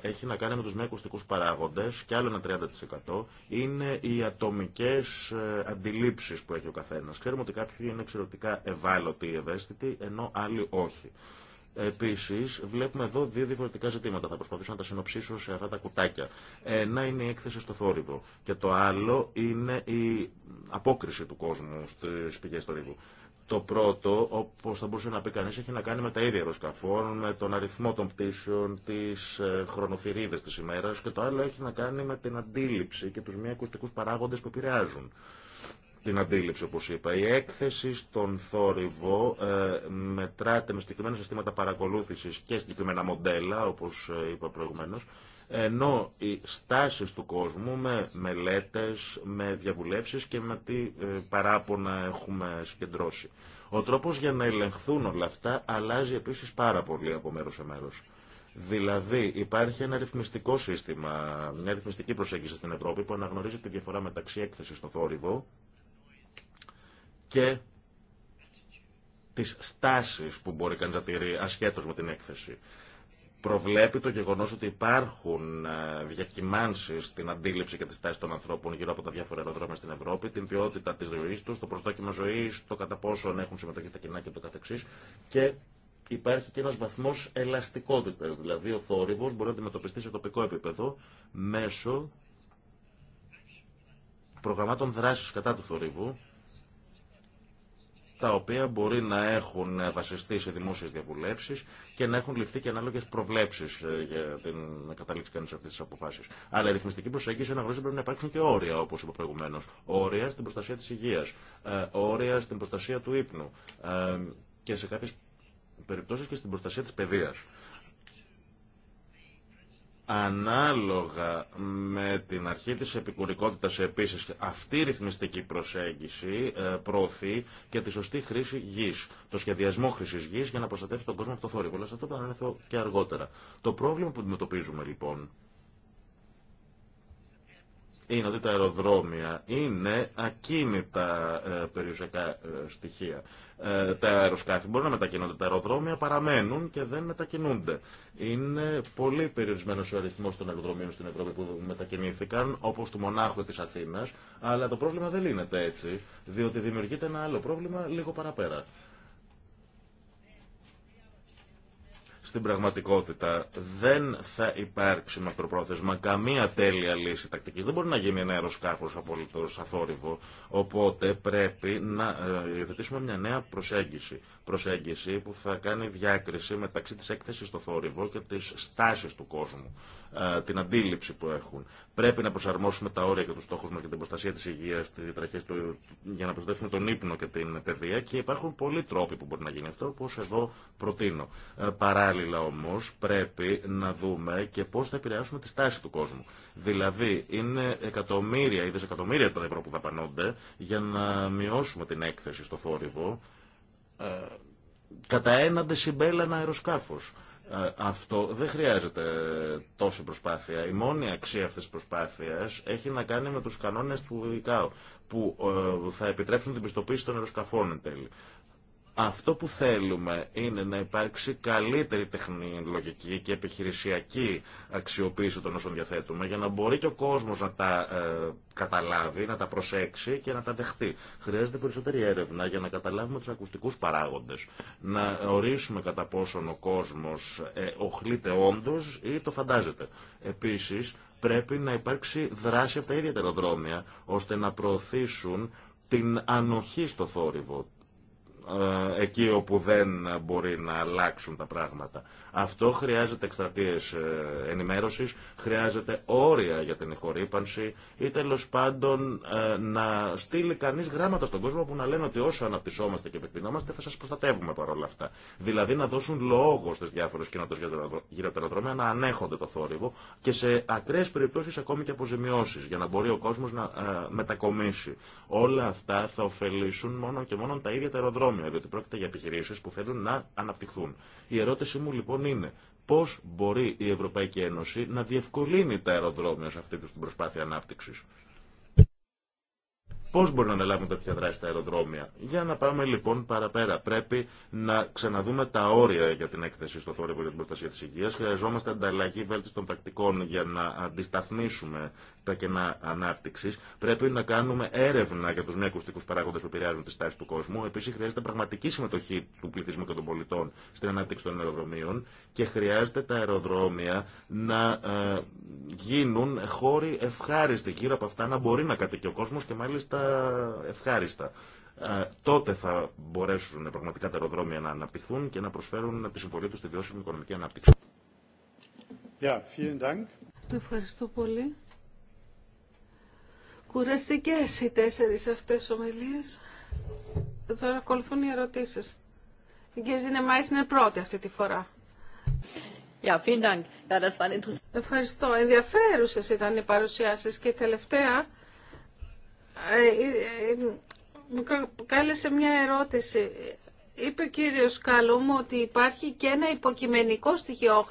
έχει να κάνει με τους μη παράγοντες και άλλο ένα 30% είναι οι ατομικές ε, αντιλήψεις που έχει ο καθένας. Ξέρουμε ότι κάποιοι είναι εξαιρετικά ευάλωτοι ή ευαίσθητοι, ενώ άλλοι όχι. Επίση, βλέπουμε εδώ δύο διαφορετικά ζητήματα. Θα προσπαθήσω να τα συνοψίσω σε αυτά τα κουτάκια. Ένα είναι η έκθεση στο θόρυβο και το άλλο είναι η απόκριση του κόσμου στι πηγέ θορύβου. Το πρώτο, όπω θα μπορούσε να πει κανεί, έχει να κάνει με τα ίδια αεροσκαφών, με τον αριθμό των πτήσεων, τι ε, χρονοθυρίδε τη ημέρα και το άλλο έχει να κάνει με την αντίληψη και του μη ακουστικού παράγοντε που επηρεάζουν την αντίληψη, όπω είπα. Η έκθεση στον θόρυβο ε, μετράται με συγκεκριμένα συστήματα παρακολούθηση και συγκεκριμένα μοντέλα, όπω ε, είπα προηγουμένω, ενώ οι στάσεις του κόσμου με μελέτες, με διαβουλεύσεις και με τι ε, παράπονα έχουμε συγκεντρώσει. Ο τρόπος για να ελεγχθούν όλα αυτά αλλάζει επίσης πάρα πολύ από μέρος σε μέρος. Δηλαδή υπάρχει ένα ρυθμιστικό σύστημα, μια ρυθμιστική προσέγγιση στην Ευρώπη που αναγνωρίζει τη διαφορά μεταξύ έκθεσης στο θόρυβο και τις στάσεις που μπορεί κανείς να τηρεί ασχέτως με την έκθεση προβλέπει το γεγονός ότι υπάρχουν ε, διακυμάνσεις στην αντίληψη και τη στάση των ανθρώπων γύρω από τα διάφορα αεροδρόμια στην Ευρώπη, την ποιότητα της ζωής τους, το προσδόκιμο ζωής, το κατά πόσο έχουν συμμετοχή στα κοινά και το καθεξής και υπάρχει και ένας βαθμός ελαστικότητας, δηλαδή ο θόρυβος μπορεί να αντιμετωπιστεί σε τοπικό επίπεδο μέσω προγραμμάτων δράσης κατά του θορύβου τα οποία μπορεί να έχουν βασιστεί σε δημόσιες διαβουλεύσεις και να έχουν ληφθεί και ανάλογες προβλέψεις ε, για την καταλήξη κανείς αυτής της αποφάσης. Αλλά η ρυθμιστική προσέγγιση αναγνωρίζει πρέπει να υπάρξουν και όρια, όπως είπα προηγουμένως. Όρια στην προστασία της υγείας, ε, όρια στην προστασία του ύπνου ε, και σε κάποιες περιπτώσεις και στην προστασία της παιδείας. Ανάλογα με την αρχή της επικουρικότητας επίσης, αυτή η ρυθμιστική προσέγγιση ε, προωθεί και τη σωστή χρήση γης, το σχεδιασμό χρήσης γης για να προστατεύσει τον κόσμο από το θόρυβο. Αλλά αυτό θα ανέφερα και αργότερα. Το πρόβλημα που αντιμετωπίζουμε λοιπόν είναι ότι τα αεροδρόμια είναι ακίνητα ε, περιουσιακά ε, στοιχεία. Ε, τα αεροσκάφη μπορούν να μετακινούνται, τα αεροδρόμια παραμένουν και δεν μετακινούνται. Είναι πολύ περιορισμένο ο αριθμό των αεροδρομίων στην Ευρώπη που μετακινήθηκαν, όπω του Μονάχου τη Αθήνα, αλλά το πρόβλημα δεν λύνεται έτσι, διότι δημιουργείται ένα άλλο πρόβλημα λίγο παραπέρα. στην πραγματικότητα δεν θα υπάρξει μακροπρόθεσμα καμία τέλεια λύση τακτική. Δεν μπορεί να γίνει ένα αεροσκάφο απολύτω αθόρυβο. Οπότε πρέπει να ε, υιοθετήσουμε μια νέα προσέγγιση. Προσέγγιση που θα κάνει διάκριση μεταξύ τη έκθεση στο θόρυβο και τη στάση του κόσμου. Ε, την αντίληψη που έχουν. Πρέπει να προσαρμόσουμε τα όρια και του στόχου μα για την προστασία τη υγεία, τη του, για να προστατεύσουμε τον ύπνο και την παιδεία και υπάρχουν πολλοί τρόποι που μπορεί να γίνει αυτό, όπω εδώ προτείνω. Ε, παράλληλα όμω πρέπει να δούμε και πώ θα επηρεάσουμε τη στάση του κόσμου. Δηλαδή είναι εκατομμύρια ή δισεκατομμύρια τα ευρώ που δαπανώνται για να μειώσουμε την έκθεση στο θόρυβο ε, κατά έναν δεσιμπέλ ένα αεροσκάφος. Ε, αυτό δεν χρειάζεται τόση προσπάθεια. Η μόνη αξία αυτής της προσπάθειας έχει να κάνει με τους κανόνες του ΙΚΑΟ που ε, θα επιτρέψουν την πιστοποίηση των αεροσκαφών εν τέλει. Αυτό που θέλουμε είναι να υπάρξει καλύτερη τεχνολογική και επιχειρησιακή αξιοποίηση των όσων διαθέτουμε για να μπορεί και ο κόσμος να τα ε, καταλάβει, να τα προσέξει και να τα δεχτεί. Χρειάζεται περισσότερη έρευνα για να καταλάβουμε τους ακουστικούς παράγοντες. Να ορίσουμε κατά πόσον ο κόσμος ε, οχλείται όντως ή το φαντάζεται. Επίσης πρέπει να υπάρξει δράση από τα ίδια ώστε να προωθήσουν την ανοχή στο θόρυβο, ε, εκεί όπου δεν μπορεί να αλλάξουν τα πράγματα. Αυτό χρειάζεται εκστρατείες ε, ενημέρωσης, χρειάζεται όρια για την εχορύπανση ή τέλο πάντων ε, να στείλει κανείς γράμματα στον κόσμο που να λένε ότι όσο αναπτυσσόμαστε και επεκτηνόμαστε θα σας προστατεύουμε παρόλα αυτά. Δηλαδή να δώσουν λόγο στις διάφορες κοινότητες αεροδρόμια να ανέχονται το θόρυβο και σε ακραίες περιπτώσεις ακόμη και αποζημιώσεις για να μπορεί ο κόσμος να μετακομίσει. Όλα αυτά θα ωφελήσουν μόνο και μόνο τα ίδια τα αεροδρόμια διότι πρόκειται για επιχειρήσει που θέλουν να αναπτυχθούν. Η ερώτησή μου λοιπόν είναι πώ μπορεί η Ευρωπαϊκή Ένωση να διευκολύνει τα αεροδρόμια σε αυτή την προσπάθεια ανάπτυξη. Πώ μπορεί να αναλάβουν τέτοια δράση τα αεροδρόμια. Για να πάμε λοιπόν παραπέρα. Πρέπει να ξαναδούμε τα όρια για την έκθεση στο θόρυβο για την προστασία τη υγεία. Χρειαζόμαστε ανταλλαγή βέλτιστων πρακτικών για να αντισταθμίσουμε τα κενά ανάπτυξη. Πρέπει να κάνουμε έρευνα για του μη ακουστικού παράγοντε που επηρεάζουν τη τάσει του κόσμου. Επίση, χρειάζεται πραγματική συμμετοχή του πληθυσμού και των πολιτών στην ανάπτυξη των αεροδρομίων και χρειάζεται τα αεροδρόμια να ε, γίνουν χώροι ευχάριστοι γύρω από αυτά να μπορεί να κατοικεί ο κόσμο και μάλιστα ευχάριστα. Ε, τότε θα μπορέσουν πραγματικά τα αεροδρόμια να αναπτυχθούν και να προσφέρουν τη συμβολή του στη βιώσιμη οικονομική ανάπτυξη. Ευχαριστώ πολύ. Κουραστικές οι τέσσερι αυτέ ομιλίε Τώρα ακολουθούν οι ερωτήσεις. Η Γκέζινε Μάης είναι πρώτη αυτή τη φορά. Ευχαριστώ. Ενδιαφέρουσες ήταν οι παρουσιάσεις και τελευταία ε, ε, ε, κάλεσε μια ερώτηση. Είπε ο κύριος Καλούμ ότι υπάρχει και ένα υποκειμενικό στοιχείο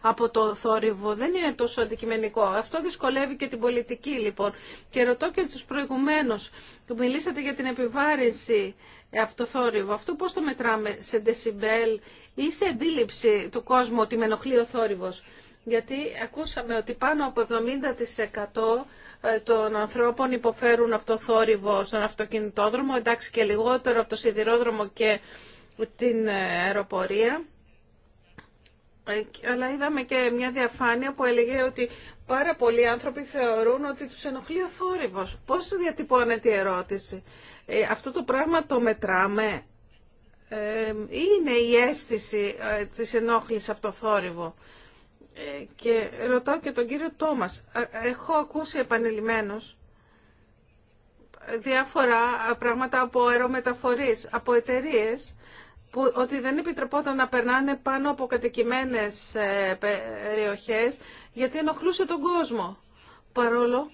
από το θόρυβο. Δεν είναι τόσο αντικειμενικό. Αυτό δυσκολεύει και την πολιτική λοιπόν. Και ρωτώ και τους προηγουμένους που μιλήσατε για την επιβάρυνση από το θόρυβο. Αυτό πώς το μετράμε σε δεσιμπέλ ή σε αντίληψη του κόσμου ότι με ο θόρυβος. Γιατί ακούσαμε ότι πάνω από 70% ε, των ανθρώπων υποφέρουν από το θόρυβο στον αυτοκινητόδρομο, εντάξει και λιγότερο από το σιδηρόδρομο και την ε, αεροπορία. Ε, αλλά είδαμε και μια διαφάνεια που έλεγε ότι πάρα πολλοί άνθρωποι θεωρούν ότι τους ενοχλεί ο θόρυβος. Πώς διατυπώνεται η ερώτηση. αυτό το πράγμα το μετράμε. Ε, είναι η αίσθηση της ενοχλής από το θόρυβο και ρωτάω και τον κύριο Τόμας. Ε, έχω ακούσει επανειλημμένως διάφορα πράγματα από αερομεταφορείς, από εταιρείε που, ότι δεν επιτρεπόταν να περνάνε πάνω από κατοικημένες ε, περιοχές γιατί ενοχλούσε τον κόσμο. Παρόλο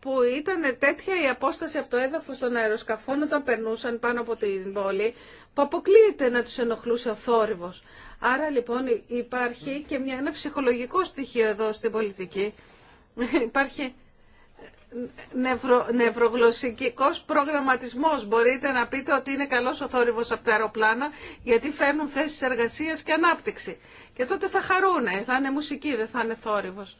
που ήταν τέτοια η απόσταση από το έδαφος των αεροσκαφών όταν περνούσαν πάνω από την πόλη που αποκλείεται να του ενοχλούσε ο θόρυβο. Άρα λοιπόν υπάρχει και μια, ένα ψυχολογικό στοιχείο εδώ στην πολιτική. Υπάρχει νευρο, νευρογλωσσικός προγραμματισμός. Μπορείτε να πείτε ότι είναι καλός ο θόρυβος από τα αεροπλάνα γιατί φέρνουν θέσεις εργασίας και ανάπτυξη. Και τότε θα χαρούνε, θα είναι μουσική, δεν θα είναι θόρυβος.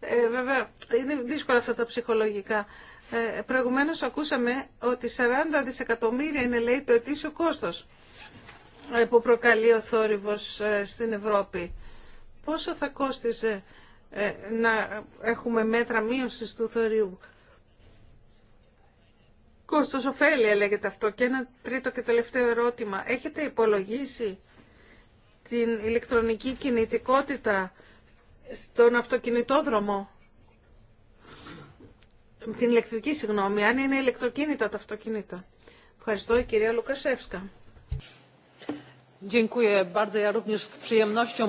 Ε, βέβαια, είναι δύσκολα αυτά τα ψυχολογικά. Ε, προηγουμένως ακούσαμε ότι 40 δισεκατομμύρια είναι λέει το ετήσιο κόστος ε, που προκαλεί ο θόρυβος ε, στην Ευρώπη. Πόσο θα κόστιζε ε, να έχουμε μέτρα μείωσης του θορύβου. Κόστος ωφέλεια λέγεται αυτό. Και ένα τρίτο και τελευταίο ερώτημα. Έχετε υπολογίσει την ηλεκτρονική κινητικότητα στον αυτοκινητόδρομο. Την ηλεκτρική, συγγνώμη, αν είναι ηλεκτροκίνητα τα αυτοκίνητα. Ευχαριστώ, η κυρία Λουκασεύσκα.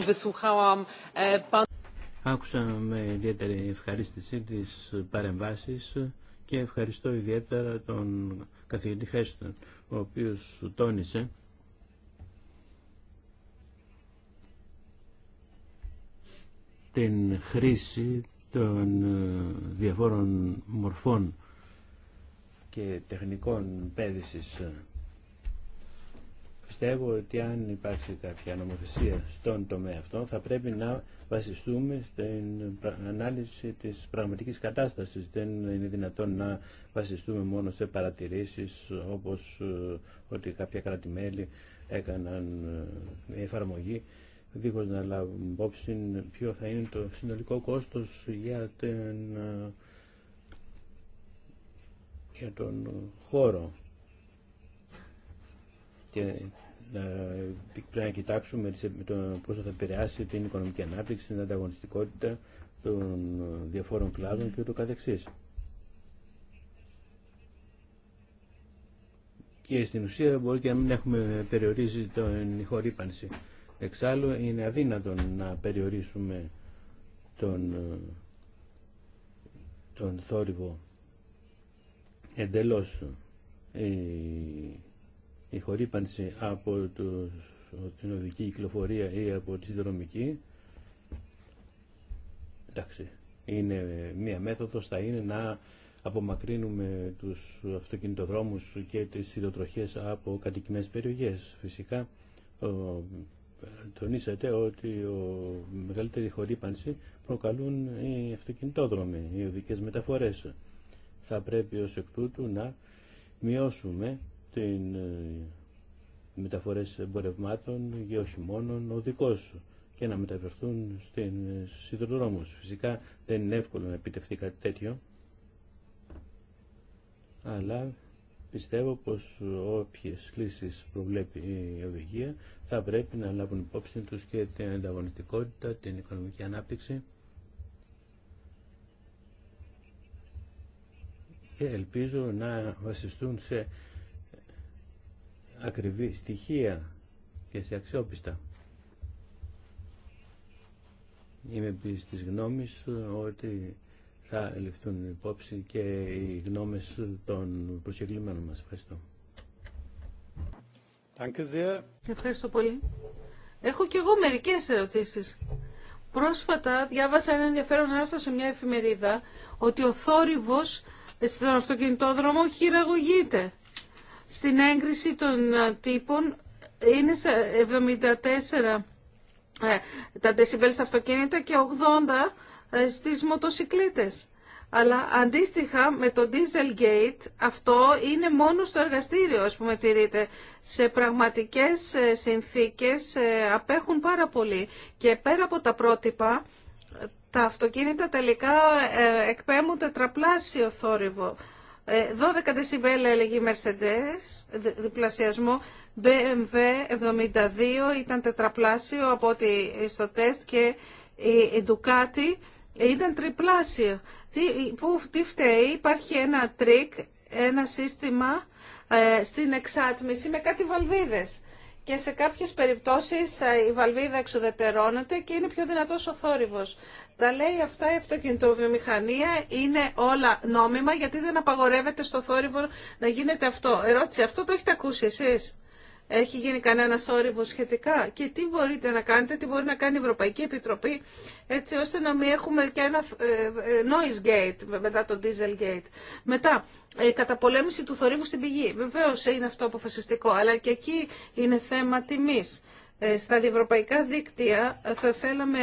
E, Άκουσα με ιδιαίτερη ευχαρίστηση τις παρεμβάσεις και ευχαριστώ ιδιαίτερα τον καθηγητή Χέστον, ο οποίος τόνισε την χρήση των ε, διαφόρων μορφών και τεχνικών πέδησης. Πιστεύω ότι αν υπάρξει κάποια νομοθεσία στον τομέα αυτό θα πρέπει να βασιστούμε στην ανάλυση της πραγματικής κατάστασης. Δεν είναι δυνατόν να βασιστούμε μόνο σε παρατηρήσεις όπως ε, ότι κάποια κράτη-μέλη έκαναν ε, εφαρμογή δίχως να λάβουμε υπόψη ποιο θα είναι το συνολικό κόστος για, την, ε, τον χώρο. Και ε, πρέπει να κοιτάξουμε το πώς θα επηρεάσει την οικονομική ανάπτυξη, την ανταγωνιστικότητα των διαφόρων κλάδων και ούτω καθεξής. Και στην ουσία μπορεί και να μην έχουμε περιορίσει την χορύπανση. Εξάλλου είναι αδύνατον να περιορίσουμε τον, ε, τον θόρυβο εντελώς η, ε, η χορύπανση από τους την οδική κυκλοφορία ή από τη συνδρομική εντάξει, είναι μία μέθοδος θα είναι να απομακρύνουμε τους αυτοκινητοδρόμους και τις ιδιοτροχές από κατοικημένες περιοχές. Φυσικά τονίσατε ότι ο μεγαλύτερη χορύπανση προκαλούν οι αυτοκινητόδρομοι, οι οδικές μεταφορές. Θα πρέπει ως εκ τούτου να μειώσουμε την ε, μεταφορές εμπορευμάτων και όχι μόνο οδικός και να μεταφερθούν στην ε, σιδηροδρόμους. Φυσικά δεν είναι εύκολο να επιτευχθεί κάτι τέτοιο, αλλά πιστεύω πως όποιες λύσεις προβλέπει η οδηγία θα πρέπει να λάβουν υπόψη τους και την ανταγωνιστικότητα, την οικονομική ανάπτυξη και ελπίζω να βασιστούν σε ακριβή στοιχεία και σε αξιόπιστα. Είμαι επίσης της γνώμης ότι θα ληφθούν υπόψη και οι γνώμες των προσκεκλημένων μας. Ευχαριστώ. Ευχαριστώ πολύ. Έχω κι εγώ μερικές ερωτήσεις. Πρόσφατα διάβασα ένα ενδιαφέρον άρθρο σε μια εφημερίδα ότι ο θόρυβος στον αυτοκινητόδρομο χειραγωγείται. Στην έγκριση των ε, τύπων είναι 74 ε, τα δεσιμπέλ στα αυτοκίνητα και 80 ε, στις μοτοσικλέτες. Αλλά αντίστοιχα με το Dieselgate αυτό είναι μόνο στο εργαστήριο, ας πούμε, τηρείται. Σε πραγματικές ε, συνθήκες ε, απέχουν πάρα πολύ και πέρα από τα πρότυπα τα αυτοκίνητα τελικά εκπέμουν τετραπλάσιο θόρυβο. 12 δεσιμπέλα έλεγε η Mercedes, διπλασιασμό, BMW 72 ήταν τετραπλάσιο από ότι στο τεστ και η Ducati ήταν τριπλάσιο. Τι, που, τι φταίει, υπάρχει ένα τρίκ, ένα σύστημα ε, στην εξάτμιση με κάτι βαλβίδες. Και σε κάποιες περιπτώσεις ε, η βαλβίδα εξουδετερώνεται και είναι πιο δυνατός ο θόρυβος. Τα λέει αυτά η αυτοκινητοβιομηχανία, είναι όλα νόμιμα γιατί δεν απαγορεύεται στο θόρυβο να γίνεται αυτό. Ερώτηση, αυτό το έχετε ακούσει εσείς. Έχει γίνει κανένα όρυβο σχετικά και τι μπορείτε να κάνετε, τι μπορεί να κάνει η Ευρωπαϊκή Επιτροπή έτσι ώστε να μην έχουμε και ένα ε, ε, noise gate μετά το diesel gate. Μετά, ε, καταπολέμηση του θορύβου στην πηγή. βεβαίω είναι αυτό αποφασιστικό, αλλά και εκεί είναι θέμα τιμής. Ε, στα διευρωπαϊκά δίκτυα ε, θα θέλαμε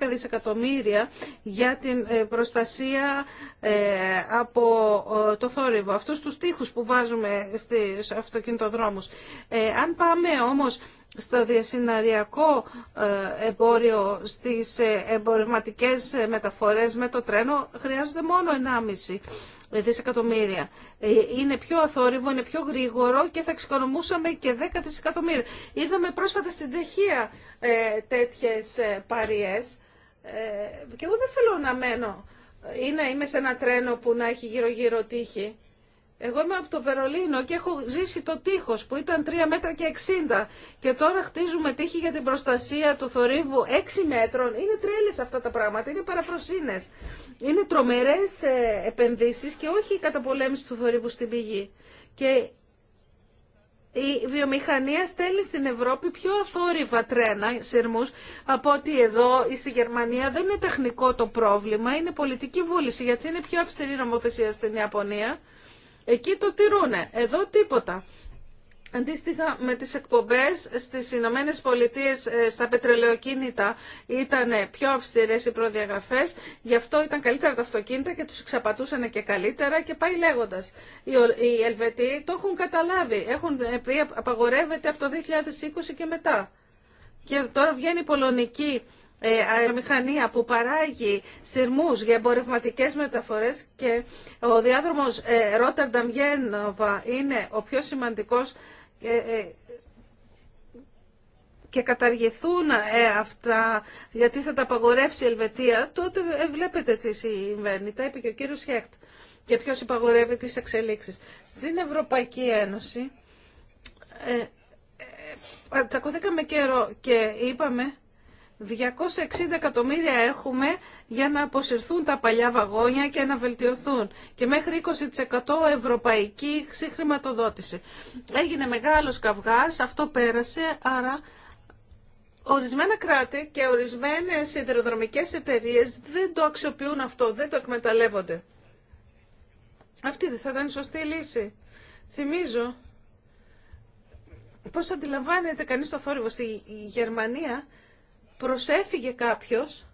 12 δισεκατομμύρια για την ε, προστασία από το θόρυβο. Αυτούς τους τείχους που βάζουμε στις αυτοκινητοδρόμους. Αν πάμε όμως στο διασυναριακό εμπόριο, στις εμπορευματικές μεταφορές με το τρένο, χρειάζεται μόνο 1,5 δισεκατομμύρια. Ε, είναι πιο αθόρυβο, είναι πιο γρήγορο και θα εξοικονομούσαμε και 10 δισεκατομμύρια. Είδαμε πρόσφατα στην Τσεχία ε, τέτοιες ε, παριές ε, και εγώ δεν θέλω να μένω ή να είμαι σε ένα τρένο που να έχει γύρω-γύρω τύχη. Εγώ είμαι από το Βερολίνο και έχω ζήσει το τείχο που ήταν 3 μέτρα και 60 και τώρα χτίζουμε τείχη για την προστασία του θορύβου 6 μέτρων. Είναι τρέλε αυτά τα πράγματα, είναι παραφροσύνες. Είναι τρομερές ε, επενδύσει και όχι η καταπολέμηση του θορύβου στην πηγή. Και η βιομηχανία στέλνει στην Ευρώπη πιο αθόρυβα τρένα, σερμούς από ότι εδώ ή στη Γερμανία δεν είναι τεχνικό το πρόβλημα, είναι πολιτική βούληση, γιατί είναι πιο αυστηρή νομοθεσία στην Ιαπωνία Εκεί το τηρούνε. Εδώ τίποτα. Αντίστοιχα με τις εκπομπές στις Ηνωμένε Πολιτείε ε, στα πετρελαιοκίνητα ήταν πιο αυστηρές οι προδιαγραφές, γι' αυτό ήταν καλύτερα τα αυτοκίνητα και τους εξαπατούσαν και καλύτερα και πάει λέγοντας. Οι Ελβετοί το έχουν καταλάβει, έχουν ε, πει απαγορεύεται από το 2020 και μετά. Και τώρα βγαίνει η πολωνική ε, αερομηχανία που παράγει σειρμούς για εμπορευματικέ μεταφορές και ο διάδρομος ε, Ρότερνταμ-Γένοβα είναι ο πιο σημαντικός ε, και καταργηθούν αυτά γιατί θα τα απαγορεύσει η Ελβετία, τότε βλέπετε τι συμβαίνει. Τα είπε και ο κύριος Χέχτ και ποιος υπαγορεύει τις εξελίξεις. Στην Ευρωπαϊκή Ένωση τσακωθήκαμε καιρό και είπαμε 260 εκατομμύρια έχουμε για να αποσυρθούν τα παλιά βαγόνια και να βελτιωθούν και μέχρι 20% ευρωπαϊκή χρηματοδότηση. Έγινε μεγάλος καυγάς, αυτό πέρασε, άρα ορισμένα κράτη και ορισμένες σιδηροδρομικές εταιρείες δεν το αξιοποιούν αυτό, δεν το εκμεταλλεύονται. Αυτή δεν θα ήταν η σωστή λύση. Θυμίζω πώς αντιλαμβάνεται κανείς το θόρυβο στη Γερμανία προσέφυγε κάποιος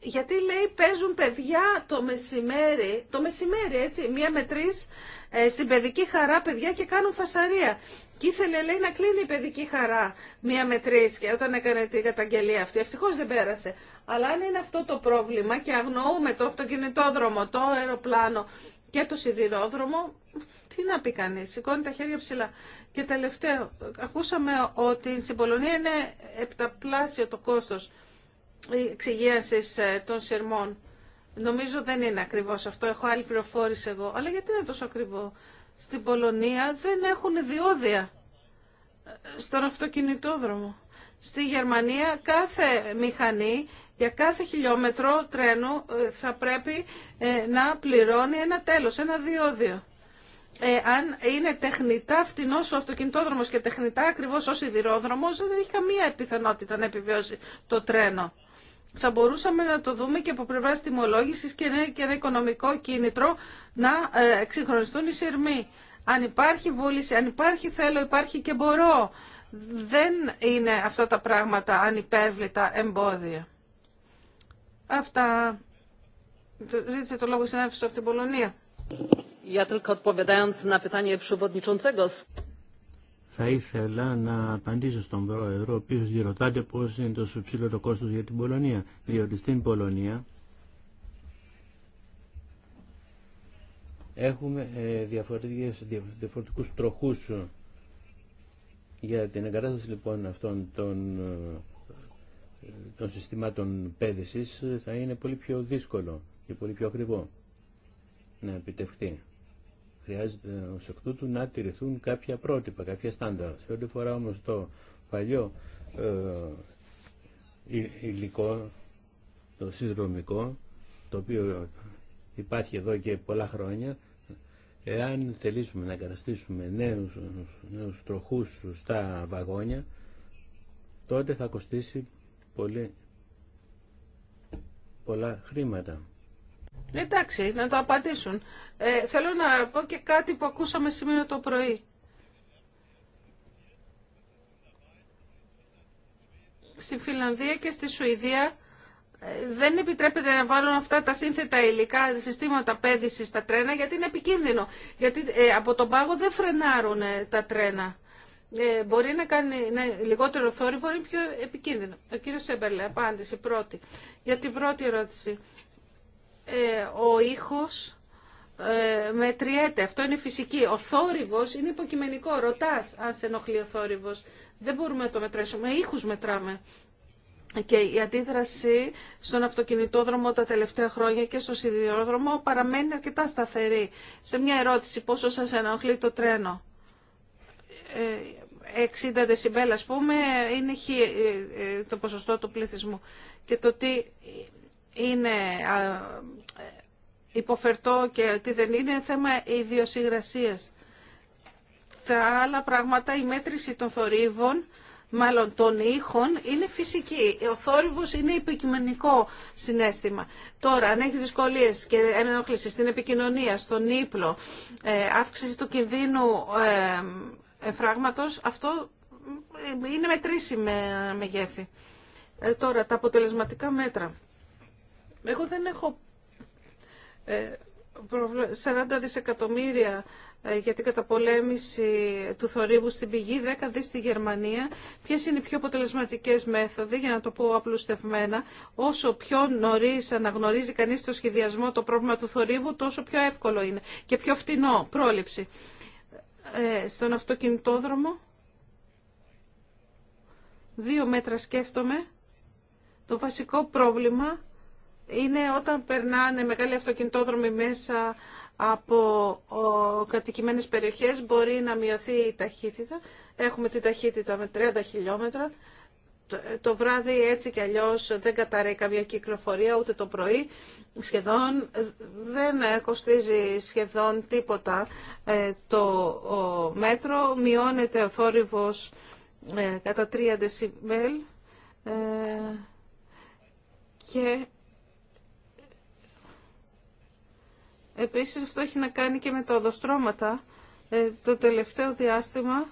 γιατί λέει παίζουν παιδιά το μεσημέρι, το μεσημέρι έτσι, μία με τρεις ε, στην παιδική χαρά παιδιά και κάνουν φασαρία. Και ήθελε λέει να κλείνει η παιδική χαρά μία με τρεις και όταν έκανε την καταγγελία αυτή. Ευτυχώς δεν πέρασε. Αλλά αν είναι αυτό το πρόβλημα και αγνοούμε το αυτοκινητόδρομο, το αεροπλάνο και το σιδηρόδρομο, τι να πει κανεί, σηκώνει τα χέρια ψηλά. Και τελευταίο, ακούσαμε ότι στην Πολωνία είναι επταπλάσιο το κόστος εξυγίανσης ε, των σειρμών. Νομίζω δεν είναι ακριβώς αυτό, έχω άλλη πληροφόρηση εγώ. Αλλά γιατί είναι τόσο ακριβό. Στην Πολωνία δεν έχουν διόδια ε, στον αυτοκινητόδρομο. Στη Γερμανία κάθε μηχανή για κάθε χιλιόμετρο τρένου ε, θα πρέπει να πληρώνει ένα τέλος, ένα διόδιο. Ε, αν είναι τεχνητά φτηνό ο αυτοκινητόδρομος και τεχνητά ακριβώς ο σιδηρόδρομος, δεν έχει καμία πιθανότητα να επιβιώσει το τρένο. Θα μπορούσαμε να το δούμε και από πλευρά τιμολόγηση και, και ένα οικονομικό κίνητρο να ε, εξυγχρονιστούν οι σειρμοί. Αν υπάρχει βούληση, αν υπάρχει θέλω, υπάρχει και μπορώ. Δεν είναι αυτά τα πράγματα ανυπέρβλητα εμπόδια. Αυτά. Ζήτησε το λόγο συνέφηση από την Πολωνία. Ja tylko odpowiadając na Θα ήθελα να απαντήσω στον Πρόεδρο, ο οποίος διερωτάται πώς είναι το ψηλό το κόστος για την Πολωνία. Διότι στην Πολωνία έχουμε ε, διαφορετικούς τροχούς για την εγκατάσταση λοιπόν αυτών των, ε, των συστημάτων πέδησης ε, θα είναι πολύ πιο δύσκολο και πολύ πιο ακριβό να επιτευχθεί χρειάζεται ω εκ τούτου να τηρηθούν κάποια πρότυπα, κάποια στάνταρ. Σε ό,τι φορά όμω το παλιό ε, υλικό, το συνδρομικό, το οποίο υπάρχει εδώ και πολλά χρόνια, εάν θελήσουμε να εγκαταστήσουμε νέους, νέους τροχούς στα βαγόνια, τότε θα κοστίσει πολύ, πολλά χρήματα. Εντάξει, να το απαντήσουν. Ε, θέλω να πω και κάτι που ακούσαμε σήμερα το πρωί. Στη Φιλανδία και στη Σουηδία ε, δεν επιτρέπεται να βάλουν αυτά τα σύνθετα υλικά, συστήματα πέδησης στα τρένα γιατί είναι επικίνδυνο. Γιατί ε, από τον πάγο δεν φρενάρουν τα τρένα. μπορεί να κάνει ναι, λιγότερο θόρυβο, είναι πιο επικίνδυνο. Ο κύριος Σέμπερλε, απάντηση πρώτη. Για την πρώτη ερώτηση. Ε, ο ήχος ε, μετριέται. Αυτό είναι φυσική. Ο θόρυβος είναι υποκειμενικό. Ρωτάς αν σε ενοχλεί ο θόρυβος. Δεν μπορούμε να το μετρήσουμε. Ήχους μετράμε. Και η αντίδραση στον αυτοκινητόδρομο τα τελευταία χρόνια και στο σιδηρόδρομο παραμένει αρκετά σταθερή. Σε μια ερώτηση πόσο σας ενοχλεί το τρένο. 60 ε, δεσιμπέλα ας πούμε, είναι το ποσοστό του πληθυσμού. Και το τι είναι υποφερτό και τι δεν είναι, θέμα ιδιοσυγρασίας. Τα άλλα πράγματα, η μέτρηση των θορύβων, μάλλον των ήχων, είναι φυσική. Ο θόρυβος είναι υποκειμενικό συνέστημα. Τώρα, αν έχεις δυσκολίες και ενόχληση στην επικοινωνία, στον ύπλο, ε, αύξηση του κινδύνου ε, εφράγματος, αυτό ε, είναι μετρήσιμη μεγέθη. Ε, τώρα, τα αποτελεσματικά μέτρα. Εγώ δεν έχω 40 ε, δισεκατομμύρια ε, για την καταπολέμηση του θορύβου στην πηγή, 10 δις στη Γερμανία. Ποιες είναι οι πιο αποτελεσματικές μέθοδοι, για να το πω απλουστευμένα, όσο πιο νωρίς αναγνωρίζει κανείς το σχεδιασμό το πρόβλημα του θορύβου, τόσο πιο εύκολο είναι και πιο φτηνό πρόληψη. Ε, στον αυτοκινητόδρομο, δύο μέτρα σκέφτομαι, το βασικό πρόβλημα είναι όταν περνάνε μεγάλοι αυτοκινητόδρομοι μέσα από ο, κατοικημένες περιοχές μπορεί να μειωθεί η ταχύτητα. Έχουμε τη ταχύτητα με 30 χιλιόμετρα. Το, βράδυ έτσι κι αλλιώς δεν καταραίει καμία κυκλοφορία, ούτε το πρωί. Σχεδόν δεν κοστίζει σχεδόν τίποτα ε, το μέτρο. Μειώνεται ο θόρυβος ε, κατά 3 δεσιμπέλ. Ε, και Επίσης αυτό έχει να κάνει και με τα οδοστρώματα. Ε, το τελευταίο διάστημα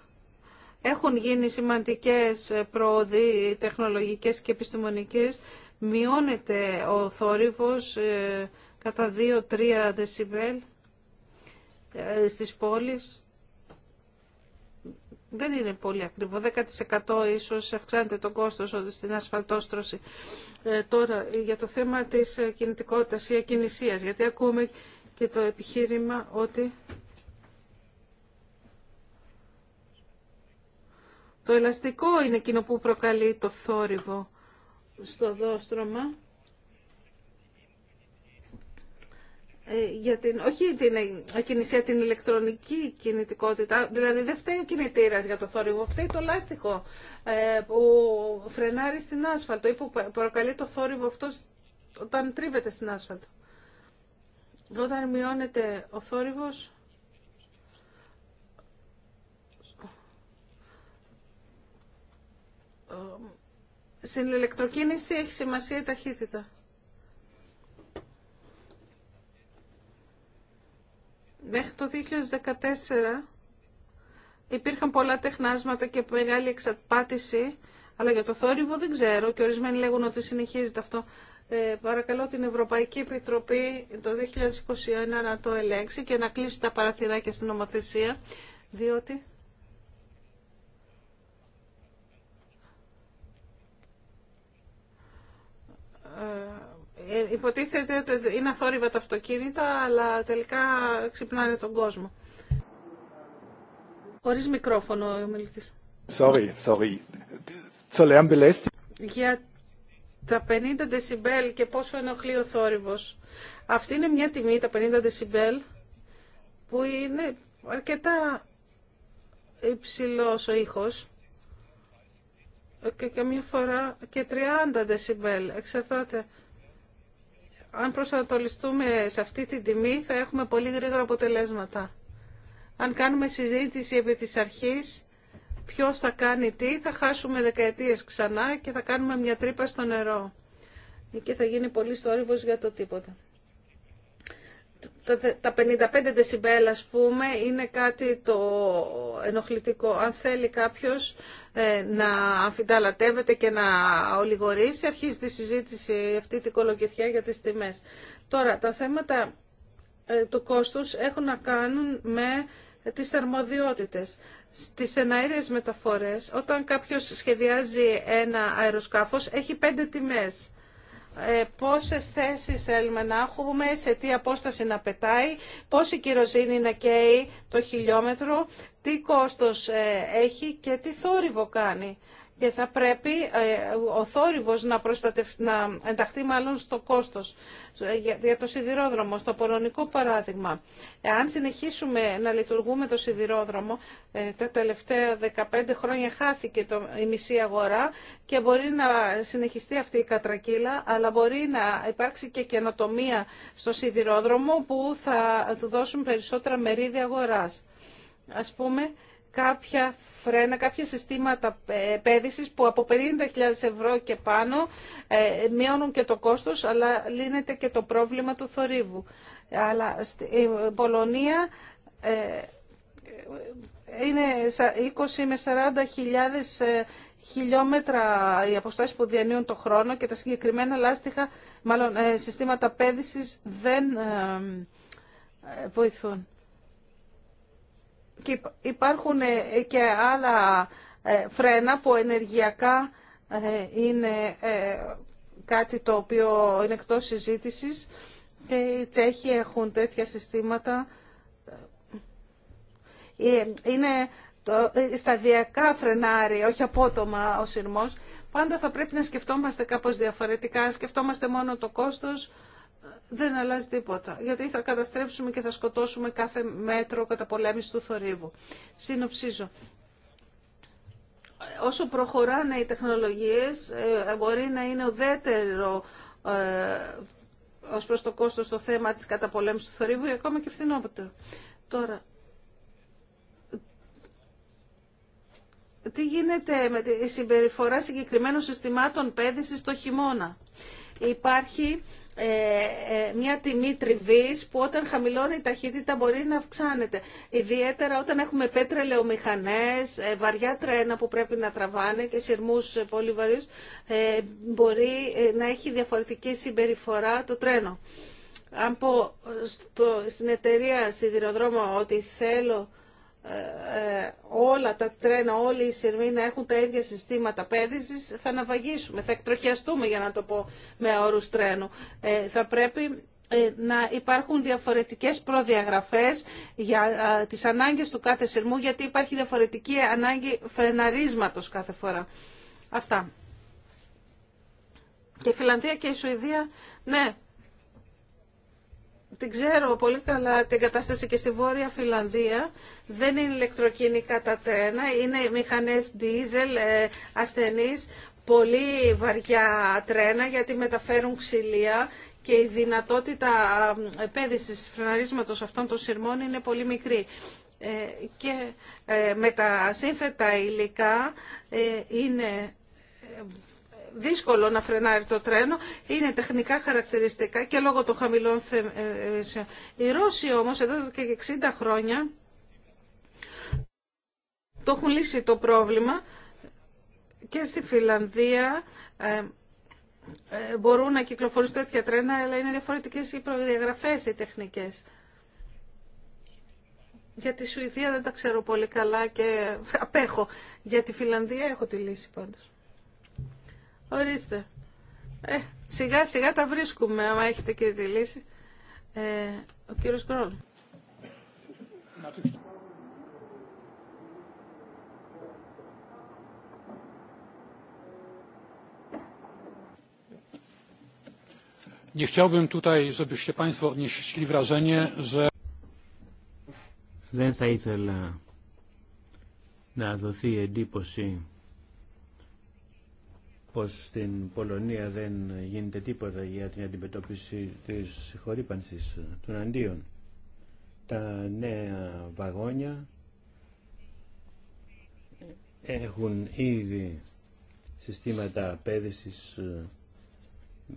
έχουν γίνει σημαντικές προοδοί τεχνολογικές και επιστημονικές. Μειώνεται ο θόρυβος ε, κατά 2-3 δεσιμπέλ ε, στις πόλεις. Δεν είναι πολύ ακριβό. 10% ίσως αυξάνεται το κόστος στην ασφαλτόστρωση. τώρα, για το θέμα της κινητικότητας ή ακινησίας, γιατί ακούμε και το επιχείρημα ότι το ελαστικό είναι εκείνο που προκαλεί το θόρυβο στο δόστρωμα. Ε, για την, όχι την ακινησία, την ηλεκτρονική κινητικότητα. Δηλαδή δεν φταίει ο κινητήρας για το θόρυβο, φταίει το λάστιχο ε, που φρενάρει στην άσφαλτο ή που προκαλεί το θόρυβο αυτό όταν τρίβεται στην άσφαλτο. Όταν μειώνεται ο θόρυβος, ε, στην ηλεκτροκίνηση έχει σημασία η ταχύτητα. Μέχρι το 2014 υπήρχαν πολλά τεχνάσματα και μεγάλη εξαπάτηση, αλλά για το θόρυβο δεν ξέρω και ορισμένοι λέγουν ότι συνεχίζεται αυτό. Ε, παρακαλώ την Ευρωπαϊκή Επιτροπή το 2021 να το ελέγξει και να κλείσει τα παραθυράκια στην νομοθεσία, διότι... Ε, υποτίθεται ότι είναι αθόρυβα τα αυτοκίνητα, αλλά τελικά ξυπνάνε τον κόσμο. Χωρίς μικρόφωνο ο μιλητής. Sorry, sorry. Er Για τα 50 δεσιμπέλ και πόσο ενοχλεί ο θόρυβος. Αυτή είναι μια τιμή, τα 50 δεσιμπέλ, που είναι αρκετά υψηλός ο ήχος και καμιά φορά και 30 δεσιμπέλ. Εξαρτάται. Αν προσανατολιστούμε σε αυτή την τιμή θα έχουμε πολύ γρήγορα αποτελέσματα. Αν κάνουμε συζήτηση επί της αρχής, ποιος θα κάνει τι, θα χάσουμε δεκαετίες ξανά και θα κάνουμε μια τρύπα στο νερό. Και θα γίνει πολύ στόρυβος για το τίποτα. Τα 55 δεσιμπέλα, ας πούμε, είναι κάτι το ενοχλητικό. Αν θέλει κάποιος ε, να αμφινταλατεύεται και να ολιγορήσει, αρχίζει τη συζήτηση αυτή την κολοκυθιά για τις τιμές. Τώρα, τα θέματα ε, του κόστους έχουν να κάνουν με τις αρμοδιότητες. Στις εναέρειες μεταφορές, όταν κάποιος σχεδιάζει ένα αεροσκάφος, έχει πέντε τιμές. Ε, πόσες θέσεις θέλουμε να έχουμε, σε τι απόσταση να πετάει, πόση κυροζήνη να καίει το χιλιόμετρο, τι κόστος ε, έχει και τι θόρυβο κάνει και θα πρέπει ε, ο θόρυβος να, να ενταχθεί μάλλον στο κόστος ε, για, το σιδηρόδρομο, στο πολωνικό παράδειγμα. Αν συνεχίσουμε να λειτουργούμε το σιδηρόδρομο, ε, τα τελευταία 15 χρόνια χάθηκε το, η μισή αγορά και μπορεί να συνεχιστεί αυτή η κατρακύλα, αλλά μπορεί να υπάρξει και καινοτομία στο σιδηρόδρομο που θα του δώσουν περισσότερα μερίδια αγοράς. Ας πούμε, κάποια φρένα, κάποια συστήματα πέδησης που από 50.000 ευρώ και πάνω ε, μειώνουν και το κόστος αλλά λύνεται και το πρόβλημα του θορύβου. Αλλά στην ε, Πολωνία ε, είναι 20 με 40 χιλιόμετρα οι αποστάσεις που διανύουν το χρόνο και τα συγκεκριμένα λάστιχα, μάλλον συστήματα πέδησης δεν βοηθούν. Και υπάρχουν ε, και άλλα ε, φρένα που ενεργειακά ε, είναι κάτι το οποίο είναι εκτός συζήτησης και οι Τσέχοι έχουν τέτοια συστήματα. Είναι το, σταδιακά φρενάρι, όχι απότομα ο σειρμός. Πάντα θα πρέπει να σκεφτόμαστε κάπως διαφορετικά. Σκεφτόμαστε μόνο το κόστος, δεν αλλάζει τίποτα, γιατί θα καταστρέψουμε και θα σκοτώσουμε κάθε μέτρο κατά πολέμηση του θορύβου. Συνοψίζω. Όσο προχωράνε οι τεχνολογίες, ε, μπορεί να είναι ουδέτερο ε, ως προς το κόστος το θέμα της καταπολέμησης του θορύβου ή ακόμα και φθηνότερο. Τώρα, τι γίνεται με τη συμπεριφορά συγκεκριμένων συστημάτων πέδησης το χειμώνα. Υπάρχει ε, ε, μια τιμή τριβή που όταν χαμηλώνει η ταχύτητα μπορεί να αυξάνεται. Ιδιαίτερα όταν έχουμε πέτρελαιομηχανές, ε, βαριά τρένα που πρέπει να τραβάνε και σειρμούς πολύ βαριούς, μπορεί να έχει διαφορετική συμπεριφορά το τρένο. Αν πω στην εταιρεία σιδηροδρόμο ότι θέλω ε, ε, όλα τα τρένα, όλοι οι σειρμοί να έχουν τα ίδια συστήματα πέδησης, θα αναβαγίσουμε, θα εκτροχιαστούμε για να το πω με όρους τρένου. Ε, θα πρέπει να υπάρχουν διαφορετικές προδιαγραφές για τις ανάγκες του κάθε σειρμού, γιατί υπάρχει διαφορετική ανάγκη φρεναρίσματος κάθε φορά. Αυτά. Και η Φιλανδία και η Σουηδία, ναι, την ξέρω πολύ καλά την κατάσταση και στη Βόρεια Φιλανδία. Δεν είναι ηλεκτροκίνητα τα τρένα, είναι μηχανές δίζελ, ασθενείς, πολύ βαριά τρένα γιατί μεταφέρουν ξυλία και η δυνατότητα ε, επέδυσης φρεναρίσματος αυτών των σειρμών είναι πολύ μικρή. Ε, και ε, με τα σύνθετα υλικά είναι δύσκολο να φρενάρει το τρένο, είναι τεχνικά χαρακτηριστικά και λόγω των χαμηλών θεμεσιών. Ε, ε, οι Ρώσοι όμως εδώ και 60 χρόνια το έχουν λύσει το πρόβλημα και στη Φιλανδία ε, μπορούν να κυκλοφορήσουν τέτοια τρένα, αλλά είναι διαφορετικές οι προδιαγραφές οι τεχνικές. Για τη Σουηδία δεν τα ξέρω πολύ καλά και απέχω. Για τη Φιλανδία έχω τη λύση πάντως. Ορίστε. Ε, σιγά σιγά τα βρίσκουμε, άμα έχετε και τη λύση. Ε, ο κύριος Κρόλ. Δεν θα ήθελα να δοθεί εντύπωση πως στην Πολωνία δεν γίνεται τίποτα για την αντιμετώπιση της χορύπανσης των αντίων. Τα νέα βαγόνια έχουν ήδη συστήματα πέδησης ε,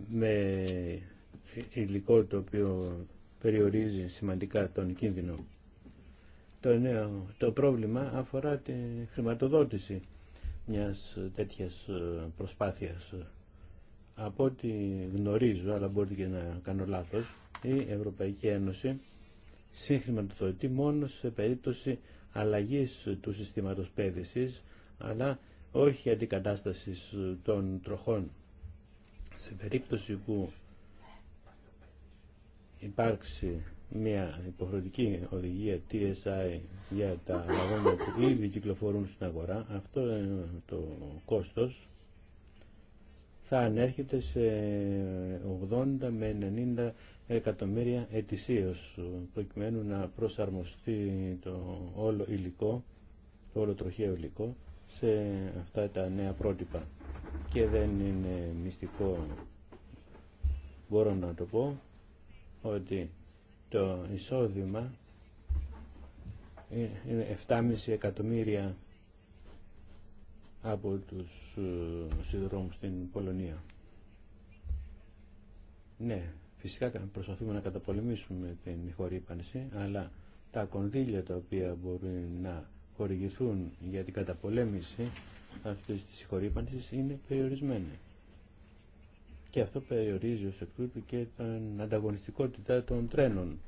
με υλικό το οποίο περιορίζει σημαντικά τον κίνδυνο. Το, νέο, το πρόβλημα αφορά τη χρηματοδότηση μιας ε, τέτοιας ε, προσπάθειας. Ε, από ό,τι γνωρίζω, αλλά μπορείτε και να κάνω λάθος, η Ευρωπαϊκή Ένωση συγχρηματοδοτεί μόνο σε περίπτωση αλλαγής του συστήματος πέδησης, αλλά όχι αντικατάστασης των τροχών. Σε περίπτωση που υπάρξει μια υποχρεωτική οδηγία TSI για τα βαγόνια που ήδη κυκλοφορούν στην αγορά, αυτό ε, το κόστος θα ανέρχεται σε 80 με 90 εκατομμύρια ετησίως προκειμένου να προσαρμοστεί το όλο υλικό, το όλο τροχαίο υλικό σε αυτά τα νέα πρότυπα. Και δεν είναι μυστικό, μπορώ να το πω, ότι το εισόδημα είναι 7,5 εκατομμύρια από τους ε, συνδρόμους στην Πολωνία. Ναι, φυσικά προσπαθούμε να καταπολεμήσουμε την χορύπανση, αλλά τα κονδύλια τα οποία μπορούν να χορηγηθούν για την καταπολέμηση αυτής της χορύπανσης είναι περιορισμένα και αυτό περιορίζει ως εκ τούτου και την ανταγωνιστικότητα των τρένων.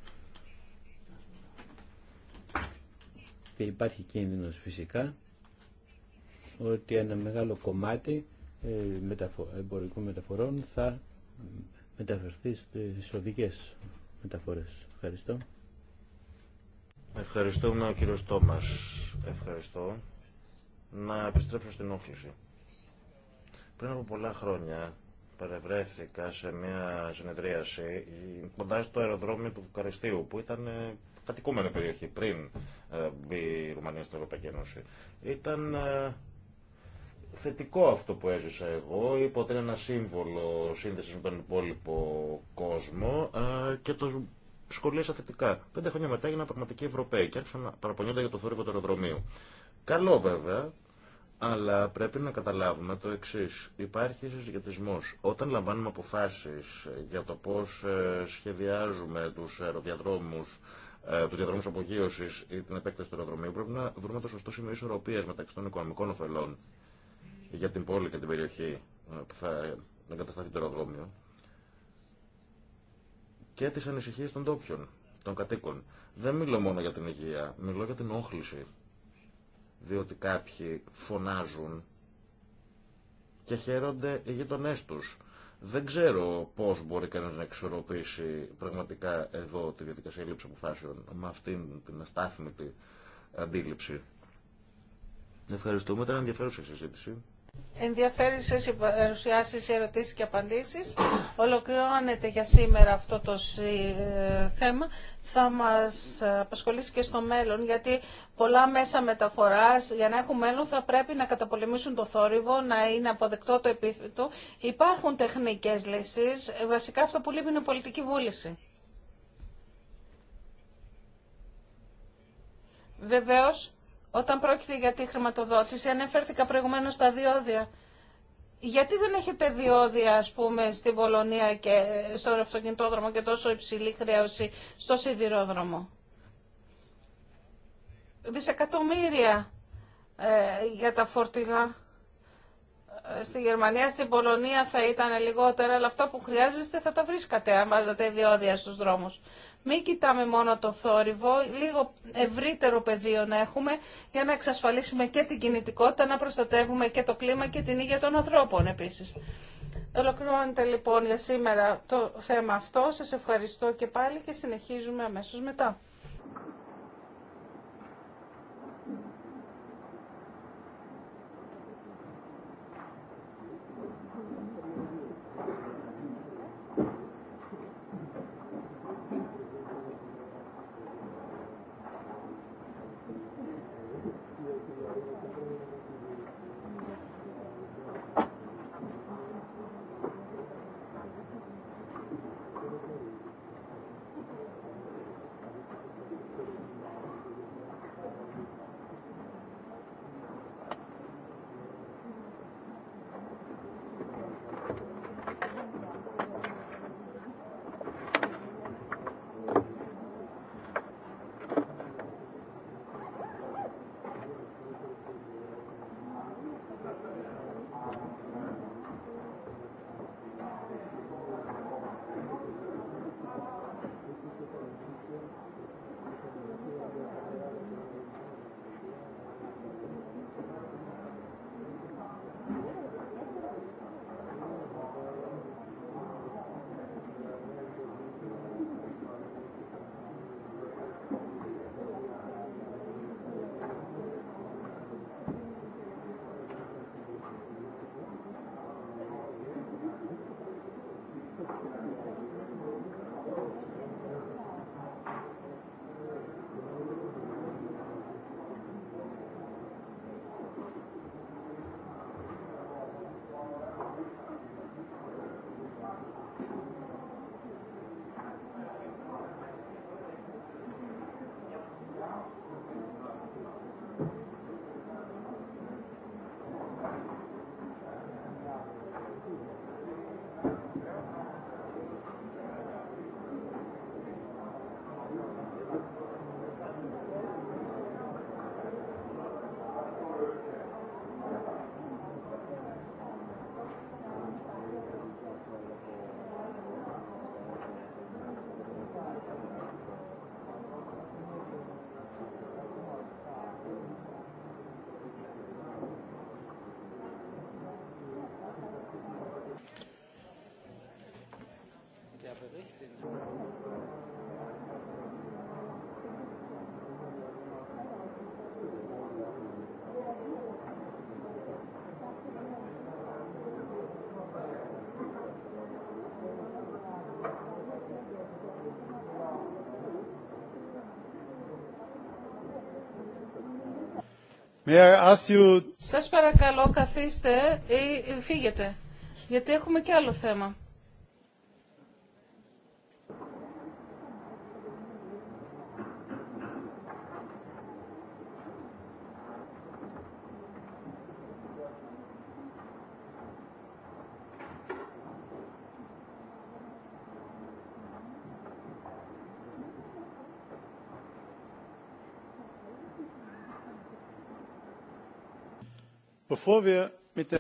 Και υπάρχει κίνδυνος φυσικά ότι ένα μεγάλο κομμάτι ε, εμπορικών μεταφορών θα μεταφερθεί στις οδικές μεταφορές. Ευχαριστώ. Ευχαριστούμε ο κύριος Τόμας. Ευχαριστώ. Να επιστρέψω στην όχληση. Πριν από πολλά χρόνια παρευρέθηκα σε μια συνεδρίαση κοντά στο αεροδρόμιο του Βουκαριστίου που ήταν ε, κατοικούμενη περιοχή πριν ε, μπει η Ρουμανία στην Ευρωπαϊκή Ένωση. Ήταν ε, θετικό αυτό που έζησα εγώ, είναι ένα σύμβολο σύνδεσης με τον υπόλοιπο κόσμο και το σχολίασα θετικά. Πέντε χρόνια μετά έγινα πραγματική Ευρωπαίοι και άρχισαν να παραπονιούνται για το θόρυβο του αεροδρομίου. Καλό βέβαια, αλλά πρέπει να καταλάβουμε το εξή. Υπάρχει συζητητισμό. Όταν λαμβάνουμε αποφάσει για το πώ ε, σχεδιάζουμε του αεροδιαδρόμου, ε, του διαδρόμου απογείωση ή την επέκταση του αεροδρομίου, πρέπει να βρούμε το σωστό σημείο ισορροπία μεταξύ των οικονομικών ωφελών για την πόλη και την περιοχή ε, που θα εγκατασταθεί το αεροδρόμιο και τι ανησυχίε των τόπιων, των κατοίκων. Δεν μιλώ μόνο για την υγεία, μιλώ για την όχληση διότι κάποιοι φωνάζουν και χαίρονται οι γειτονέ του. Δεν ξέρω πώ μπορεί κανείς να εξορροπήσει πραγματικά εδώ τη διαδικασία λήψη αποφάσεων με αυτήν την αστάθμητη αντίληψη. Ευχαριστούμε, ήταν ενδιαφέρουσα η συζήτηση ενδιαφέρουσες οι παρουσιάσεις, οι ερωτήσεις και απαντήσεις. Ολοκληρώνεται για σήμερα αυτό το θέμα. Θα μας απασχολήσει και στο μέλλον, γιατί πολλά μέσα μεταφοράς για να έχουν μέλλον θα πρέπει να καταπολεμήσουν το θόρυβο, να είναι αποδεκτό το επίθετο. Υπάρχουν τεχνικές λύσεις. Βασικά αυτό που λείπει είναι πολιτική βούληση. Βεβαίως, όταν πρόκειται για τη χρηματοδότηση, ανέφερθηκα προηγουμένως στα διόδια. Γιατί δεν έχετε διόδια, ας πούμε, στην Πολωνία και στο αυτοκινητόδρομο και τόσο υψηλή χρέωση στο σιδηρόδρομο. Δισεκατομμύρια ε, για τα φορτηγά. Ε, στη Γερμανία, στην Πολωνία θα ήταν λιγότερα, αλλά αυτό που χρειάζεστε θα τα βρίσκατε αν βάζατε διόδια στους δρόμους. Μην κοιτάμε μόνο το θόρυβο, λίγο ευρύτερο πεδίο να έχουμε για να εξασφαλίσουμε και την κινητικότητα, να προστατεύουμε και το κλίμα και την υγεία των ανθρώπων επίσης. Ολοκληρώνεται λοιπόν για σήμερα το θέμα αυτό. Σας ευχαριστώ και πάλι και συνεχίζουμε αμέσως μετά. Σας παρακαλώ καθίστε ή φύγετε, γιατί έχουμε και άλλο θέμα.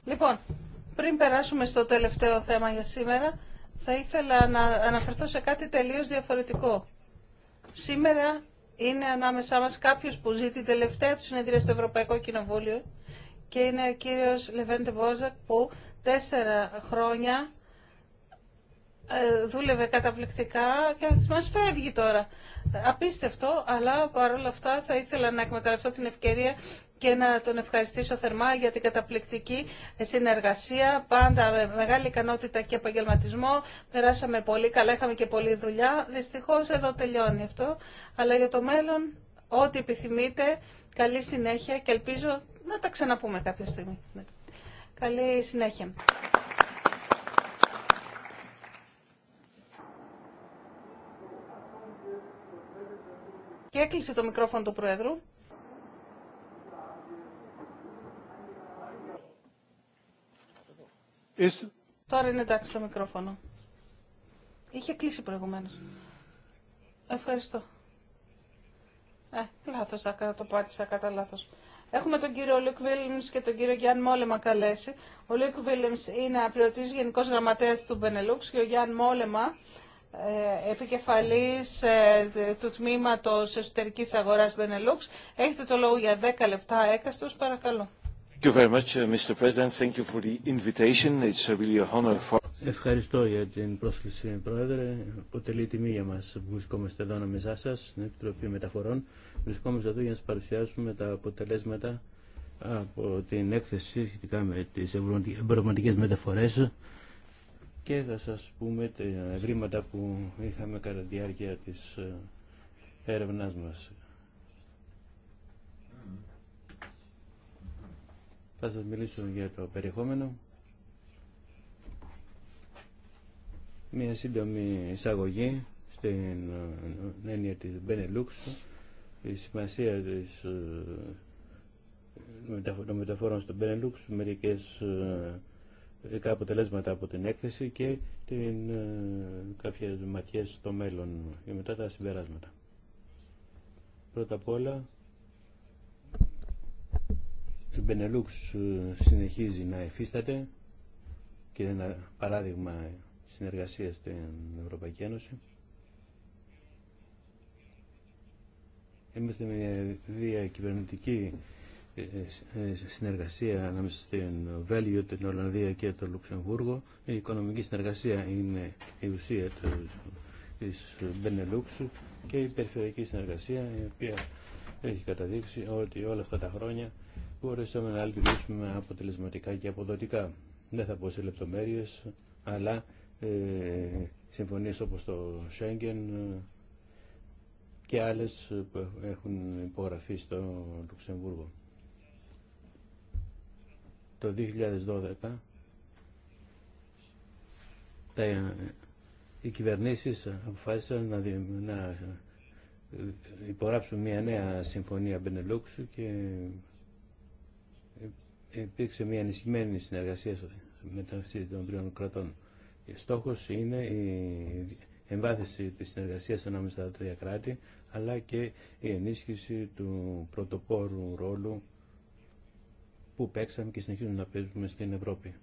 Λοιπόν, πριν περάσουμε στο τελευταίο θέμα για σήμερα, θα ήθελα να αναφερθώ σε κάτι τελείως διαφορετικό. Σήμερα είναι ανάμεσά μας κάποιος που ζει την τελευταία του συνεδρία στο Ευρωπαϊκό Κοινοβούλιο και είναι ο κύριος Λεβέντε Μπόζακ που τέσσερα χρόνια ε, δούλευε καταπληκτικά και μας φεύγει τώρα. Απίστευτο, αλλά παρόλα αυτά θα ήθελα να εκμεταλλευτώ την ευκαιρία και να τον ευχαριστήσω θερμά για την καταπληκτική συνεργασία, πάντα με μεγάλη ικανότητα και επαγγελματισμό. Περάσαμε πολύ καλά, είχαμε και πολλή δουλειά. Δυστυχώς εδώ τελειώνει αυτό, αλλά για το μέλλον ό,τι επιθυμείτε, καλή συνέχεια και ελπίζω να τα ξαναπούμε κάποια στιγμή. Καλή συνέχεια. Και έκλεισε το μικρόφωνο του Πρόεδρου. Τώρα είναι εντάξει το μικρόφωνο. Είχε κλείσει προηγουμένως. Ευχαριστώ. Ε, λάθος, το πάτησα κατά λάθος. Έχουμε τον κύριο Λουκ Βίλιμς και τον κύριο Γιάνν Μόλεμα καλέσει. Ο Λουκ Βίλιμς είναι απληρωτή Γενικό Γραμματέα του Μπενελούξ και ο Γιάνν Μόλεμα ε, επικεφαλής ε, του τμήματος εσωτερικής αγοράς Μπενελούξ. Έχετε το λόγο για 10 λεπτά έκαστος, παρακαλώ. Ευχαριστώ για την πρόσκληση, Πρόεδρε. Αποτελεί τιμή για μα που βρισκόμαστε εδώ ανάμεσά σα, στην Επιτροπή Μεταφορών. Βρισκόμαστε εδώ για να σας παρουσιάσουμε τα αποτελέσματα από την έκθεση σχετικά με τις εμπορευματικές μεταφορές και θα σας πούμε τα ευρήματα που είχαμε κατά τη διάρκεια της ε, έρευνάς μας. Θα σας μιλήσω για το περιεχόμενο. Μια σύντομη εισαγωγή στην ε, έννοια της Benelux, η σημασία της ε, των μεταφορών στο Benelux, μερικές ε, αποτελέσματα από την έκθεση και την, κάποιες ματιές στο μέλλον και μετά τα συμπεράσματα. Πρώτα απ' όλα του Μπενελούξ ε, συνεχίζει να εφίσταται και είναι ένα παράδειγμα συνεργασίας στην Ευρωπαϊκή Ένωση. Είμαστε μια διακυβερνητική ε, ε, συνεργασία ανάμεσα στην Βέλγιο, την Ολλανδία και το Λουξεμβούργο. Η οικονομική συνεργασία είναι η ουσία της Μπενελούξ και η περιφερειακή συνεργασία η οποία έχει καταδείξει ότι όλα αυτά τα χρόνια μπορέσαμε να λειτουργήσουμε αποτελεσματικά και αποδοτικά. Δεν θα πω σε λεπτομέρειες, αλλά ε, συμφωνίες όπως το Σέγγεν και άλλες που έχουν υπογραφεί στο Λουξεμβούργο. Το 2012 τα, ε, οι κυβερνήσεις αποφάσισαν να, να ε, υπογράψουν μια νέα συμφωνία Μπενελούξου και υπήρξε μια ενισχυμένη συνεργασία μεταξύ των τριών κρατών. στόχο είναι η εμβάθυνση της συνεργασία ανάμεσα στα τρία κράτη, αλλά και η ενίσχυση του πρωτοπόρου ρόλου που παίξαμε και συνεχίζουμε να παίζουμε στην Ευρώπη.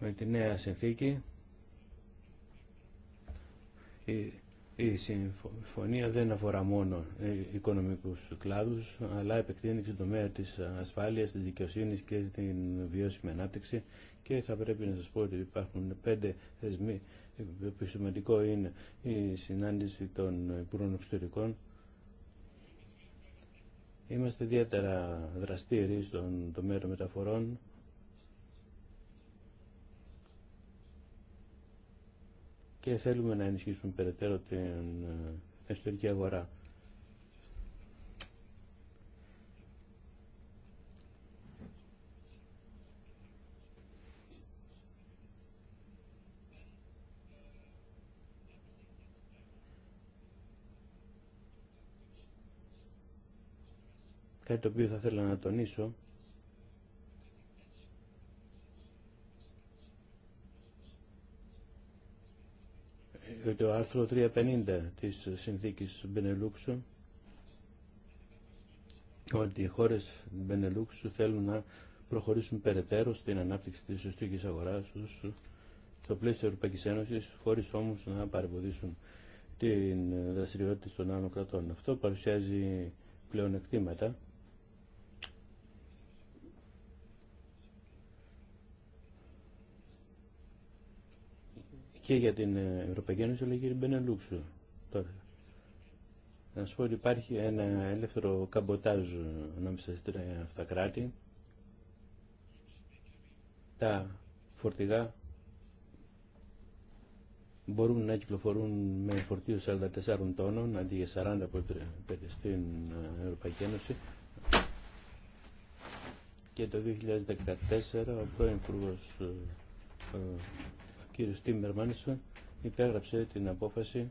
Με τη νέα συνθήκη η συμφωνία δεν αφορά μόνο ε, οικονομικούς κλάδους, αλλά επεκτείνει στον τομέα της ασφάλειας, της δικαιοσύνης και την βιώσιμη ανάπτυξη και θα πρέπει να σας πω ότι υπάρχουν πέντε θεσμοί. Το σημαντικό είναι η συνάντηση των Υπουργών Εξωτερικών. Είμαστε ιδιαίτερα δραστήριοι στον τομέα των μεταφορών και θέλουμε να ενισχύσουμε περαιτέρω ε, την εσωτερική αγορά. Κάτι το οποίο θα ήθελα να τονίσω το άρθρο 350 της συνθήκης Μπενελούξου ότι οι χώρες Μπενελούξου θέλουν να προχωρήσουν περαιτέρω στην ανάπτυξη της ιστορικής αγοράς τους στο πλαίσιο Ευρωπαϊκής Ένωσης χωρίς όμως να παρεμποδίσουν την δραστηριότητα των άλλων κρατών. Αυτό παρουσιάζει πλεονεκτήματα και για την ε, Ευρωπαϊκή Ένωση αλλά και για την Τώρα. Να σου πω ότι υπάρχει ένα ελεύθερο καμποτάζ ανάμεσα αυτά κράτη. Τα φορτηγά μπορούν να κυκλοφορούν με φορτίο 44 τόνων αντί για 40 που στην ε, Ευρωπαϊκή Ένωση και το 2014 ο πρώην Υπουργός ε, κύριος Τίμερμανς υπέγραψε την απόφαση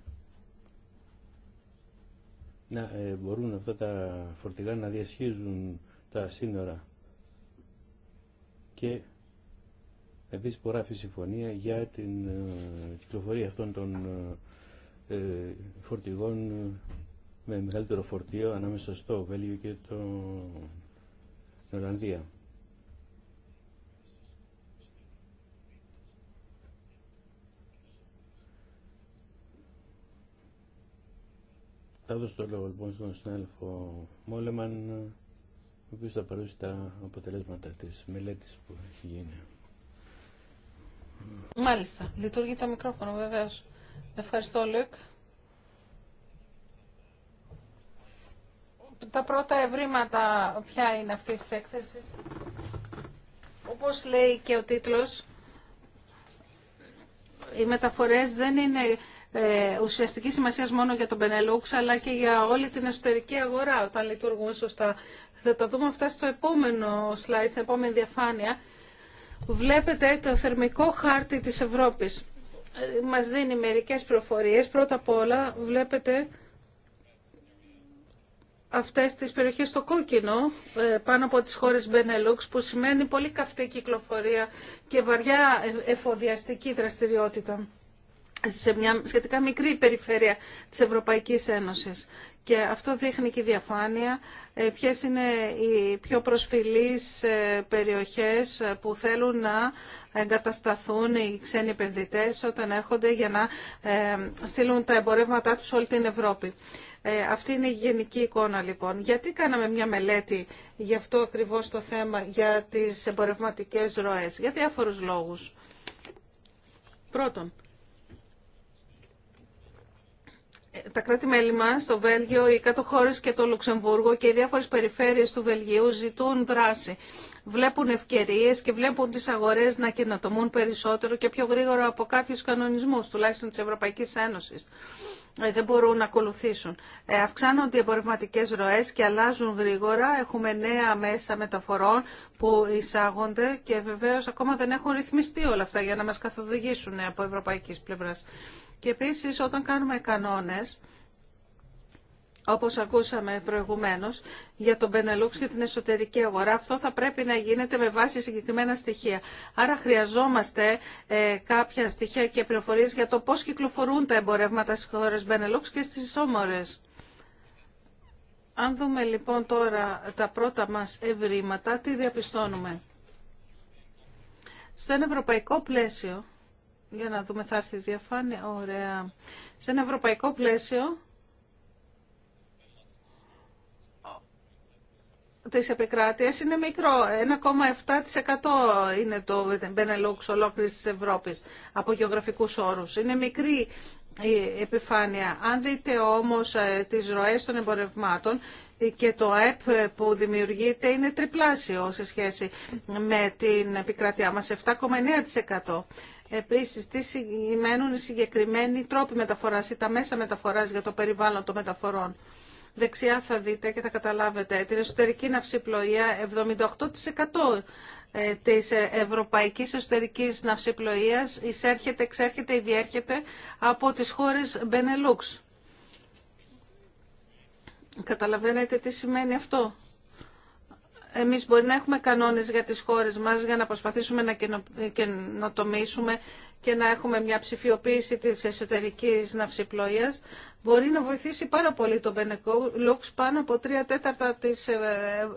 να ε, μπορούν αυτά τα φορτηγά να διασχίζουν τα σύνορα και επίσης υπογράφει συμφωνία για την ε, κυκλοφορία αυτών των ε, φορτηγών με μεγαλύτερο φορτίο ανάμεσα στο Βέλγιο και το... Θα δώσω το λόγο λοιπόν στον συνάδελφο Μόλεμαν, ο οποίος θα παρουσιάσει τα αποτελέσματα της μελέτης που έχει γίνει. Μάλιστα. Λειτουργεί το μικρόφωνο βεβαίως. Ευχαριστώ Λουκ. Τα πρώτα ευρήματα ποια είναι αυτής της έκθεσης. Όπως λέει και ο τίτλος, οι μεταφορές δεν είναι ε, ουσιαστική σημασία μόνο για τον Πενελούξ αλλά και για όλη την εσωτερική αγορά όταν λειτουργούν σωστά. Θα τα δούμε αυτά στο επόμενο slide, στην επόμενη διαφάνεια. Βλέπετε το θερμικό χάρτη της Ευρώπης. Ε, μας δίνει μερικές προφορίες. Πρώτα απ' όλα βλέπετε αυτές τις περιοχές στο κόκκινο ε, πάνω από τις χώρες Μπενελούξ που σημαίνει πολύ καυτή κυκλοφορία και βαριά εφοδιαστική δραστηριότητα σε μια σχετικά μικρή περιφέρεια της Ευρωπαϊκής Ένωσης. Και αυτό δείχνει και η διαφάνεια ε, ποιες είναι οι πιο προσφυλείς ε, περιοχές ε, που θέλουν να εγκατασταθούν οι ξένοι επενδυτέ όταν έρχονται για να στείλουν τα εμπορεύματά τους όλη την Ευρώπη. Αυτή είναι η γενική εικόνα λοιπόν. Γιατί κάναμε μια μελέτη γι' αυτό ακριβώς το θέμα για τις εμπορευματικές ροές. Για διάφορους λόγους. Πρώτον, Ε, τα κράτη-μέλη μα, το Βέλγιο, οι κάτω χώρε και το Λουξεμβούργο και οι διάφορε περιφέρειες του Βελγίου ζητούν δράση. Βλέπουν ευκαιρίε και βλέπουν τι αγορέ να καινοτομούν περισσότερο και πιο γρήγορα από κάποιου κανονισμού, τουλάχιστον της Ευρωπαϊκής Ένωσης. Ε, δεν μπορούν να ακολουθήσουν. Ε, αυξάνονται οι εμπορευματικέ ροέ και αλλάζουν γρήγορα. Έχουμε νέα μέσα μεταφορών που εισάγονται και βεβαίω ακόμα δεν έχουν ρυθμιστεί όλα αυτά για να μα καθοδηγήσουν από ευρωπαϊκή πλευρά. Και επίσης όταν κάνουμε κανόνες, όπως ακούσαμε προηγουμένως, για τον Πενελούξ και την εσωτερική αγορά. Αυτό θα πρέπει να γίνεται με βάση συγκεκριμένα στοιχεία. Άρα χρειαζόμαστε ε, κάποια στοιχεία και πληροφορίες για το πώς κυκλοφορούν τα εμπορεύματα στις χώρες Μπενελούξ και στις όμορες. Αν δούμε λοιπόν τώρα τα πρώτα μας ευρήματα, τι διαπιστώνουμε. Στο ευρωπαϊκό πλαίσιο, για να δούμε, θα έρθει η διαφάνεια. Ωραία. Σε ένα ευρωπαϊκό πλαίσιο, της επικράτειας είναι μικρό. 1,7% είναι το Benelux ολόκληρη τη Ευρώπης από γεωγραφικού όρου. Είναι μικρή η επιφάνεια. Αν δείτε όμω ε, τι ροές των εμπορευμάτων ε, και το ΑΕΠ ε, που δημιουργείται είναι τριπλάσιο σε σχέση με την επικρατεία μας, 7,9%. Επίση, τι σημαίνουν οι συγκεκριμένοι τρόποι μεταφοράς ή τα μέσα μεταφοράς για το περιβάλλον των μεταφορών. Δεξιά θα δείτε και θα καταλάβετε την εσωτερική ναυσιπλοεία 78% ε, της ε, ευρωπαϊκής εσωτερικής ναυσιπλοείας εισέρχεται, εξέρχεται ή διέρχεται από τις χώρες Μπενελούξ. Καταλαβαίνετε τι σημαίνει αυτό. Εμείς μπορεί να έχουμε κανόνες για τις χώρες μας για να προσπαθήσουμε να καινοτομήσουμε και να έχουμε μια ψηφιοποίηση της εσωτερικής ναυσιπλοείας. Μπορεί να βοηθήσει πάρα πολύ το Benelux πάνω από τρία τέταρτα της ε,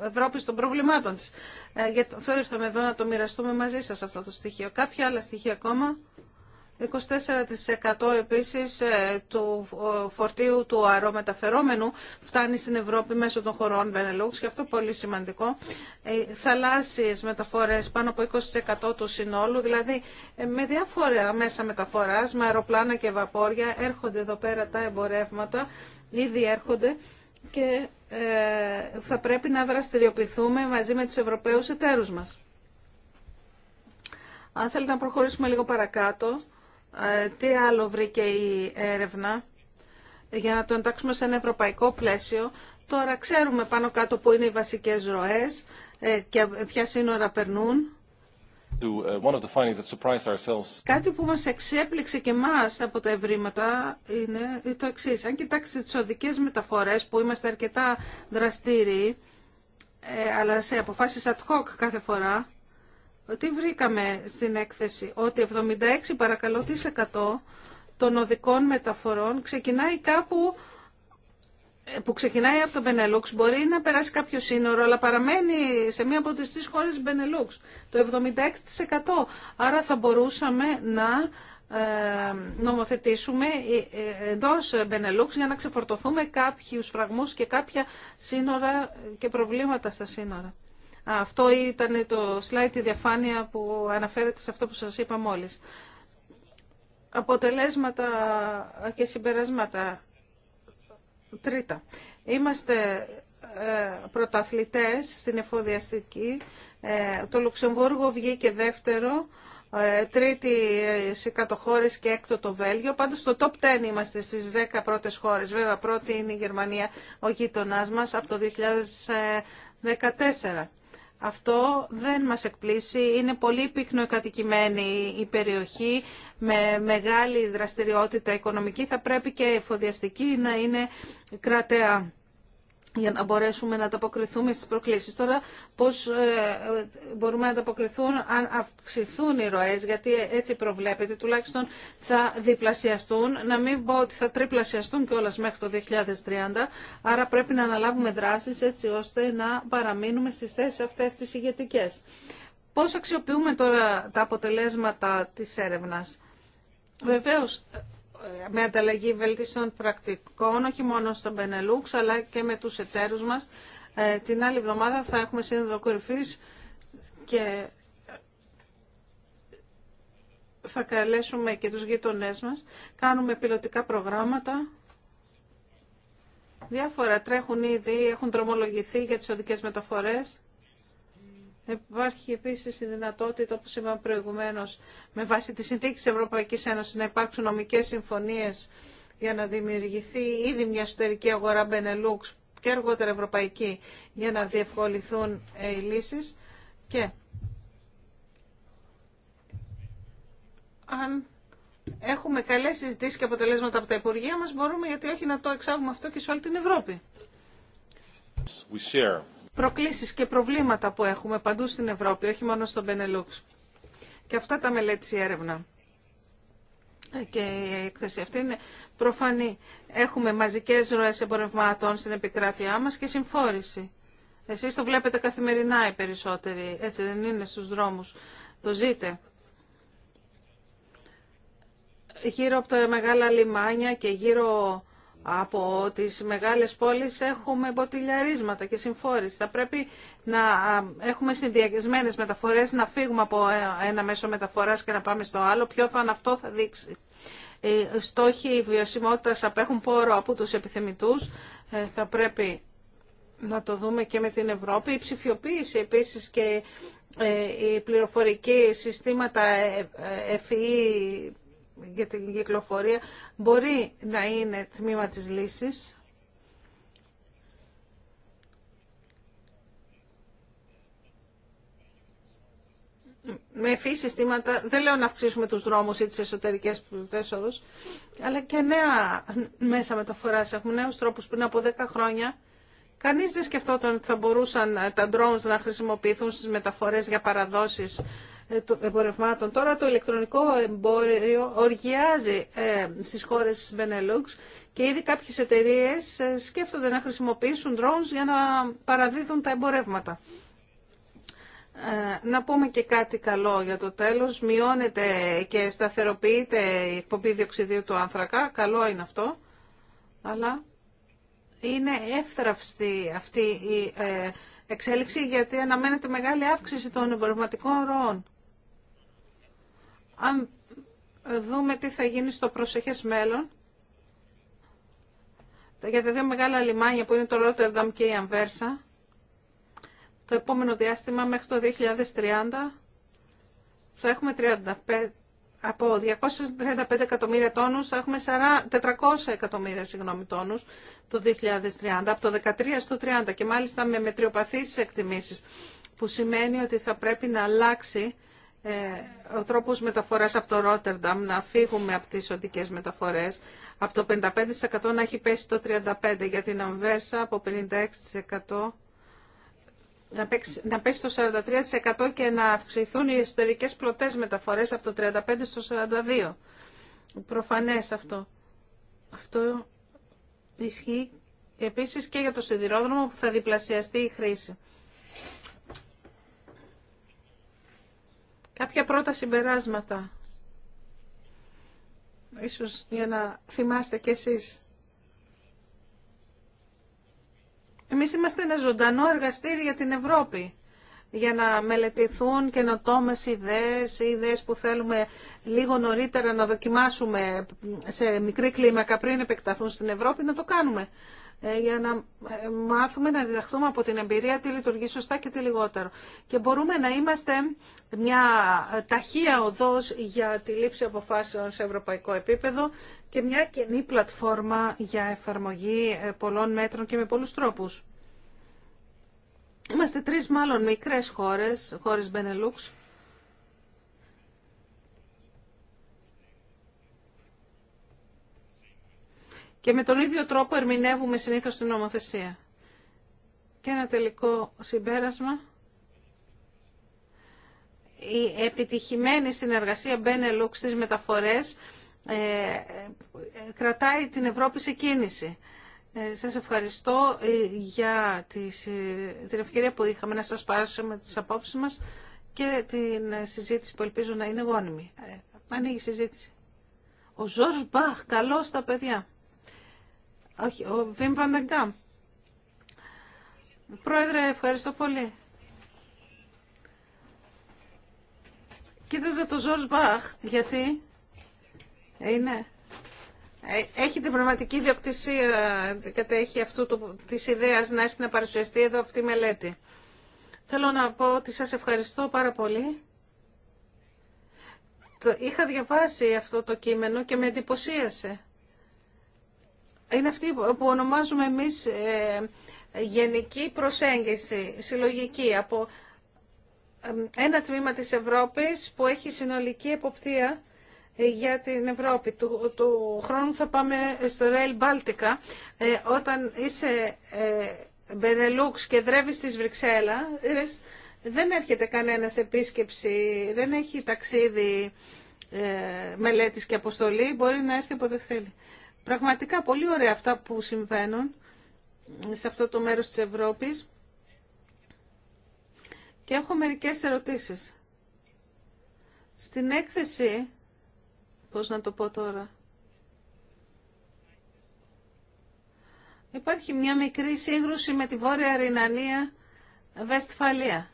Ευρώπης των προβλημάτων της. Ε, γι' αυτό ήρθαμε εδώ να το μοιραστούμε μαζί σας αυτό το στοιχείο. Κάποια άλλα στοιχεία ακόμα. 24% επίσης ε, του ε, φορτίου του αερομεταφερόμενου φτάνει στην Ευρώπη μέσω των χωρών Βενελούξ και αυτό πολύ σημαντικό. Ε, θαλάσσιες μεταφορές πάνω από 20% του συνόλου, δηλαδή με διάφορα μέσα μεταφοράς, με αεροπλάνα και βαπόρια έρχονται εδώ πέρα τα εμπορεύματα, ήδη έρχονται και θα πρέπει να δραστηριοποιηθούμε μαζί με τους Ευρωπαίους εταίρους μας. Αν θέλετε να προχωρήσουμε λίγο παρακάτω, ε, τι άλλο βρήκε η έρευνα για να το εντάξουμε σε ένα ευρωπαϊκό πλαίσιο. Τώρα ξέρουμε πάνω κάτω που είναι οι βασικές ροές ε, και ποια σύνορα περνούν. Ε, Κάτι που μας εξέπληξε και μας από τα ευρήματα είναι το εξή. Αν κοιτάξετε τις οδικές μεταφορές που είμαστε αρκετά δραστήριοι, αλλά σε αποφάσεις ad hoc κάθε φορά, τι βρήκαμε στην έκθεση, ότι 76 των οδικών μεταφορών ξεκινάει κάπου ε, που ξεκινάει από το Μπενελούξ μπορεί να περάσει κάποιο σύνορο, αλλά παραμένει σε μία από τις τρεις χώρες Μπενελούξ. Το 76%. Άρα θα μπορούσαμε να ε, νομοθετήσουμε ε, εντό Μπενελούξ για να ξεφορτωθούμε κάποιους φραγμούς και κάποια σύνορα και προβλήματα στα σύνορα. Αυτό ήταν το slide, η διαφάνεια που αναφέρεται σε αυτό που σας είπα μόλις. Αποτελέσματα και συμπερασμάτα. Τρίτα. Είμαστε ε, πρωταθλητές στην εφοδιαστική. Ε, το Λουξεμβούργο βγήκε δεύτερο, ε, τρίτη σε κατοχώρες και έκτο το Βέλγιο. Πάντως στο top 10 είμαστε στις 10 πρώτες χώρες. Βέβαια πρώτη είναι η Γερμανία, ο γείτονά μας, από το 2014. Αυτό δεν μας εκπλήσει. Είναι πολύ πυκνοκατοικημένη η περιοχή με μεγάλη δραστηριότητα οικονομική. Θα πρέπει και εφοδιαστική να είναι κρατεά για να μπορέσουμε να ανταποκριθούμε στις προκλήσεις. Τώρα πώς ε, μπορούμε να ανταποκριθούν αν αυξηθούν οι ροές, γιατί έτσι προβλέπεται, τουλάχιστον θα διπλασιαστούν, να μην πω ότι θα τριπλασιαστούν κιόλα μέχρι το 2030, άρα πρέπει να αναλάβουμε δράσεις έτσι ώστε να παραμείνουμε στις θέσεις αυτές τις ηγετικέ. Πώς αξιοποιούμε τώρα τα αποτελέσματα της έρευνας. Βεβαίως, με ανταλλαγή βελτίστων πρακτικών, όχι μόνο στον Πενελούξ, αλλά και με τους εταίρους μας. Ε, την άλλη εβδομάδα θα έχουμε σύνοδο και θα καλέσουμε και τους γείτονές μας. Κάνουμε πιλωτικά προγράμματα. Διάφορα τρέχουν ήδη, έχουν δρομολογηθεί για τις οδικές μεταφορές. Υπάρχει επίσης η δυνατότητα, όπως είπαμε προηγουμένως, με βάση τη συνθήκη τη Ευρωπαϊκής Ένωση, να υπάρξουν νομικέ συμφωνίε για να δημιουργηθεί ήδη μια εσωτερική αγορά Benelux και αργότερα ευρωπαϊκή για να διευκολυθούν ε, οι λύσει. και αν έχουμε καλές συζητήσει και αποτελέσματα από τα Υπουργεία μας μπορούμε γιατί όχι να το εξάγουμε αυτό και σε όλη την Ευρώπη προκλήσεις και προβλήματα που έχουμε παντού στην Ευρώπη, όχι μόνο στον Πενελούξ. Και αυτά τα μελέτησε η έρευνα. Και η έκθεση αυτή είναι προφανή. Έχουμε μαζικές ροές εμπορευμάτων στην επικράτειά μας και συμφόρηση. Εσείς το βλέπετε καθημερινά οι περισσότεροι, έτσι δεν είναι στους δρόμους. Το ζείτε. Γύρω από τα μεγάλα λιμάνια και γύρω από τις μεγάλες πόλεις έχουμε μποτιλιαρίσματα και συμφόρηση. Θα πρέπει να έχουμε συνδυασμένες μεταφορές, να φύγουμε από ε, ένα μέσο μεταφοράς και να πάμε στο άλλο. Ποιο θα είναι αυτό θα δείξει. Οι στόχοι βιωσιμότητας απέχουν πόρο από τους επιθυμητούς. Ε, θα πρέπει να το δούμε και με την Ευρώπη. Η ψηφιοποίηση επίσης και ε, οι πληροφορικοί συστήματα FEE. E για την κυκλοφορία μπορεί να είναι τμήμα της λύσης. με ευφύ συστήματα, δεν λέω να αυξήσουμε τους δρόμους ή τις εσωτερικές έσοδους, αλλά και νέα μέσα μεταφοράς. Έχουμε νέους τρόπους πριν από 10 χρόνια. Κανείς δεν σκεφτόταν ότι θα μπορούσαν τα drones να χρησιμοποιηθούν στις μεταφορές για παραδόσεις ε, εμπορευμάτων. Τώρα το ηλεκτρονικό εμπόριο οργιάζει ε, στις χώρες Benelux και ήδη κάποιες εταιρείες ε, σκέφτονται να χρησιμοποιήσουν drones για να παραδίδουν τα εμπορεύματα. Να πούμε και κάτι καλό για το τέλος. Μειώνεται και σταθεροποιείται η εκπομπή διοξιδίου του άνθρακα. Καλό είναι αυτό. Αλλά είναι εύθραυστη αυτή η εξέλιξη γιατί αναμένεται μεγάλη αύξηση των εμπορευματικών ροών. Αν δούμε τι θα γίνει στο προσεχές μέλλον, για τα δύο μεγάλα λιμάνια που είναι το Ρότερνταμ και η Αμβέρσα, το επόμενο διάστημα μέχρι το 2030 θα έχουμε 35, από 235 εκατομμύρια τόνους θα έχουμε 400 εκατομμύρια συγγνώμη, τόνους το 2030, από το 13 στο 30 και μάλιστα με μετριοπαθείς εκτιμήσεις, που σημαίνει ότι θα πρέπει να αλλάξει ε, ο τρόπος μεταφοράς από το Ρότερνταμ, να φύγουμε από τις οδικές μεταφορές, από το 55% να έχει πέσει το 35% για την Αμβέρσα, από 56% να, πέσει το 43% και να αυξηθούν οι εσωτερικές πλωτές μεταφορές από το 35% στο 42%. Προφανές αυτό. Αυτό ισχύει επίσης και για το σιδηρόδρομο που θα διπλασιαστεί η χρήση. Κάποια πρώτα συμπεράσματα. Ίσως για να θυμάστε κι εσείς. Εμείς είμαστε ένα ζωντανό εργαστήριο για την Ευρώπη για να μελετηθούν καινοτόμε ιδέες, ιδέες που θέλουμε λίγο νωρίτερα να δοκιμάσουμε σε μικρή κλίμακα πριν επεκταθούν στην Ευρώπη, να το κάνουμε. Ε, για να ε, μάθουμε να διδαχθούμε από την εμπειρία τι λειτουργεί σωστά και τι λιγότερο. Και μπορούμε να είμαστε μια ταχεία οδός για τη λήψη αποφάσεων σε ευρωπαϊκό επίπεδο και μια καινή πλατφόρμα για εφαρμογή ε, πολλών μέτρων και με πολλούς τρόπους. Είμαστε τρεις μάλλον μικρές χώρες, χώρες Benelux, Και με τον ίδιο τρόπο ερμηνεύουμε συνήθως την νομοθεσία. Και ένα τελικό συμπέρασμα. Η επιτυχημένη συνεργασία Benelux στις μεταφορές ε, κρατάει την Ευρώπη σε κίνηση. Ε, σας ευχαριστώ ε, για τις, ε, την ευκαιρία που είχαμε να σας πάρουμε τις απόψεις μας και την ε, συζήτηση που ελπίζω να είναι γόνιμη. Ε, ανοίγει η συζήτηση. Ο Ζορς Μπαχ, καλό στα παιδιά. Όχι, ο Βιμ Βαντεγκάμ. Πρόεδρε, ευχαριστώ πολύ. Κοίταζα το Ζορς Μπαχ, γιατί είναι... Ε, έχει την πνευματική διοκτησία, κατέχει αυτού του, της να έρθει να παρουσιαστεί εδώ αυτή η μελέτη. Θέλω να πω ότι σας ευχαριστώ πάρα πολύ. Είχα διαβάσει αυτό το κείμενο και με εντυπωσίασε είναι αυτή που ονομάζουμε εμείς ε, γενική προσέγγιση, συλλογική, από ένα τμήμα της Ευρώπης που έχει συνολική εποπτεία ε, για την Ευρώπη. Του, του χρόνου θα πάμε στο Rail Baltica. Ε, όταν είσαι ε, Μπενελούξ και δρεύεις στις Βρυξέλλα, δεν έρχεται κανένας επίσκεψη, δεν έχει ταξίδι ε, μελέτης και αποστολή, μπορεί να έρθει όποτε θέλει. Πραγματικά πολύ ωραία αυτά που συμβαίνουν σε αυτό το μέρος της Ευρώπης. Και έχω μερικές ερωτήσεις. Στην έκθεση, πώς να το πω τώρα, υπάρχει μια μικρή σύγκρουση με τη Βόρεια Ρινανία, Ρινανία-Βεστφαλία.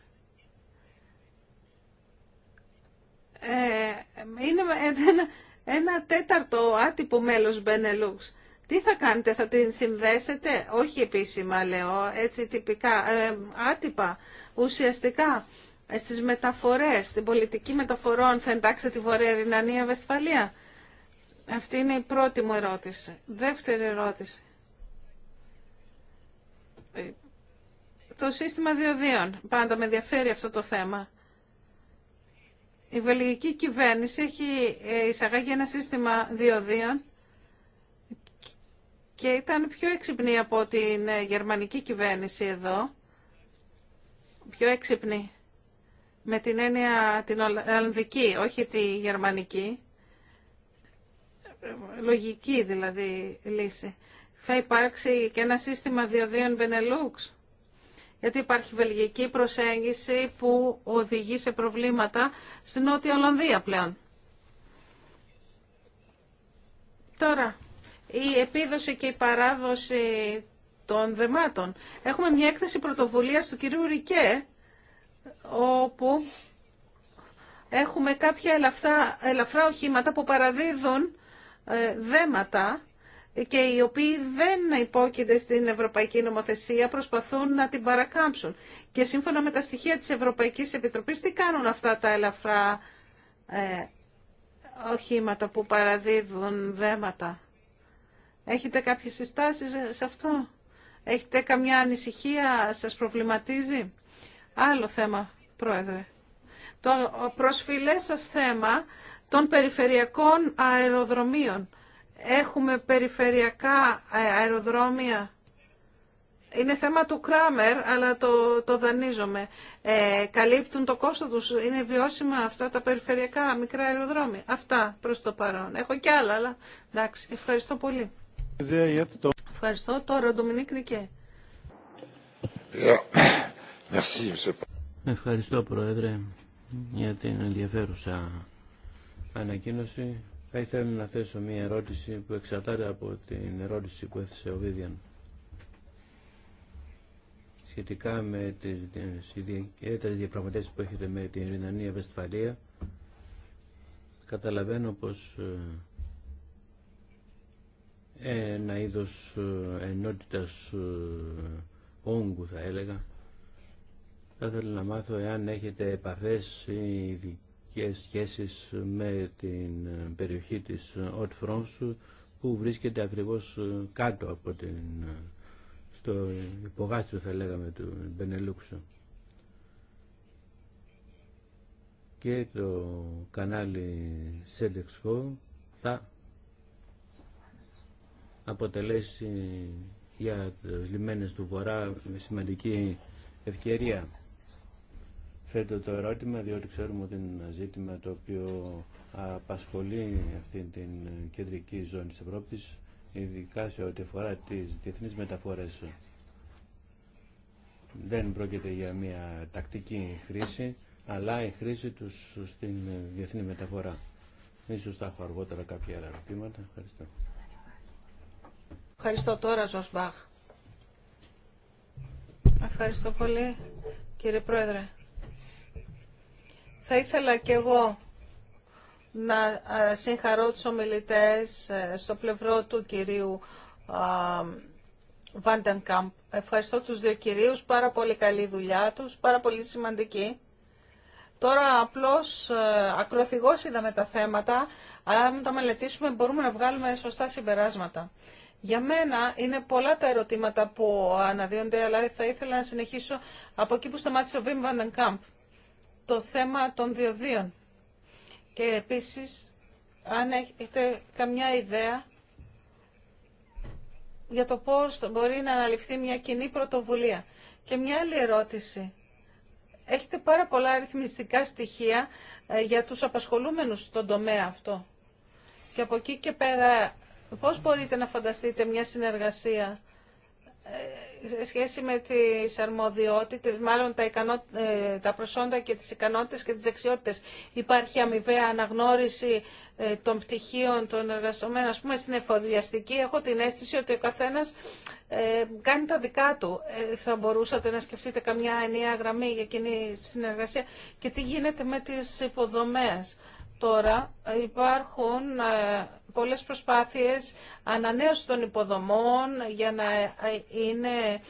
Ε, είναι ένα ε, ένα τέταρτο άτυπο μέλος Μπενελούξ. Τι θα κάνετε, θα την συνδέσετε, όχι επίσημα λέω, έτσι τυπικά, ε, άτυπα, ουσιαστικά, ε, στις μεταφορές, στην πολιτική μεταφορών θα εντάξετε τη Βορεια Ρινανία Βεσφαλία. Αυτή είναι η πρώτη μου ερώτηση. Δεύτερη ερώτηση. Ε, το σύστημα διοδίων. Πάντα με ενδιαφέρει αυτό το θέμα. Η βελγική κυβέρνηση έχει ε, εισαγάγει ένα σύστημα διοδίων και ήταν πιο έξυπνη από την ε, γερμανική κυβέρνηση εδώ. Πιο έξυπνη με την έννοια την ε, Ολλανδική, όχι τη Γερμανική. Λογική δηλαδή λύση. Θα υπάρξει και ένα σύστημα διοδίων Βενελούξ γιατί υπάρχει βελγική προσέγγιση που οδηγεί σε προβλήματα στην Νότια Ολλανδία πλέον. Τώρα, η επίδοση και η παράδοση των δεμάτων. Έχουμε μια έκθεση πρωτοβουλίας του κυρίου Ρικέ, όπου έχουμε κάποια ελαφρά, ελαφρά οχήματα που παραδίδουν ε, δέματα και οι οποίοι δεν υπόκεινται στην Ευρωπαϊκή Νομοθεσία προσπαθούν να την παρακάμψουν. Και σύμφωνα με τα στοιχεία της Ευρωπαϊκής Επιτροπής, τι κάνουν αυτά τα ελαφρά ε, οχήματα που παραδίδουν δέματα. Έχετε κάποιες συστάσεις σε αυτό. Έχετε καμιά ανησυχία, σας προβληματίζει. Άλλο θέμα, Πρόεδρε. Το προσφυλές σας θέμα των περιφερειακών αεροδρομίων Έχουμε περιφερειακά αεροδρόμια. Είναι θέμα του Κράμερ, αλλά το, το δανείζομαι. Ε, καλύπτουν το κόστο τους. Είναι βιώσιμα αυτά τα περιφερειακά μικρά αεροδρόμια. Αυτά προς το παρόν. Έχω κι άλλα, αλλά εντάξει. Ευχαριστώ πολύ. Ευχαριστώ. Τώρα, Ντομινίκ Νικέ. Ευχαριστώ, Πρόεδρε, για την ενδιαφέρουσα ανακοίνωση θα ήθελα να θέσω μια ερώτηση που εξαρτάται από την ερώτηση που έθεσε ο Βίδιαν σχετικά με τις ιδιαίτερες διαπραγματεύσεις που έχετε με την Ρινανία Βεσφαλία καταλαβαίνω πως ε, ένα είδος ε, ενότητας ε, όγκου θα έλεγα θα ήθελα να μάθω εάν έχετε επαφές ή και σχέσεις με την περιοχή της Ότ που βρίσκεται ακριβώς ε, κάτω από την ε, στο υπογάστριο θα λέγαμε του Μπενελούξου και το κανάλι Σέντεξχο θα αποτελέσει για τις λιμένες του Βορρά σημαντική ευκαιρία θέτω το ερώτημα διότι ξέρουμε ότι είναι ένα ζήτημα το οποίο απασχολεί αυτή την κεντρική ζώνη της Ευρώπης ειδικά σε ό,τι αφορά τις διεθνείς μεταφορές. Δεν πρόκειται για μια τακτική χρήση, αλλά η χρήση τους στην διεθνή μεταφορά. Ίσως θα έχω αργότερα κάποια ερωτήματα. Ευχαριστώ. Ευχαριστώ τώρα, Ζωσμπάχ. Ευχαριστώ πολύ, κύριε Πρόεδρε. Θα ήθελα και εγώ να ε, συγχαρώ τους ομιλητές ε, στο πλευρό του κυρίου Κάμπ. Ευχαριστώ τους δύο κυρίους, πάρα πολύ καλή δουλειά τους, πάρα πολύ σημαντική. Τώρα απλώς ε, ακροθυγώς είδαμε τα θέματα, αλλά αν τα μελετήσουμε μπορούμε να βγάλουμε σωστά συμπεράσματα. Για μένα είναι πολλά τα ερωτήματα που αναδύονται, αλλά θα ήθελα να συνεχίσω από εκεί που σταμάτησε ο Βίμ Κάμπ το θέμα των διοδίων. Και επίσης, αν έχετε καμιά ιδέα για το πώς μπορεί να αναλυφθεί μια κοινή πρωτοβουλία. Και μια άλλη ερώτηση. Έχετε πάρα πολλά αριθμιστικά στοιχεία ε, για τους απασχολούμενους στον τομέα αυτό. Και από εκεί και πέρα, πώς μπορείτε να φανταστείτε μια συνεργασία ε, σε σχέση με τις αρμοδιότητες, μάλλον τα, ικανό, ε, τα προσόντα και τις ικανότητες και τις δεξιότητες. Υπάρχει αμοιβαία αναγνώριση ε, των πτυχίων των εργαζομένων. Ας πούμε στην εφοδιαστική έχω την αίσθηση ότι ο καθένας κάνει τα δικά του. θα μπορούσατε να σκεφτείτε καμιά ενιαία γραμμή για κοινή συνεργασία και τι γίνεται με τις υποδομές. Τώρα ε, υπάρχουν ε, πολλές προσπάθειες ανανέωσης των υποδομών για να ε, είναι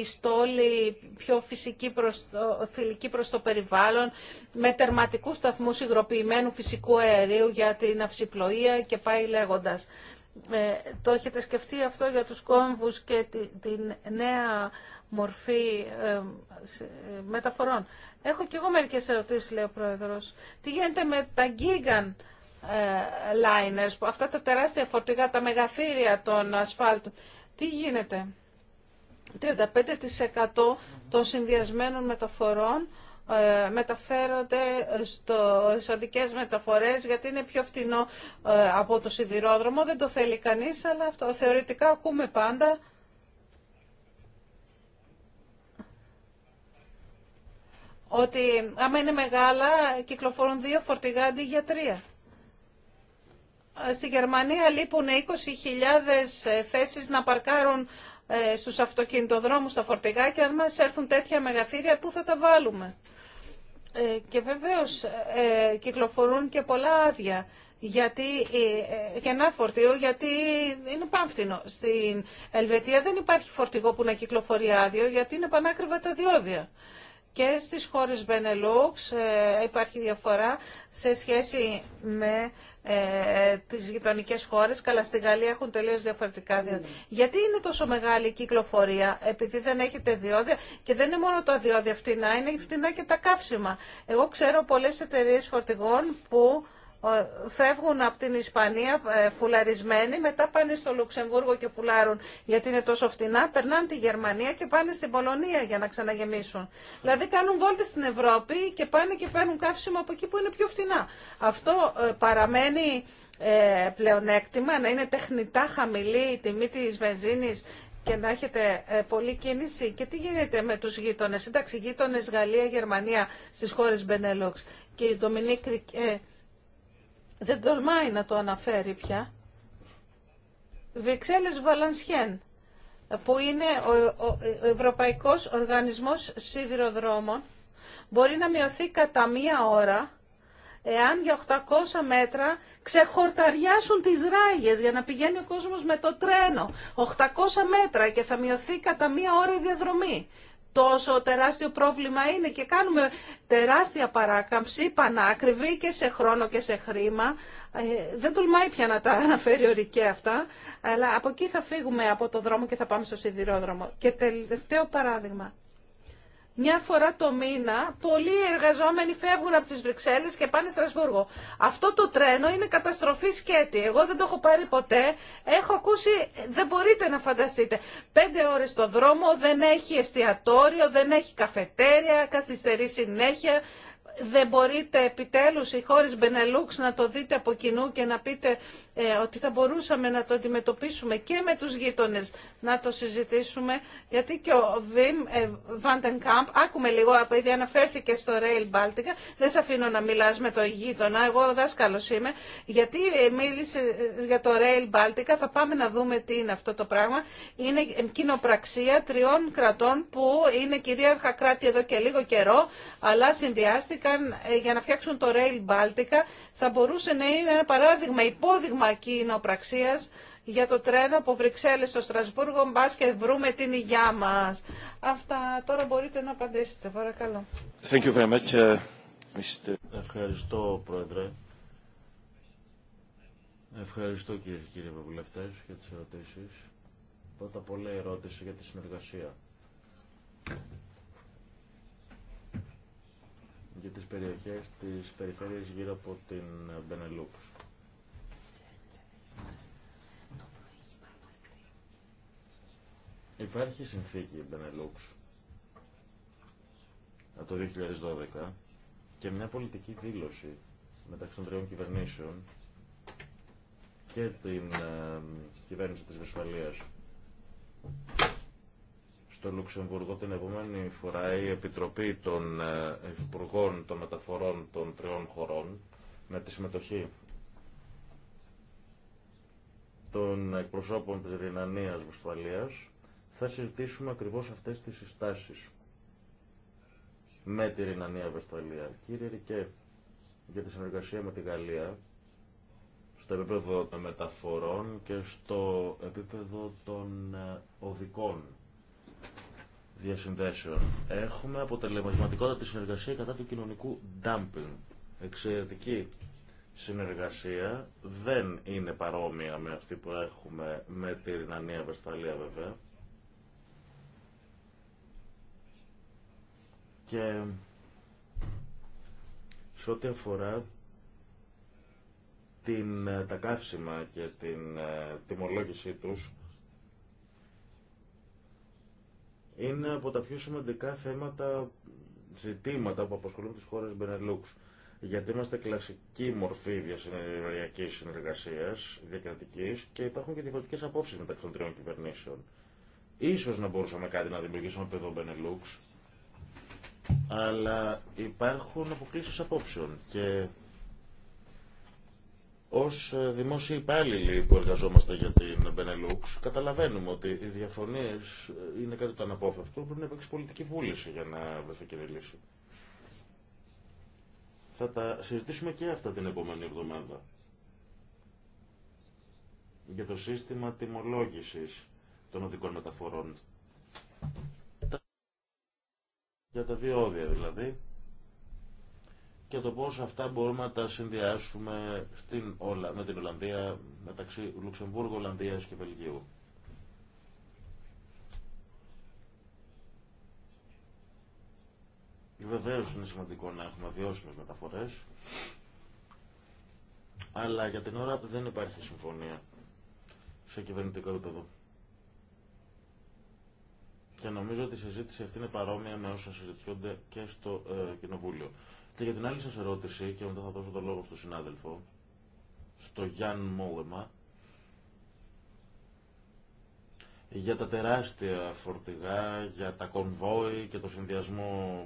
η στόλη πιο φυσική προς το, φιλική προς το περιβάλλον, με τερματικούς σταθμούς υγροποιημένου φυσικού αερίου για την αυσιπλοεία και πάει λέγοντας. το έχετε σκεφτεί αυτό για τους κόμβους και την τη νέα μορφή μεταφορών. Έχω και εγώ μερικές ερωτήσεις, λέει ο Πρόεδρος. Τι γίνεται με τα γίγαν ε, liners, που αυτά τα τεράστια φορτηγά, τα μεγαθύρια των ασφάλτων. Τι γίνεται. 35% των συνδυασμένων μεταφορών ε, μεταφέρονται στο, στις οδικές μεταφορές γιατί είναι πιο φτηνό ε, από το σιδηρόδρομο. Δεν το θέλει κανείς, αλλά θεωρητικά ακούμε πάντα ότι άμα είναι μεγάλα κυκλοφορούν δύο φορτηγά αντί για τρία. Στη Γερμανία λείπουν 20.000 ε, θέσεις να παρκάρουν ε, στους αυτοκινητοδρόμους τα φορτηγά και αν μας έρθουν τέτοια μεγαθύρια πού θα τα βάλουμε. Ε, και βεβαίως κυκλοφορούν και πολλά άδεια γιατί, και ένα φορτίο γιατί είναι πάμφτινο. Στην Ελβετία δεν υπάρχει φορτηγό που να κυκλοφορεί άδειο γιατί είναι πανάκριβα τα διόδια και στις χώρες Benelux ε, υπάρχει διαφορά σε σχέση με ε, τις γειτονικές χώρες, καλά στη Γαλλία έχουν τελείως διαφορετικά διόδια. Ναι. Γιατί είναι τόσο μεγάλη η κυκλοφορία, επειδή δεν έχετε διόδια και δεν είναι μόνο τα διόδια φτηνά, είναι φτηνά και τα καύσιμα. Εγώ ξέρω πολλές εταιρείες φορτηγών που φεύγουν από την Ισπανία ε, φουλαρισμένοι, μετά πάνε στο Λουξεμβούργο και φουλάρουν γιατί είναι τόσο φτηνά, περνάνε τη Γερμανία και πάνε στην Πολωνία για να ξαναγεμίσουν. Δηλαδή κάνουν βόλτες στην Ευρώπη και πάνε και παίρνουν καύσιμο από εκεί που είναι πιο φτηνά. Αυτό ε, παραμένει ε, πλεονέκτημα, να είναι τεχνητά χαμηλή η τιμή της βενζίνης και να έχετε πολλή κίνηση. Και τι γίνεται με τους γείτονες. Εντάξει, γείτονες Γαλλία, Γερμανία στις χώρες Μπενέλοξ. Και η ε, δεν τολμάει να το αναφέρει πια. Βρυξέλλες Βαλανσιέν, που είναι ο Ευρωπαϊκός Οργανισμός Σιδηροδρόμων, μπορεί να μειωθεί κατά μία ώρα εάν για 800 μέτρα ξεχορταριάσουν τις ράγες για να πηγαίνει ο κόσμος με το τρένο. 800 μέτρα και θα μειωθεί κατά μία ώρα η διαδρομή τόσο τεράστιο πρόβλημα είναι και κάνουμε τεράστια παράκαμψη, πανάκριβη και σε χρόνο και σε χρήμα. Ε, δεν τολμάει πια να τα αναφέρει ο αυτά, αλλά από εκεί θα φύγουμε από το δρόμο και θα πάμε στο σιδηρόδρομο. Και τελευταίο παράδειγμα. Μια φορά το μήνα πολλοί εργαζόμενοι φεύγουν από τις Βρυξέλλες και πάνε Στρασβούργο. Αυτό το τρένο είναι καταστροφή σκέτη. Εγώ δεν το έχω πάρει ποτέ. Έχω ακούσει, δεν μπορείτε να φανταστείτε. Πέντε ώρες στο δρόμο, δεν έχει εστιατόριο, δεν έχει καφετέρια, καθυστερεί συνέχεια, δεν μπορείτε επιτέλους οι χώρες Μπενελούξ να το δείτε από κοινού και να πείτε ε, ότι θα μπορούσαμε να το αντιμετωπίσουμε και με τους γείτονες να το συζητήσουμε γιατί και ο Βιμ Βάντεν Βαντενκάμπ άκουμε λίγο, επειδή αναφέρθηκε στο Rail Baltica δεν σε αφήνω να μιλάς με το γείτονα, εγώ δάσκαλος είμαι γιατί μίλησε για το Rail Baltica θα πάμε να δούμε τι είναι αυτό το πράγμα είναι κοινοπραξία τριών κρατών που είναι κυρίαρχα κράτη εδώ και λίγο καιρό αλλά συνδυάστηκε ε, για να φτιάξουν το Rail Baltica θα μπορούσε να είναι ένα παράδειγμα, υπόδειγμα κοινοπραξίας για το τρένο από Βρυξέλλες στο Στρασβούργο, μπα και βρούμε την υγειά μας. Αυτά τώρα μπορείτε να απαντήσετε, παρακαλώ. Thank you very much, uh, Mr. Ευχαριστώ, Πρόεδρε. Ευχαριστώ, κύριε και κύριοι για τις ερωτήσεις. Πρώτα απ' όλα ερώτηση για τη συνεργασία για τις περιοχές της περιφέρειας γύρω από την Μπενελούξ. Υπάρχει συνθήκη Μπενελούξ από το 2012 και μια πολιτική δήλωση μεταξύ των τριών κυβερνήσεων και την ε, κυβέρνηση της Βεσφαλίας στο Λουξεμβουργό την επόμενη φορά η Επιτροπή των ε, Υπουργών των Μεταφορών των Τριών Χωρών με τη συμμετοχή των εκπροσώπων της Ρινανίας Βοσφαλίας θα συζητήσουμε ακριβώς αυτές τις συστάσεις με τη Ρινανία Βεσφαλία. Κύριε Ρικέ, για τη συνεργασία με τη Γαλλία στο επίπεδο των μεταφορών και στο επίπεδο των ε, οδικών διασυνδέσεων. Έχουμε αποτελεσματικότητα τη συνεργασία κατά του κοινωνικού dumping. Εξαιρετική συνεργασία δεν είναι παρόμοια με αυτή που έχουμε με τη Ρινανία Βεσφαλία βέβαια. Και σε ό,τι αφορά την, τα καύσιμα και την ε, τιμολόγησή τους, είναι από τα πιο σημαντικά θέματα, ζητήματα που απασχολούν τις χώρες Μπενελούξ. Γιατί είμαστε κλασική μορφή διασυνεργειακή συνεργασία, διακρατική και υπάρχουν και διαφορετικέ απόψει μεταξύ των τριών κυβερνήσεων. Ίσως να μπορούσαμε κάτι να δημιουργήσουμε από εδώ Μπενελούξ, αλλά υπάρχουν αποκλήσει απόψεων Ω ε, δημόσιοι υπάλληλοι που εργαζόμαστε για την Benelux, καταλαβαίνουμε ότι οι διαφωνίε ε, είναι κάτι το αναπόφευκτο, πρέπει να υπάρξει πολιτική βούληση για να βρεθεί και λύση. Θα τα συζητήσουμε και αυτά την επόμενη εβδομάδα. Για το σύστημα τιμολόγηση των οδικών μεταφορών. Για τα δύο όδια δηλαδή και το πώς αυτά μπορούμε να τα συνδυάσουμε στην, Ολα... με την Ολλανδία, μεταξύ Λουξεμβούργου, Ολλανδίας και Βελγίου. Βεβαίω είναι σημαντικό να έχουμε βιώσιμες μεταφορές Αλλά για την ώρα δεν υπάρχει συμφωνία σε κυβερνητικό επίπεδο. Και νομίζω ότι η συζήτηση αυτή είναι παρόμοια με όσα συζητιούνται και στο ε, Κοινοβούλιο. Και για την άλλη σας ερώτηση, και μετά θα δώσω το λόγο στον συνάδελφο, στο Γιάνν Μόλεμα, για τα τεράστια φορτηγά, για τα κονβόι και το συνδυασμό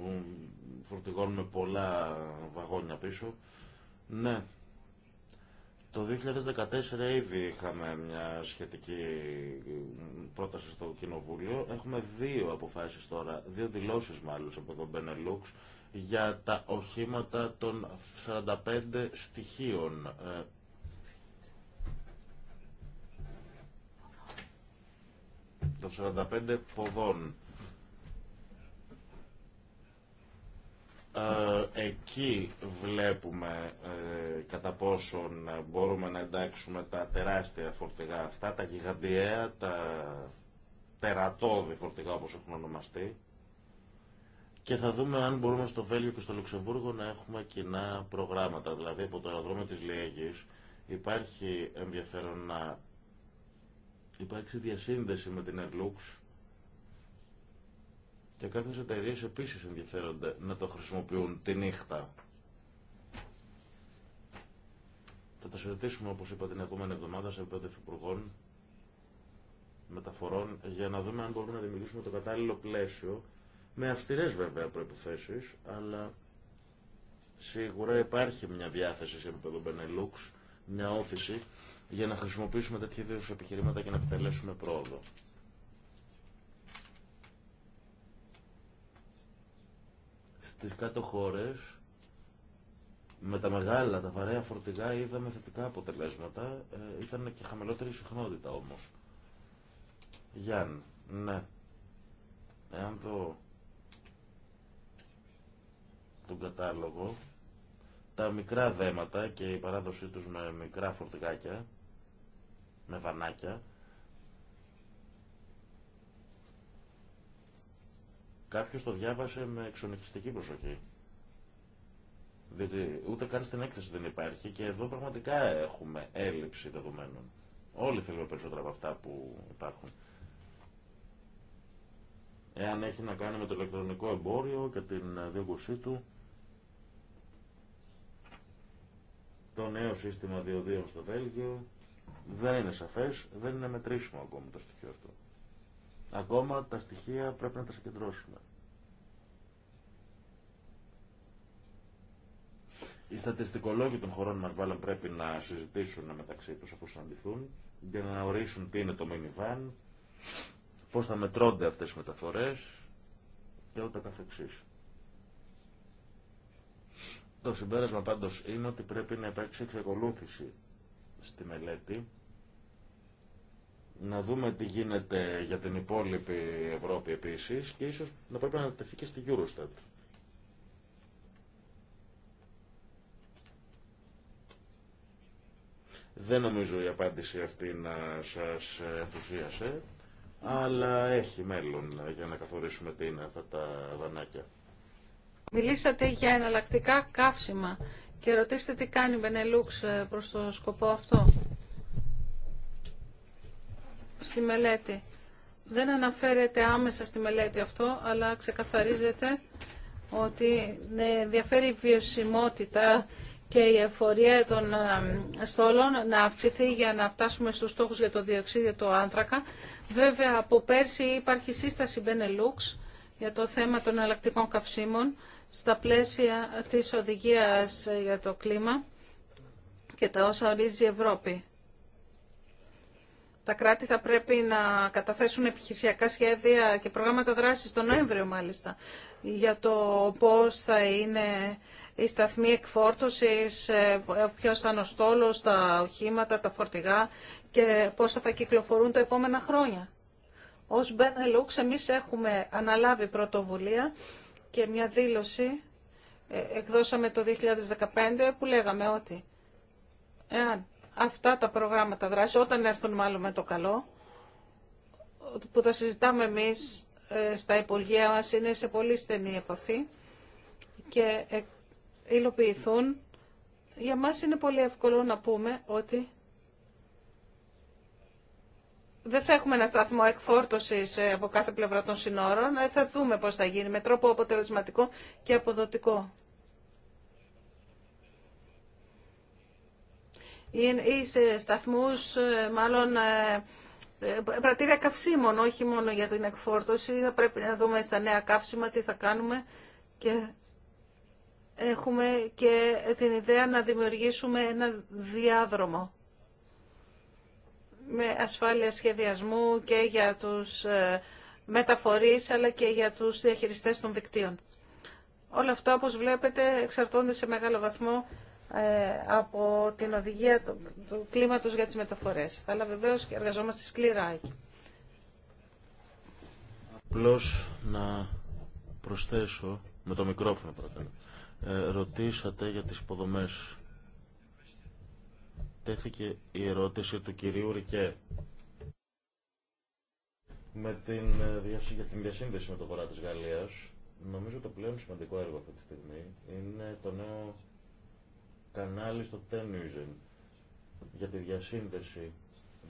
φορτηγών με πολλά βαγόνια πίσω. Ναι, το 2014 ήδη είχαμε μια σχετική πρόταση στο Κοινοβούλιο. Έχουμε δύο αποφάσεις τώρα, δύο δηλώσεις μάλλον από τον Benelux για τα οχήματα των 45 στοιχείων. Ε, των 45 ποδών. Ε, εκεί βλέπουμε ε, κατά πόσον μπορούμε να εντάξουμε τα τεράστια φορτηγά αυτά, τα γιγαντιαία, τα τερατώδη φορτηγά όπως έχουν ονομαστεί. Και θα δούμε αν μπορούμε στο Βέλγιο και στο Λουξεμβούργο να έχουμε κοινά προγράμματα. Δηλαδή από το αεροδρόμιο της Λιέγης υπάρχει ενδιαφέρον να υπάρξει διασύνδεση με την Airlux και κάποιες εταιρείες επίσης ενδιαφέρονται να το χρησιμοποιούν τη νύχτα. Θα τα συζητήσουμε όπως είπα την επόμενη εβδομάδα σε επίπεδο υπουργών μεταφορών για να δούμε αν μπορούμε να δημιουργήσουμε το κατάλληλο πλαίσιο με αυστηρές βέβαια προϋποθέσεις, αλλά σίγουρα υπάρχει μια διάθεση σε επίπεδο Benelux, μια όθηση για να χρησιμοποιήσουμε τέτοια δύο επιχειρήματα και να επιτελέσουμε πρόοδο. Στις κάτω χώρες, με τα μεγάλα, τα βαρέα φορτηγά είδαμε θετικά αποτελέσματα, ε, ήταν και χαμηλότερη συχνότητα όμως. Γιάννη, ναι, εάν δω τον κατάλογο, τα μικρά δέματα και η παράδοσή τους με μικρά φορτηγάκια, με βανάκια, κάποιος το διάβασε με εξονυχιστική προσοχή. Διότι ούτε καν στην έκθεση δεν υπάρχει και εδώ πραγματικά έχουμε έλλειψη δεδομένων. Όλοι θέλουμε περισσότερα από αυτά που υπάρχουν. Εάν έχει να κάνει με το ηλεκτρονικό εμπόριο και την διόγκωσή του, το νέο σύστημα διοδίων στο Βέλγιο δεν είναι σαφές, δεν είναι μετρήσιμο ακόμα το στοιχείο αυτό. Ακόμα τα στοιχεία πρέπει να τα συγκεντρώσουμε. Οι στατιστικολόγοι των χωρών μας βάλαν πρέπει να συζητήσουν μεταξύ τους αφού συναντηθούν για να ορίσουν τι είναι το minivan, πώς θα μετρώνται αυτές οι μεταφορές και ούτε καθεξής. Το συμπέρασμα πάντως είναι ότι πρέπει να υπάρξει εξακολούθηση στη μελέτη να δούμε τι γίνεται για την υπόλοιπη Ευρώπη επίσης και ίσως να πρέπει να τεθεί και στη Eurostat. Δεν νομίζω η απάντηση αυτή να σας ενθουσίασε, αλλά έχει μέλλον για να καθορίσουμε τι είναι αυτά τα δανάκια. Μιλήσατε για εναλλακτικά καύσιμα και ρωτήστε τι κάνει η Μπενελούξ ε, προς το σκοπό αυτό. Στη μελέτη. Δεν αναφέρεται άμεσα στη μελέτη αυτό, αλλά ξεκαθαρίζεται ότι ναι, διαφέρει η βιωσιμότητα και η εφορία των ε, στόλων να αυξηθεί για να φτάσουμε στους στόχους για το διοξίδιο του άνθρακα. Βέβαια, από πέρσι υπάρχει σύσταση Μπενελούξ για το θέμα των εναλλακτικών καυσίμων στα πλαίσια της οδηγίας για το κλίμα και τα όσα ορίζει η Ευρώπη. Τα κράτη θα πρέπει να καταθέσουν επιχειρησιακά σχέδια και προγράμματα δράσης τον Νοέμβριο μάλιστα για το πώς θα είναι η σταθμή εκφόρτωσης, ε, ποιος θα είναι ο στόλος, τα οχήματα, τα φορτηγά και πώς θα, κυκλοφορούν τα επόμενα χρόνια. Ως Benelux εμείς έχουμε αναλάβει πρωτοβουλία και μια δήλωση ε, εκδώσαμε το 2015 που λέγαμε ότι εάν αυτά τα προγράμματα δράση, όταν έρθουν μάλλον με το καλό, που τα συζητάμε εμείς ε, στα Υπουργεία μας, είναι σε πολύ στενή επαφή και ε, υλοποιηθούν, για μας είναι πολύ εύκολο να πούμε ότι δεν θα έχουμε ένα σταθμό εκφόρτωση ε, από κάθε πλευρά των συνόρων. Ε, θα δούμε πώς θα γίνει με τρόπο αποτελεσματικό και αποδοτικό. Ή σε σταθμούς, ε, μάλλον πρατήρια καυσίμων, όχι μόνο για την εκφόρτωση. Θα πρέπει να δούμε στα νέα καύσιμα τι θα κάνουμε και έχουμε και την ιδέα να δημιουργήσουμε ένα διάδρομο με ασφάλεια σχεδιασμού και για τους ε, μεταφορείς αλλά και για τους διαχειριστές των δικτύων. Όλα αυτά, όπως βλέπετε, εξαρτώνται σε μεγάλο βαθμό ε, από την οδηγία του κλίματος για τις μεταφορές. Αλλά βεβαίως εργαζόμαστε σκληρά εκεί. Απλώς να προσθέσω με το μικρόφωνο πρώτα. Ε, ρωτήσατε για τις υποδομές τέθηκε η ερώτηση του κυρίου Ρικέ με την, ε, για την διασύνδεση με το βορρά της Γαλλίας. Νομίζω το πλέον σημαντικό έργο αυτή τη στιγμή είναι το νέο κανάλι στο Τένουιζεν για τη διασύνδεση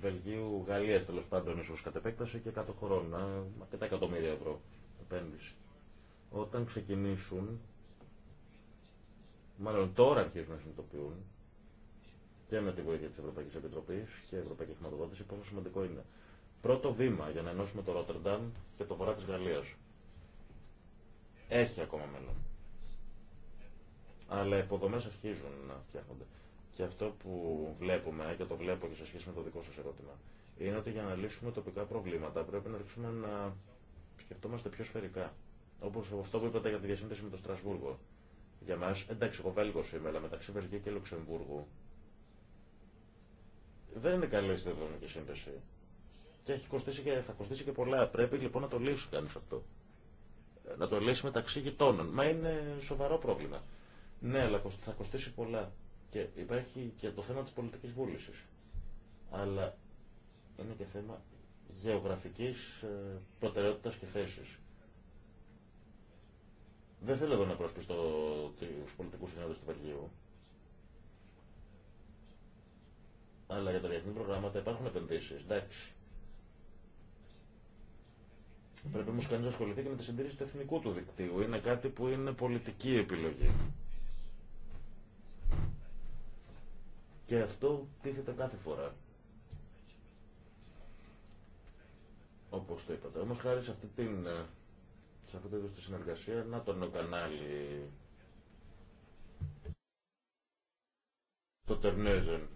Βελγίου-Γαλλίας τέλο πάντων ίσως κατ' επέκταση και κάτω χωρών, ε, αρκετά εκατομμύρια ευρώ επένδυση. Όταν ξεκινήσουν, μάλλον τώρα αρχίζουν να συνειδητοποιούν και με τη βοήθεια τη Ευρωπαϊκή Επιτροπή και Ευρωπαϊκή Χρηματοδότηση πόσο σημαντικό είναι. Πρώτο βήμα για να ενώσουμε το Ρότερνταμ και το βορρά τη Γαλλία. Έχει ακόμα μέλλον. Αλλά οι αρχίζουν να φτιάχνονται. Και αυτό που βλέπουμε, και το βλέπω και σε σχέση με το δικό σα ερώτημα, είναι ότι για να λύσουμε τοπικά προβλήματα πρέπει να αρχίσουμε να σκεφτόμαστε πιο σφαιρικά. Όπω αυτό που είπατε για τη διασύνδεση με το Στρασβούργο. Για μα, εντάξει, εγώ Βέλγο είμαι, αλλά μεταξύ Βελγίου και Λουξεμβούργου δεν είναι καλή η συνδεδομική σύνδεση. Και, έχει κοστίσει και θα κοστίσει και πολλά. Πρέπει λοιπόν να το λύσει κανεί αυτό. Ε, να το λύσει μεταξύ γειτόνων. Μα είναι σοβαρό πρόβλημα. Ναι, αλλά θα κοστίσει πολλά. Και υπάρχει και το θέμα τη πολιτική βούληση. Αλλά είναι και θέμα γεωγραφική ε, προτεραιότητα και θέση. Δεν θέλω εδώ να προσπιστώ του πολιτικού συνέδρου του Βελγίου. Αλλά για τα διεθνή προγράμματα υπάρχουν επενδύσει. Εντάξει. Πρέπει όμω κανεί να ασχοληθεί και με τη συντήρηση του εθνικού του δικτύου. Είναι κάτι που είναι πολιτική επιλογή. Και αυτό τίθεται κάθε φορά. Όπως το είπατε. Όμως χάρη σε αυτή την σε τη συνεργασία να τον κανάλι το Τερνέζεν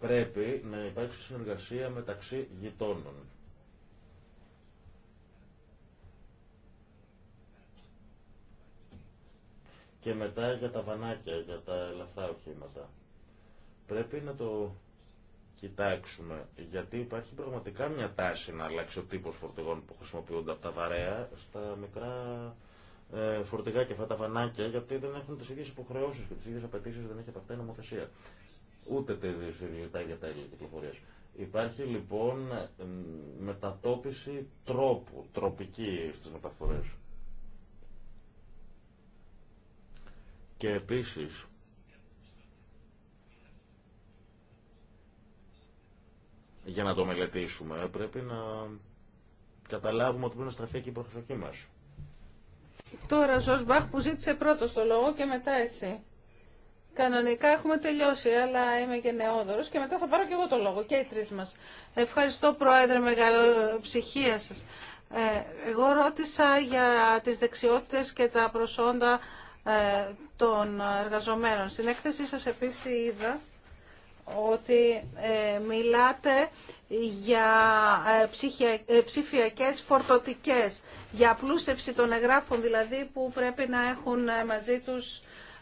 Πρέπει να υπάρξει συνεργασία μεταξύ γειτόνων. Και μετά για τα βανάκια, για τα ελαφρά οχήματα. Πρέπει να το κοιτάξουμε, γιατί υπάρχει πραγματικά μια τάση να αλλάξει ο τύπος φορτηγών που χρησιμοποιούνται από τα βαρέα στα μικρά ε, φορτηγά και αυτά τα βανάκια, γιατί δεν έχουν τις ίδιες υποχρεώσεις και τι ίδιε απαιτήσει, δεν έχει απαιτήσει νομοθεσία ούτε τα ίδια για τα έργα κυκλοφορία. Υπάρχει λοιπόν μετατόπιση τρόπου, τροπική στις μεταφορές. Και επίσης, για να το μελετήσουμε, πρέπει να καταλάβουμε ότι πρέπει να στραφεί και η προσοχή μας. Τώρα ο που ζήτησε πρώτος το λόγο και μετά εσύ. Κανονικά έχουμε τελειώσει, αλλά είμαι και νεόδωρο και μετά θα πάρω και εγώ το λόγο και οι τρει μας. Ευχαριστώ Πρόεδρε, μεγάλη ψυχία σας. Ε, εγώ ρώτησα για τις δεξιότητες και τα προσόντα ε, των εργαζομένων. Στην έκθεσή σα επίσης είδα ότι ε, μιλάτε για ψηφιακές φορτωτικές, για πλούσευση των εγγράφων δηλαδή που πρέπει να έχουν μαζί τους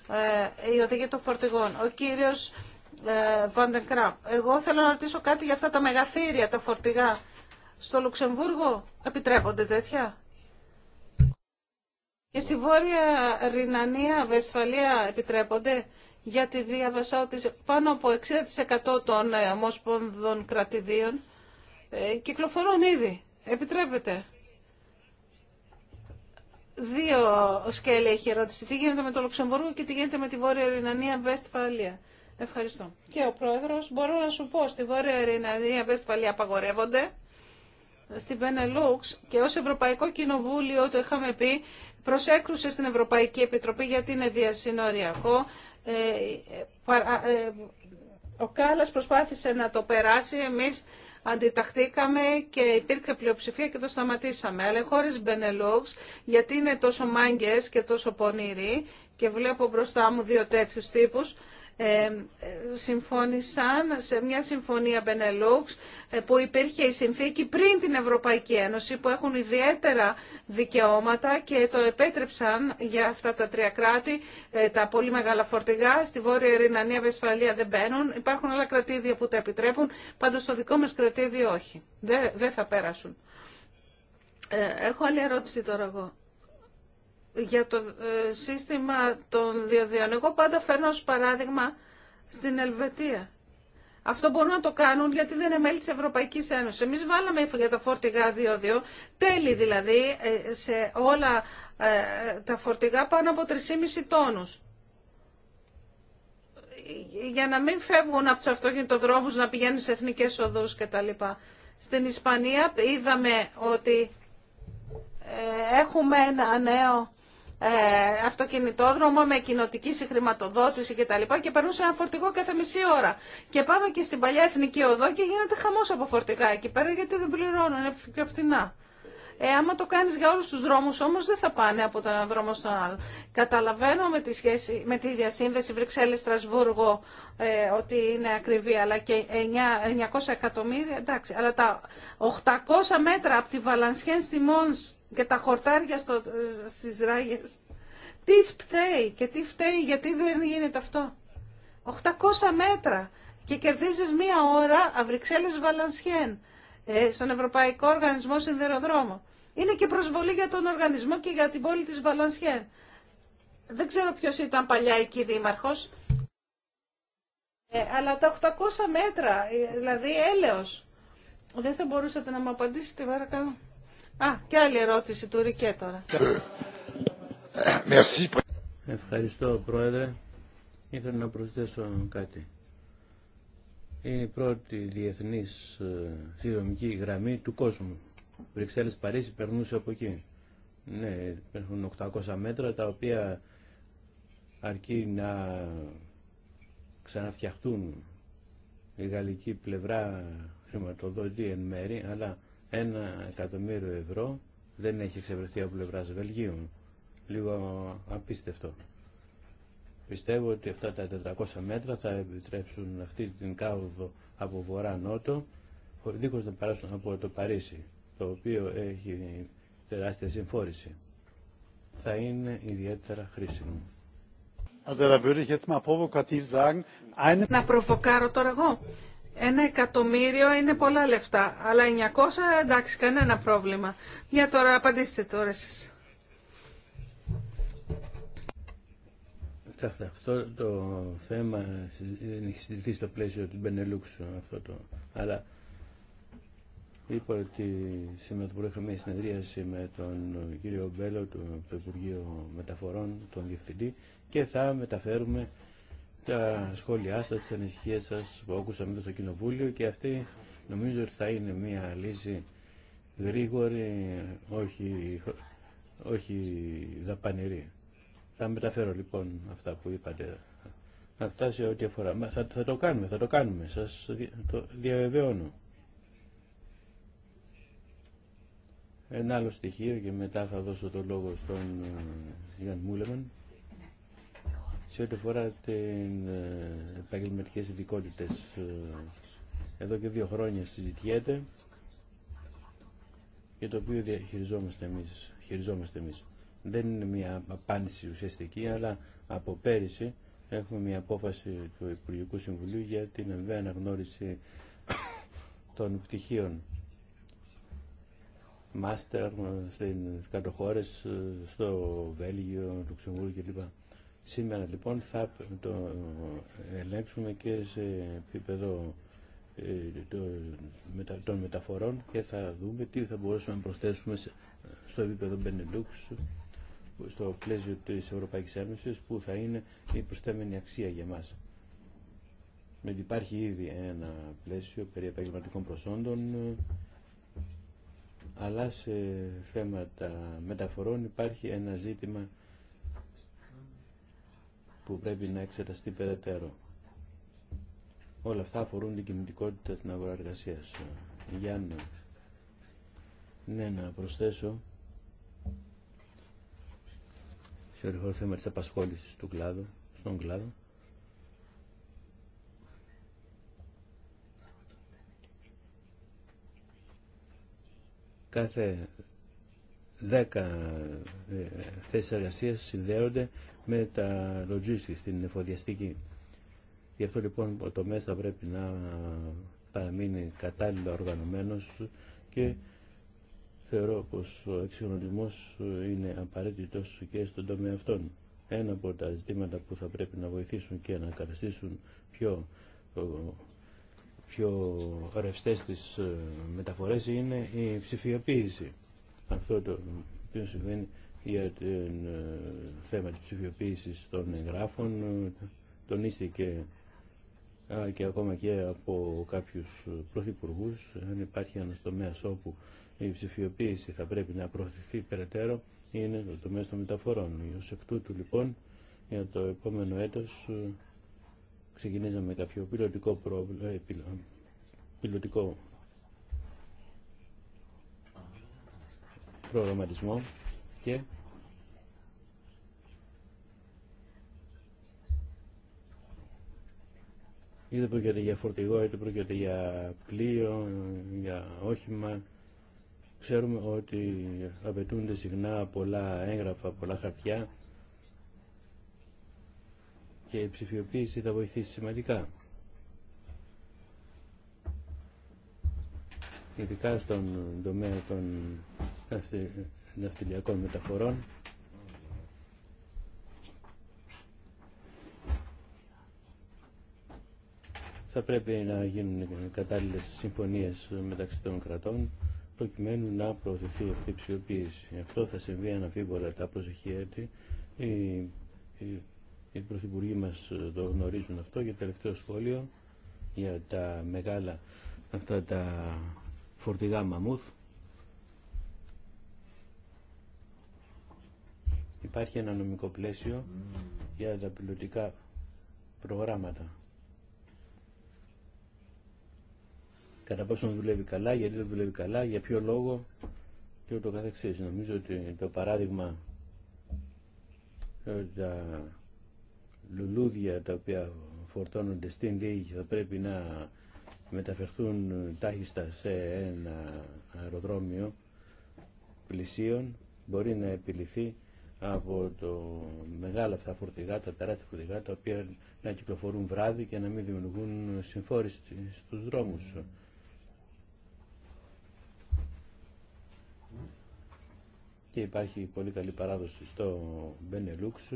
ε, η οδηγία των φορτηγών. Ο κύριος Βαντεκρά, εγώ θέλω να ρωτήσω κάτι για αυτά τα μεγαθύρια, τα φορτηγά. Στο Λουξεμβούργο επιτρέπονται τέτοια. Και στη Βόρεια Ρινανία, Βεσφαλία επιτρέπονται γιατί τη ότι πάνω από 60% των ε, ομόσπονδων κρατηδίων ε, κυκλοφορούν ήδη. Επιτρέπεται. Δύο σκέλη έχει ερώτηση. Τι γίνεται με το Λουξεμβούργο και τι γίνεται με τη Βόρεια Ρινανία Βεστφαλία. Ευχαριστώ. Και ο πρόεδρος, μπορώ να σου πω, στη Βόρεια Ρινανία Βεστφαλία απαγορεύονται. Στην Πενελούξ και ως Ευρωπαϊκό Κοινοβούλιο το είχαμε πει, προσέκρουσε στην Ευρωπαϊκή Επιτροπή γιατί είναι διασυνοριακό. Ε, ε, ε, ο Κάλλας προσπάθησε να το περάσει, εμείς αντιταχθήκαμε και υπήρξε πλειοψηφία και το σταματήσαμε. Αλλά οι χώρες γιατί είναι τόσο μάγκες και τόσο πονηροί και βλέπω μπροστά μου δύο τέτοιους τύπους, ε, ε, συμφώνησαν σε μια συμφωνία Benelux ε, που υπήρχε η συνθήκη πριν την Ευρωπαϊκή Ένωση που έχουν ιδιαίτερα δικαιώματα και το επέτρεψαν για αυτά τα τρία κράτη τα πολύ μεγάλα φορτηγά. Στη Βόρεια Ρινανία Βεσφαλία δεν μπαίνουν. Υπάρχουν άλλα κρατήδια που τα επιτρέπουν. Πάντως στο δικό μας κρατήδιο όχι. Δεν, δεν θα πέρασουν. έχω άλλη ερώτηση τώρα εγώ για το ε, σύστημα των διοδίων. Εγώ πάντα φέρνω ως παράδειγμα στην Ελβετία. Αυτό μπορούν να το κάνουν γιατί δεν είναι μέλη της Ευρωπαϊκής Ένωσης. Εμείς βάλαμε για τα φορτηγά διόδιο, τέλη δηλαδή, ε, σε όλα ε, τα φορτηγά πάνω από 3,5 τόνους. Για να μην φεύγουν από τους αυτοκινητοδρόμους να πηγαίνουν σε εθνικές οδούς κτλ. Στην Ισπανία είδαμε ότι έχουμε ένα νέο ε, αυτοκινητόδρομο με κοινοτική συγχρηματοδότηση κτλ. Και, και περνούσε ένα φορτηγό κάθε μισή ώρα. Και πάμε και στην παλιά εθνική οδό και γίνεται χαμό από φορτηγά εκεί πέρα γιατί δεν πληρώνουν, είναι πιο φθηνά. Ε, άμα το κάνεις για όλους τους δρόμους όμως δεν θα πάνε από τον ένα δρόμο στον άλλο. Καταλαβαίνω με τη, σχέση, με τη διασύνδεση Βρυξέλλες-Στρασβούργο ε, ότι είναι ακριβή, αλλά και 900 εκατομμύρια, εντάξει, αλλά τα 800 μέτρα από τη Βαλανσιέν στη και τα χορτάρια στο, στις ράγες. Τι φταίει και τι φταίει, γιατί δεν γίνεται αυτό. 800 μέτρα και κερδίζεις μία ώρα Αβρυξέλλες Βαλανσιέν ε, στον Ευρωπαϊκό Οργανισμό συνδέροδρομο. Είναι και προσβολή για τον οργανισμό και για την πόλη της Βαλανσιέν. Δεν ξέρω ποιος ήταν παλιά εκεί δήμαρχος. Ε, αλλά τα 800 μέτρα, ε, δηλαδή έλεος. Δεν θα μπορούσατε να μου απαντήσετε, παρακαλώ. Α, και άλλη ερώτηση του Ρικέ τώρα. Ευχαριστώ, Πρόεδρε. Ήθελα να προσθέσω κάτι. Είναι η πρώτη διεθνής θηρομική ε, γραμμή του κόσμου. Βρυξέλλες Παρίσι περνούσε από εκεί. Ναι, υπάρχουν 800 μέτρα τα οποία αρκεί να ξαναφτιαχτούν η γαλλική πλευρά χρηματοδότη εν μέρη, αλλά ένα εκατομμύριο ευρώ δεν έχει εξευρεθεί από πλευρά Βελγίου. Λίγο απίστευτο. Πιστεύω ότι αυτά τα 400 μέτρα θα επιτρέψουν αυτή την καοδο απο από βορρά-νότο, δίχως να περάσουν από το Παρίσι, το οποίο έχει τεράστια συμφόρηση. Θα είναι ιδιαίτερα χρήσιμο. Να προβοκάρω τώρα εγώ. Ένα εκατομμύριο είναι πολλά λεφτά, αλλά 900 εντάξει, κανένα πρόβλημα. Για τώρα, απαντήστε τώρα εσείς. Αυτό το θέμα δεν έχει συζητηθεί στο πλαίσιο του Μπενελούξ αυτό το. Αλλά είπα ότι σήμερα το πρωί μια συνεδρίαση με τον κύριο Μπέλο, του το Υπουργείο Μεταφορών, τον Διευθυντή και θα μεταφέρουμε τα σχόλιά σας, τις ανησυχίες σας που ακούσαμε στο Κοινοβούλιο και αυτή νομίζω ότι θα είναι μια λύση γρήγορη, όχι, όχι δαπανηρή. Θα μεταφέρω λοιπόν αυτά που είπατε. Να φτάσει ό,τι αφορά. Θα, θα το κάνουμε, θα το κάνουμε. Σας το διαβεβαιώνω. Ένα άλλο στοιχείο και μετά θα δώσω το λόγο στον ε, Γιάννη Μούλεμαν σε ό,τι αφορά τι ε, επαγγελματικέ ειδικότητε. Ε, εδώ και δύο χρόνια συζητιέται και το οποίο χειριζόμαστε εμείς. Χειριζόμαστε εμείς. Δεν είναι μια απάντηση ουσιαστική, αλλά από πέρυσι έχουμε μια απόφαση του Υπουργικού Συμβουλίου για την εμβέα αναγνώριση των πτυχίων μάστερ στις κάτω ε, στο Βέλγιο, Λουξεμβούργο κλπ. Σήμερα λοιπόν θα το ελέγξουμε και σε επίπεδο ε, των μεταφορών και θα δούμε τι θα μπορούσαμε να προσθέσουμε στο επίπεδο Benelux στο πλαίσιο της Ευρωπαϊκής Ένωσης που θα είναι η προσθέμενη αξία για μας. υπάρχει ήδη ένα πλαίσιο περί επαγγελματικών προσόντων αλλά σε θέματα μεταφορών υπάρχει ένα ζήτημα που πρέπει να εξεταστεί περαιτέρω. Όλα αυτά αφορούν την κινητικότητα της αγορά εργασία. ναι, να προσθέσω σε το θέμα της απασχόλησης του κλάδου, στον κλάδο. Κάθε 10 ε, θέσει εργασία συνδέονται με τα logistics, στην εφοδιαστική. Γι' αυτό λοιπόν ο τομέας θα πρέπει να παραμείνει κατάλληλα οργανωμένος και θεωρώ πως ο εξοικονομισμό είναι απαραίτητος και στον τομέα αυτών. Ένα από τα ζητήματα που θα πρέπει να βοηθήσουν και να καταστήσουν πιο, πιο ρευστές τις ε, μεταφορές είναι η ψηφιοποίηση αυτό το οποίο συμβαίνει για το ε, θέμα της ψηφιοποίησης των εγγράφων ε, τονίστηκε και ακόμα και από κάποιους πρωθυπουργούς αν υπάρχει ένα τομέα όπου η ψηφιοποίηση θα πρέπει να προωθηθεί περαιτέρω είναι το τομέα των μεταφορών. Ως εκ τούτου λοιπόν για το επόμενο έτος ε, ξεκινήσαμε κάποιο πιλωτικό, πιλωτικό προγραμματισμό και είτε πρόκειται για φορτηγό, είτε πρόκειται για πλοίο, για όχημα. Ξέρουμε ότι απαιτούνται συχνά πολλά έγγραφα, πολλά χαρτιά και η ψηφιοποίηση θα βοηθήσει σημαντικά. ειδικά στον τομέα των ναυτιλιακών μεταφορών. Θα πρέπει να γίνουν κατάλληλες συμφωνίες μεταξύ των κρατών προκειμένου να προωθηθεί αυτή η ψηφιοποίηση. Αυτό θα συμβεί αναφίβολα τα προσοχή έτη. Οι, οι, οι πρωθυπουργοί μας το γνωρίζουν αυτό για τελευταίο σχόλιο για τα μεγάλα αυτά τα φορτηγά μαμούθ. Υπάρχει ένα νομικό πλαίσιο για τα πιλωτικά προγράμματα. Κατά πόσο δουλεύει καλά, γιατί δεν δουλεύει καλά, για ποιο λόγο και ούτω καθεξής. Νομίζω ότι το παράδειγμα ε, τα λουλούδια τα οποία φορτώνονται στην Λίγη θα πρέπει να μεταφερθούν τάχιστα σε ένα αεροδρόμιο πλησίων μπορεί να επιληθεί από το μεγάλα αυτά φορτηγά, τα τεράστια φορτηγά, τα οποία να κυκλοφορούν βράδυ και να μην δημιουργούν συμφόρηση στους δρόμους. Και υπάρχει πολύ καλή παράδοση στο Μπενελούξ,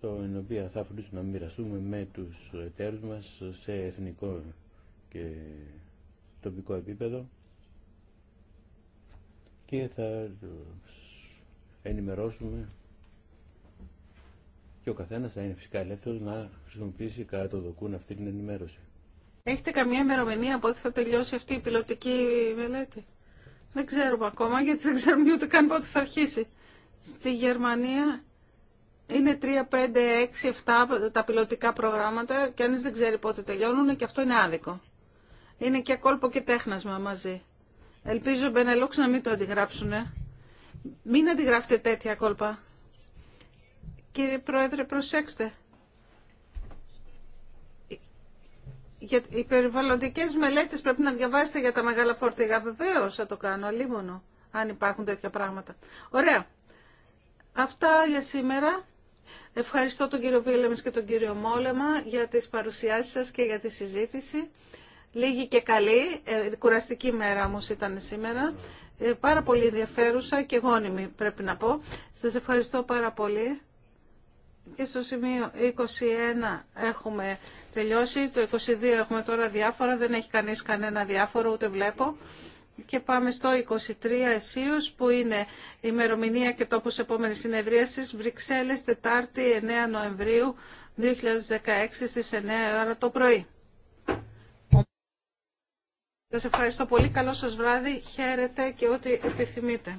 το οποίο θα φροντίσουμε να μοιραστούμε με τους εταίρους μας σε εθνικό και τοπικό επίπεδο και θα ενημερώσουμε και ο καθένα θα είναι φυσικά ελεύθερο να χρησιμοποιήσει κατά το δοκούν αυτή την ενημέρωση. Έχετε καμία ημερομηνία από θα τελειώσει αυτή η πιλωτική μελέτη. Δεν ξέρουμε ακόμα γιατί δεν ξέρουμε ούτε καν πότε θα αρχίσει. Στη Γερμανία είναι 3, 5, 6, 7 τα πιλωτικά προγράμματα και αν δεν ξέρει πότε τελειώνουν και αυτό είναι άδικο. Είναι και κόλπο και τέχνασμα μαζί. Ελπίζω Μπενελούξ να μην το αντιγράψουνε. Μην αντιγράφετε τέτοια κόλπα. Κύριε Πρόεδρε, προσέξτε. Για οι περιβαλλοντικέ μελέτες πρέπει να διαβάσετε για τα μεγάλα φορτηγά. Βεβαίω θα το κάνω, αλίμονο, αν υπάρχουν τέτοια πράγματα. Ωραία. Αυτά για σήμερα. Ευχαριστώ τον κύριο Βίλεμς και τον κύριο Μόλεμα για τις παρουσιάσεις σας και για τη συζήτηση. Λίγη και καλή, ε, κουραστική μέρα όμως ήταν σήμερα. Ε, πάρα πολύ ενδιαφέρουσα και γόνιμη πρέπει να πω. Σας ευχαριστώ πάρα πολύ. Και στο σημείο 21 έχουμε τελειώσει, το 22 έχουμε τώρα διάφορα, δεν έχει κανείς κανένα διάφορο, ούτε βλέπω. Και πάμε στο 23 Εσίους που είναι η ημερομηνία και τόπος επόμενης συνεδρίασης Βρυξέλλες, Τετάρτη 9 Νοεμβρίου 2016 στις 9 ώρα το πρωί. Σας ευχαριστώ πολύ. Καλό σας βράδυ. Χαίρετε και ό,τι επιθυμείτε.